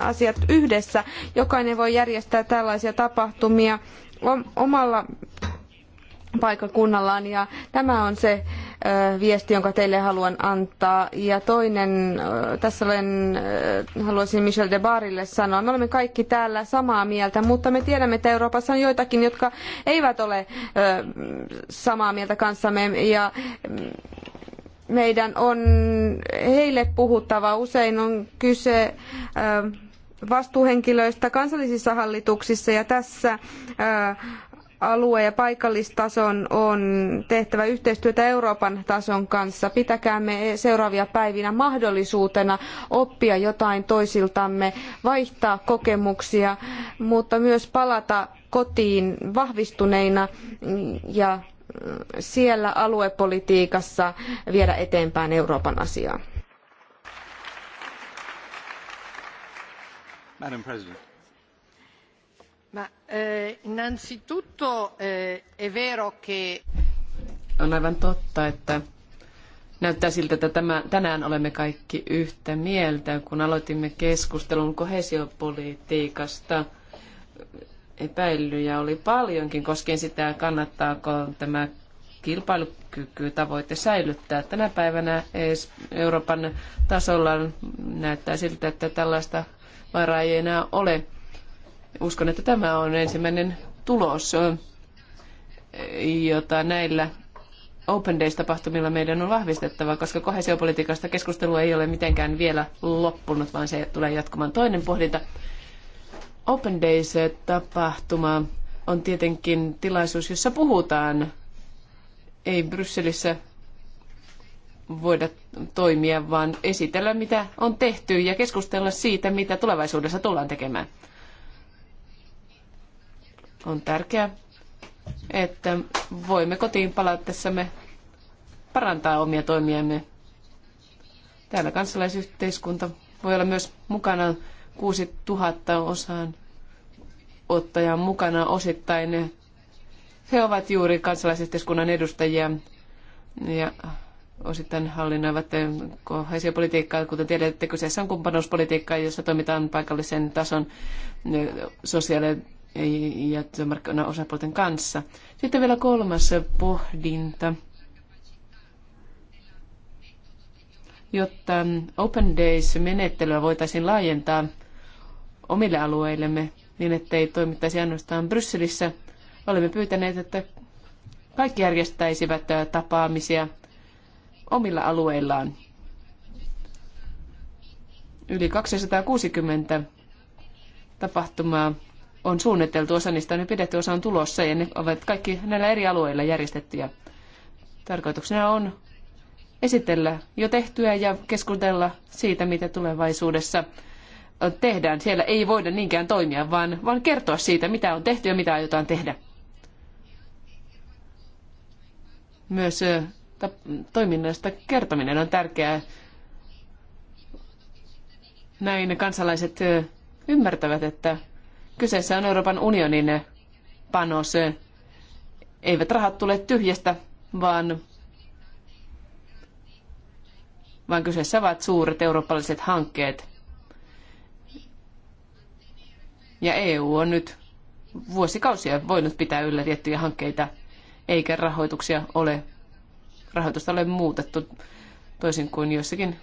asiat yhdessä. Jokainen voi järjestää tällaisia tapahtumia omalla paikakunnallaan ja tämä on se viesti, jonka teille haluan antaa. Ja toinen, tässä olen, haluaisin Michel de Barille sanoa, me olemme kaikki täällä samaa mieltä, mutta me tiedämme, että Euroopassa on joitakin, jotka eivät ole samaa mieltä kanssamme ja mm, meidän on heille puhuttava. Usein on kyse vastuuhenkilöistä kansallisissa hallituksissa ja tässä alue- ja paikallistason on tehtävä yhteistyötä Euroopan tason kanssa. Pitäkäämme seuraavia päivinä mahdollisuutena oppia jotain toisiltamme, vaihtaa kokemuksia, mutta myös palata kotiin vahvistuneina ja siellä aluepolitiikassa viedä eteenpäin Euroopan asiaa. Madam President. Ma, eh, innanzitutto eh, è vero che... On aivan totta, että näyttää siltä, että tämä, tänään olemme kaikki yhtä mieltä, kun aloitimme keskustelun kohesiopolitiikasta – epäilyjä oli paljonkin koskien sitä, kannattaako tämä kilpailukykytavoite säilyttää. Tänä päivänä Euroopan tasolla näyttää siltä, että tällaista varaa ei enää ole. Uskon, että tämä on ensimmäinen tulos, jota näillä Open Days-tapahtumilla meidän on vahvistettava, koska kohesiopolitiikasta keskustelu ei ole mitenkään vielä loppunut, vaan se tulee jatkumaan toinen pohdinta Open Days-tapahtuma on tietenkin tilaisuus, jossa puhutaan. Ei Brysselissä voida toimia, vaan esitellä, mitä on tehty ja keskustella siitä, mitä tulevaisuudessa tullaan tekemään. On tärkeää, että voimme kotiin palautessamme parantaa omia toimiamme. Täällä kansalaisyhteiskunta voi olla myös mukana 6000 osaan ottajaa mukana osittain. He ovat juuri kansalaisyhteiskunnan edustajia ja osittain hallinnoivat politiikkaa. kuten tiedätte, kyseessä on kumppanuuspolitiikka, jossa toimitaan paikallisen tason sosiaali- ja työmarkkinaosapuolten kanssa. Sitten vielä kolmas pohdinta. Jotta Open Days-menettelyä voitaisiin laajentaa omille alueillemme niin, ettei toimittaisi ainoastaan Brysselissä. Olemme pyytäneet, että kaikki järjestäisivät tapaamisia omilla alueillaan. Yli 260 tapahtumaa on suunniteltu, osa niistä on jo pidetty, osa on tulossa ja ne ovat kaikki näillä eri alueilla järjestettyjä. Tarkoituksena on esitellä jo tehtyä ja keskustella siitä, mitä tulevaisuudessa tehdään. Siellä ei voida niinkään toimia, vaan, vaan kertoa siitä, mitä on tehty ja mitä aiotaan tehdä. Myös toiminnasta kertominen on tärkeää. Näin kansalaiset ymmärtävät, että kyseessä on Euroopan unionin panos. Eivät rahat tule tyhjästä, vaan, vaan kyseessä ovat suuret eurooppalaiset hankkeet – ja EU on nyt vuosikausia voinut pitää yllä tiettyjä hankkeita, eikä rahoituksia ole, rahoitusta ole muutettu toisin kuin jossakin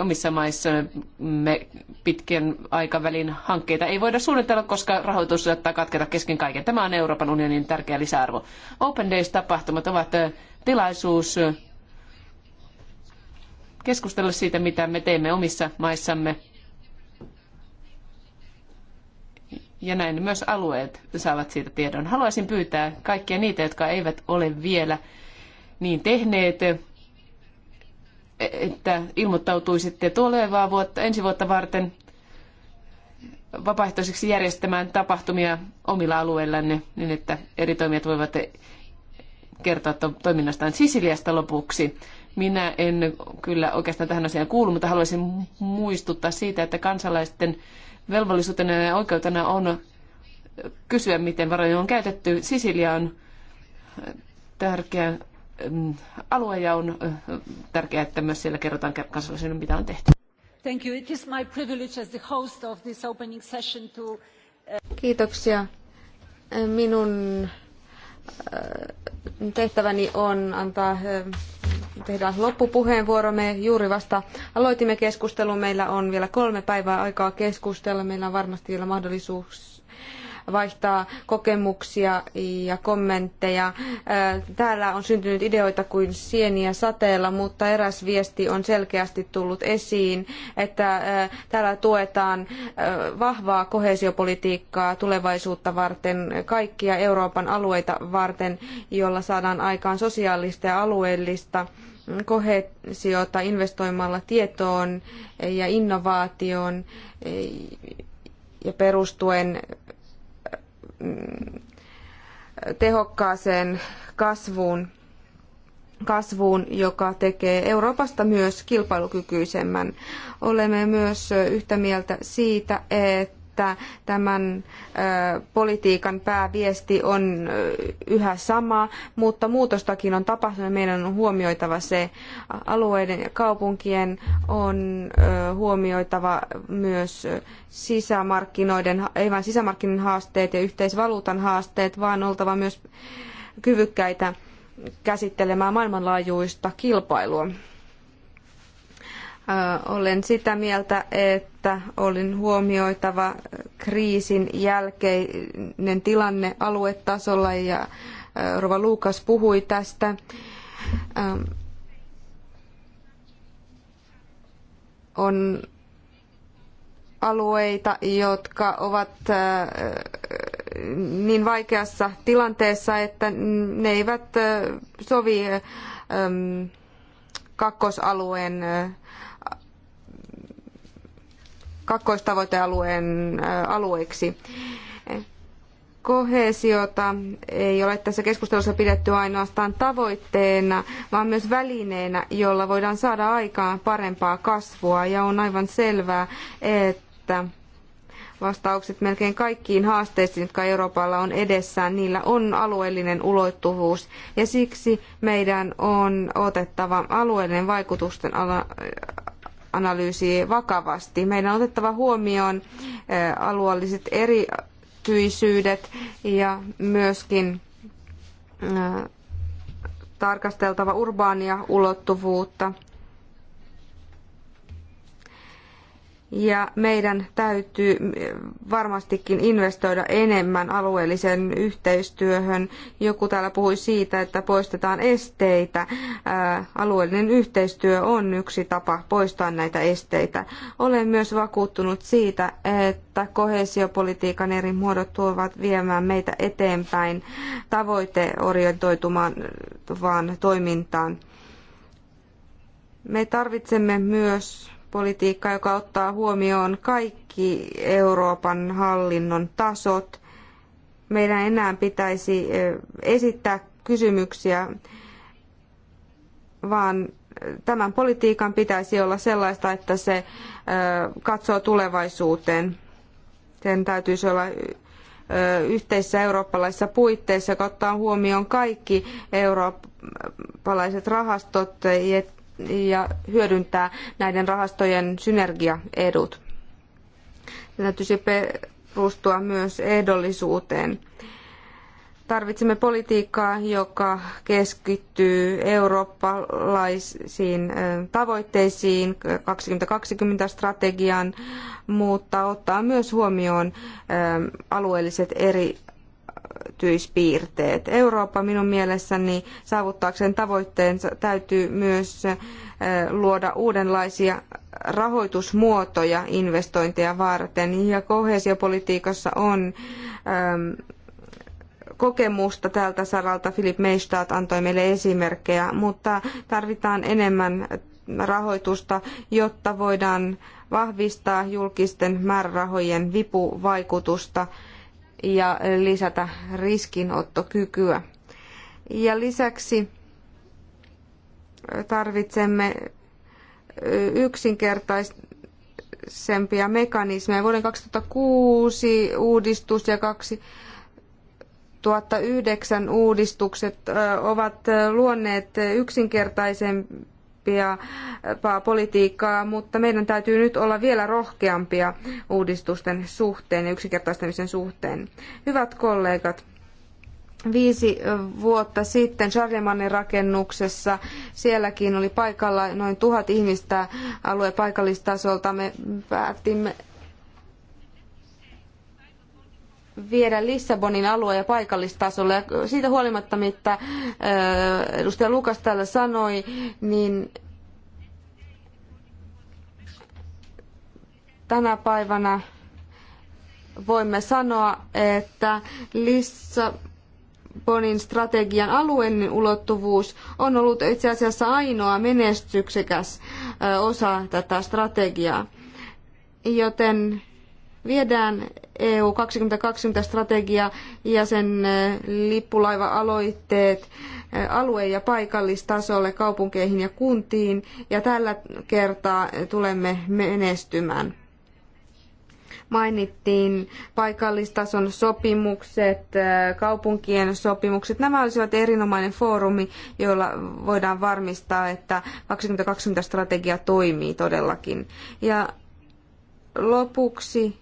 omissa maissa me pitkän aikavälin hankkeita ei voida suunnitella, koska rahoitus saattaa katketa kesken kaiken. Tämä on Euroopan unionin tärkeä lisäarvo. Open Days-tapahtumat ovat tilaisuus keskustella siitä, mitä me teemme omissa maissamme ja näin myös alueet saavat siitä tiedon. Haluaisin pyytää kaikkia niitä, jotka eivät ole vielä niin tehneet, että ilmoittautuisitte tulevaa vuotta, ensi vuotta varten vapaaehtoiseksi järjestämään tapahtumia omilla alueillanne, niin että eri toimijat voivat kertoa toiminnastaan Sisiliasta lopuksi. Minä en kyllä oikeastaan tähän asiaan kuulu, mutta haluaisin muistuttaa siitä, että kansalaisten velvollisuutena ja oikeutena on kysyä, miten varoja on käytetty. Sisilia on äh, tärkeä mm, alue ja on äh, tärkeää, että myös siellä kerrotaan kansalaisille, mitä on tehty. Thank you. It is my privilege as the host of this opening session to... Uh, Kiitoksia. Minun äh, tehtäväni on antaa tehdään loppupuheenvuoro. Me juuri vasta aloitimme keskustelun. Meillä on vielä kolme päivää aikaa keskustella. Meillä on varmasti vielä mahdollisuus vaihtaa kokemuksia ja kommentteja. Täällä on syntynyt ideoita kuin sieniä sateella, mutta eräs viesti on selkeästi tullut esiin, että täällä tuetaan vahvaa koheesiopolitiikkaa tulevaisuutta varten, kaikkia Euroopan alueita varten, jolla saadaan aikaan sosiaalista ja alueellista kohesiota investoimalla tietoon ja innovaatioon ja perustuen Mm, tehokkaaseen kasvuun, kasvuun, joka tekee Euroopasta myös kilpailukykyisemmän. Olemme myös yhtä mieltä siitä, että että tämän politiikan pääviesti on yhä sama, mutta muutostakin on tapahtunut. Meidän on huomioitava se alueiden ja kaupunkien on huomioitava myös sisämarkkinoiden, ei vain sisämarkkinoiden haasteet ja yhteisvaluutan haasteet, vaan oltava myös kyvykkäitä käsittelemään maailmanlaajuista kilpailua. Olen sitä mieltä, että olin huomioitava kriisin jälkeinen tilanne aluetasolla ja Rova Luukas puhui tästä. On alueita, jotka ovat niin vaikeassa tilanteessa, että ne eivät sovi kakkosalueen kakkoistavoitealueen alueiksi. Kohesiota ei ole tässä keskustelussa pidetty ainoastaan tavoitteena, vaan myös välineenä, jolla voidaan saada aikaan parempaa kasvua. Ja on aivan selvää, että vastaukset melkein kaikkiin haasteisiin, jotka Euroopalla on edessään, niillä on alueellinen ulottuvuus. Ja siksi meidän on otettava alueellinen vaikutusten ala, analyysiä vakavasti. Meidän on otettava huomioon eh, alueelliset erityisyydet ja myöskin eh, tarkasteltava urbaania ulottuvuutta. Ja meidän täytyy varmastikin investoida enemmän alueelliseen yhteistyöhön. Joku täällä puhui siitä, että poistetaan esteitä. Alueellinen yhteistyö on yksi tapa poistaa näitä esteitä. Olen myös vakuuttunut siitä, että koheesiopolitiikan eri muodot tuovat viemään meitä eteenpäin tavoiteorientoitumaan toimintaan. Me tarvitsemme myös politiikka, joka ottaa huomioon kaikki Euroopan hallinnon tasot. Meidän enää pitäisi esittää kysymyksiä, vaan tämän politiikan pitäisi olla sellaista, että se katsoo tulevaisuuteen. Sen täytyisi olla yhteisissä eurooppalaisissa puitteissa, joka ottaa huomioon kaikki eurooppalaiset rahastot ja hyödyntää näiden rahastojen synergiaedut. täytyisi perustua myös ehdollisuuteen. Tarvitsemme politiikkaa, joka keskittyy eurooppalaisiin tavoitteisiin, 2020-strategian, mutta ottaa myös huomioon alueelliset eri erityispiirteet. Eurooppa minun mielessäni saavuttaakseen tavoitteensa täytyy myös eh, luoda uudenlaisia rahoitusmuotoja investointeja varten. Ja kohesiopolitiikassa on ehm, kokemusta tältä saralta. Philip Meistad antoi meille esimerkkejä, mutta tarvitaan enemmän rahoitusta, jotta voidaan vahvistaa julkisten määrärahojen vipuvaikutusta ja lisätä riskinottokykyä. Ja lisäksi tarvitsemme yksinkertaisempia mekanismeja. Vuoden 2006 uudistus ja 2009 uudistukset ovat luonneet yksinkertaisempia rohkeampaa äh, politiikkaa, mutta meidän täytyy nyt olla vielä rohkeampia uudistusten suhteen ja yksinkertaistamisen suhteen. Hyvät kollegat, viisi äh, vuotta sitten Charlemagne rakennuksessa. Sielläkin oli paikalla noin tuhat ihmistä alue paikallistasolta. Me päätimme viedä Lissabonin alue ja paikallistasolle. Ja siitä huolimatta, mitä edustaja Lukas täällä sanoi, niin tänä päivänä voimme sanoa, että Lissabonin strategian alueellinen ulottuvuus on ollut itse asiassa ainoa menestyksekäs osa tätä strategiaa. Joten viedään EU 2020 strategia ja sen lippulaiva-aloitteet alue- ja paikallistasolle, kaupunkeihin ja kuntiin, ja tällä kertaa tulemme menestymään. Mainittiin paikallistason sopimukset, kaupunkien sopimukset. Nämä olisivat erinomainen foorumi, jolla voidaan varmistaa, että 2020 strategia toimii todellakin. Ja lopuksi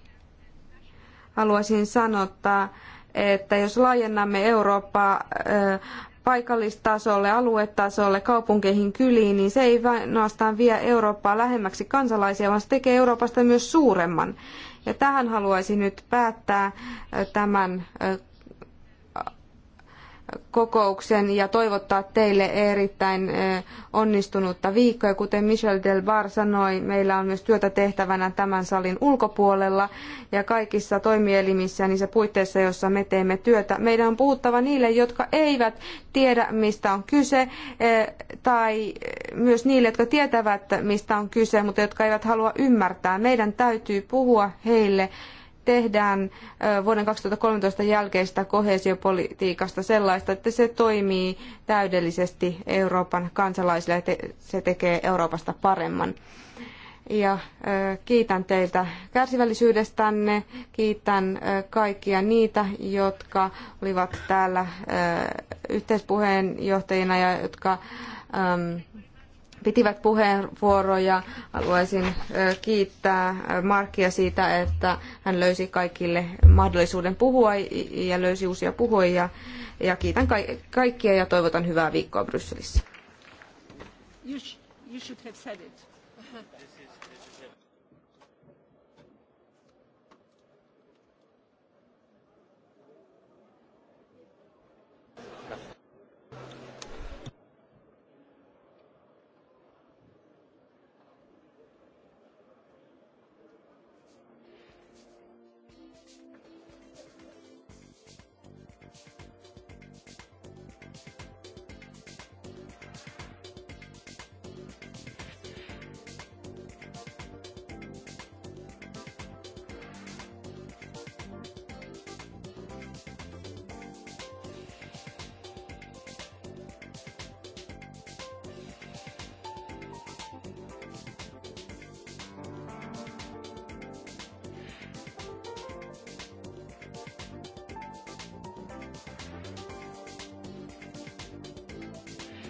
haluaisin sanottaa, että jos laajennamme Eurooppaa paikallistasolle, aluetasolle, kaupunkeihin, kyliin, niin se ei ainoastaan vie Eurooppaa lähemmäksi kansalaisia, vaan se tekee Euroopasta myös suuremman. Ja tähän haluaisin nyt päättää tämän kokouksen ja toivottaa teille erittäin onnistunutta viikkoa. Kuten Michel Delbar sanoi, meillä on myös työtä tehtävänä tämän salin ulkopuolella ja kaikissa toimielimissä ja niissä puitteissa, joissa me teemme työtä. Meidän on puhuttava niille, jotka eivät tiedä, mistä on kyse, tai myös niille, jotka tietävät, mistä on kyse, mutta jotka eivät halua ymmärtää. Meidän täytyy puhua heille tehdään vuoden 2013 jälkeistä koheesiopolitiikasta sellaista, että se toimii täydellisesti Euroopan kansalaisille ja se tekee Euroopasta paremman. Ja kiitän teiltä kärsivällisyydestänne, kiitän kaikkia niitä, jotka olivat täällä yhteispuheenjohtajina ja jotka pitivät puheenvuoroja. Haluaisin kiittää Markia siitä, että hän löysi kaikille mahdollisuuden puhua ja löysi uusia puhujia. Ja kiitän kaikkia ja toivotan hyvää viikkoa Brysselissä. You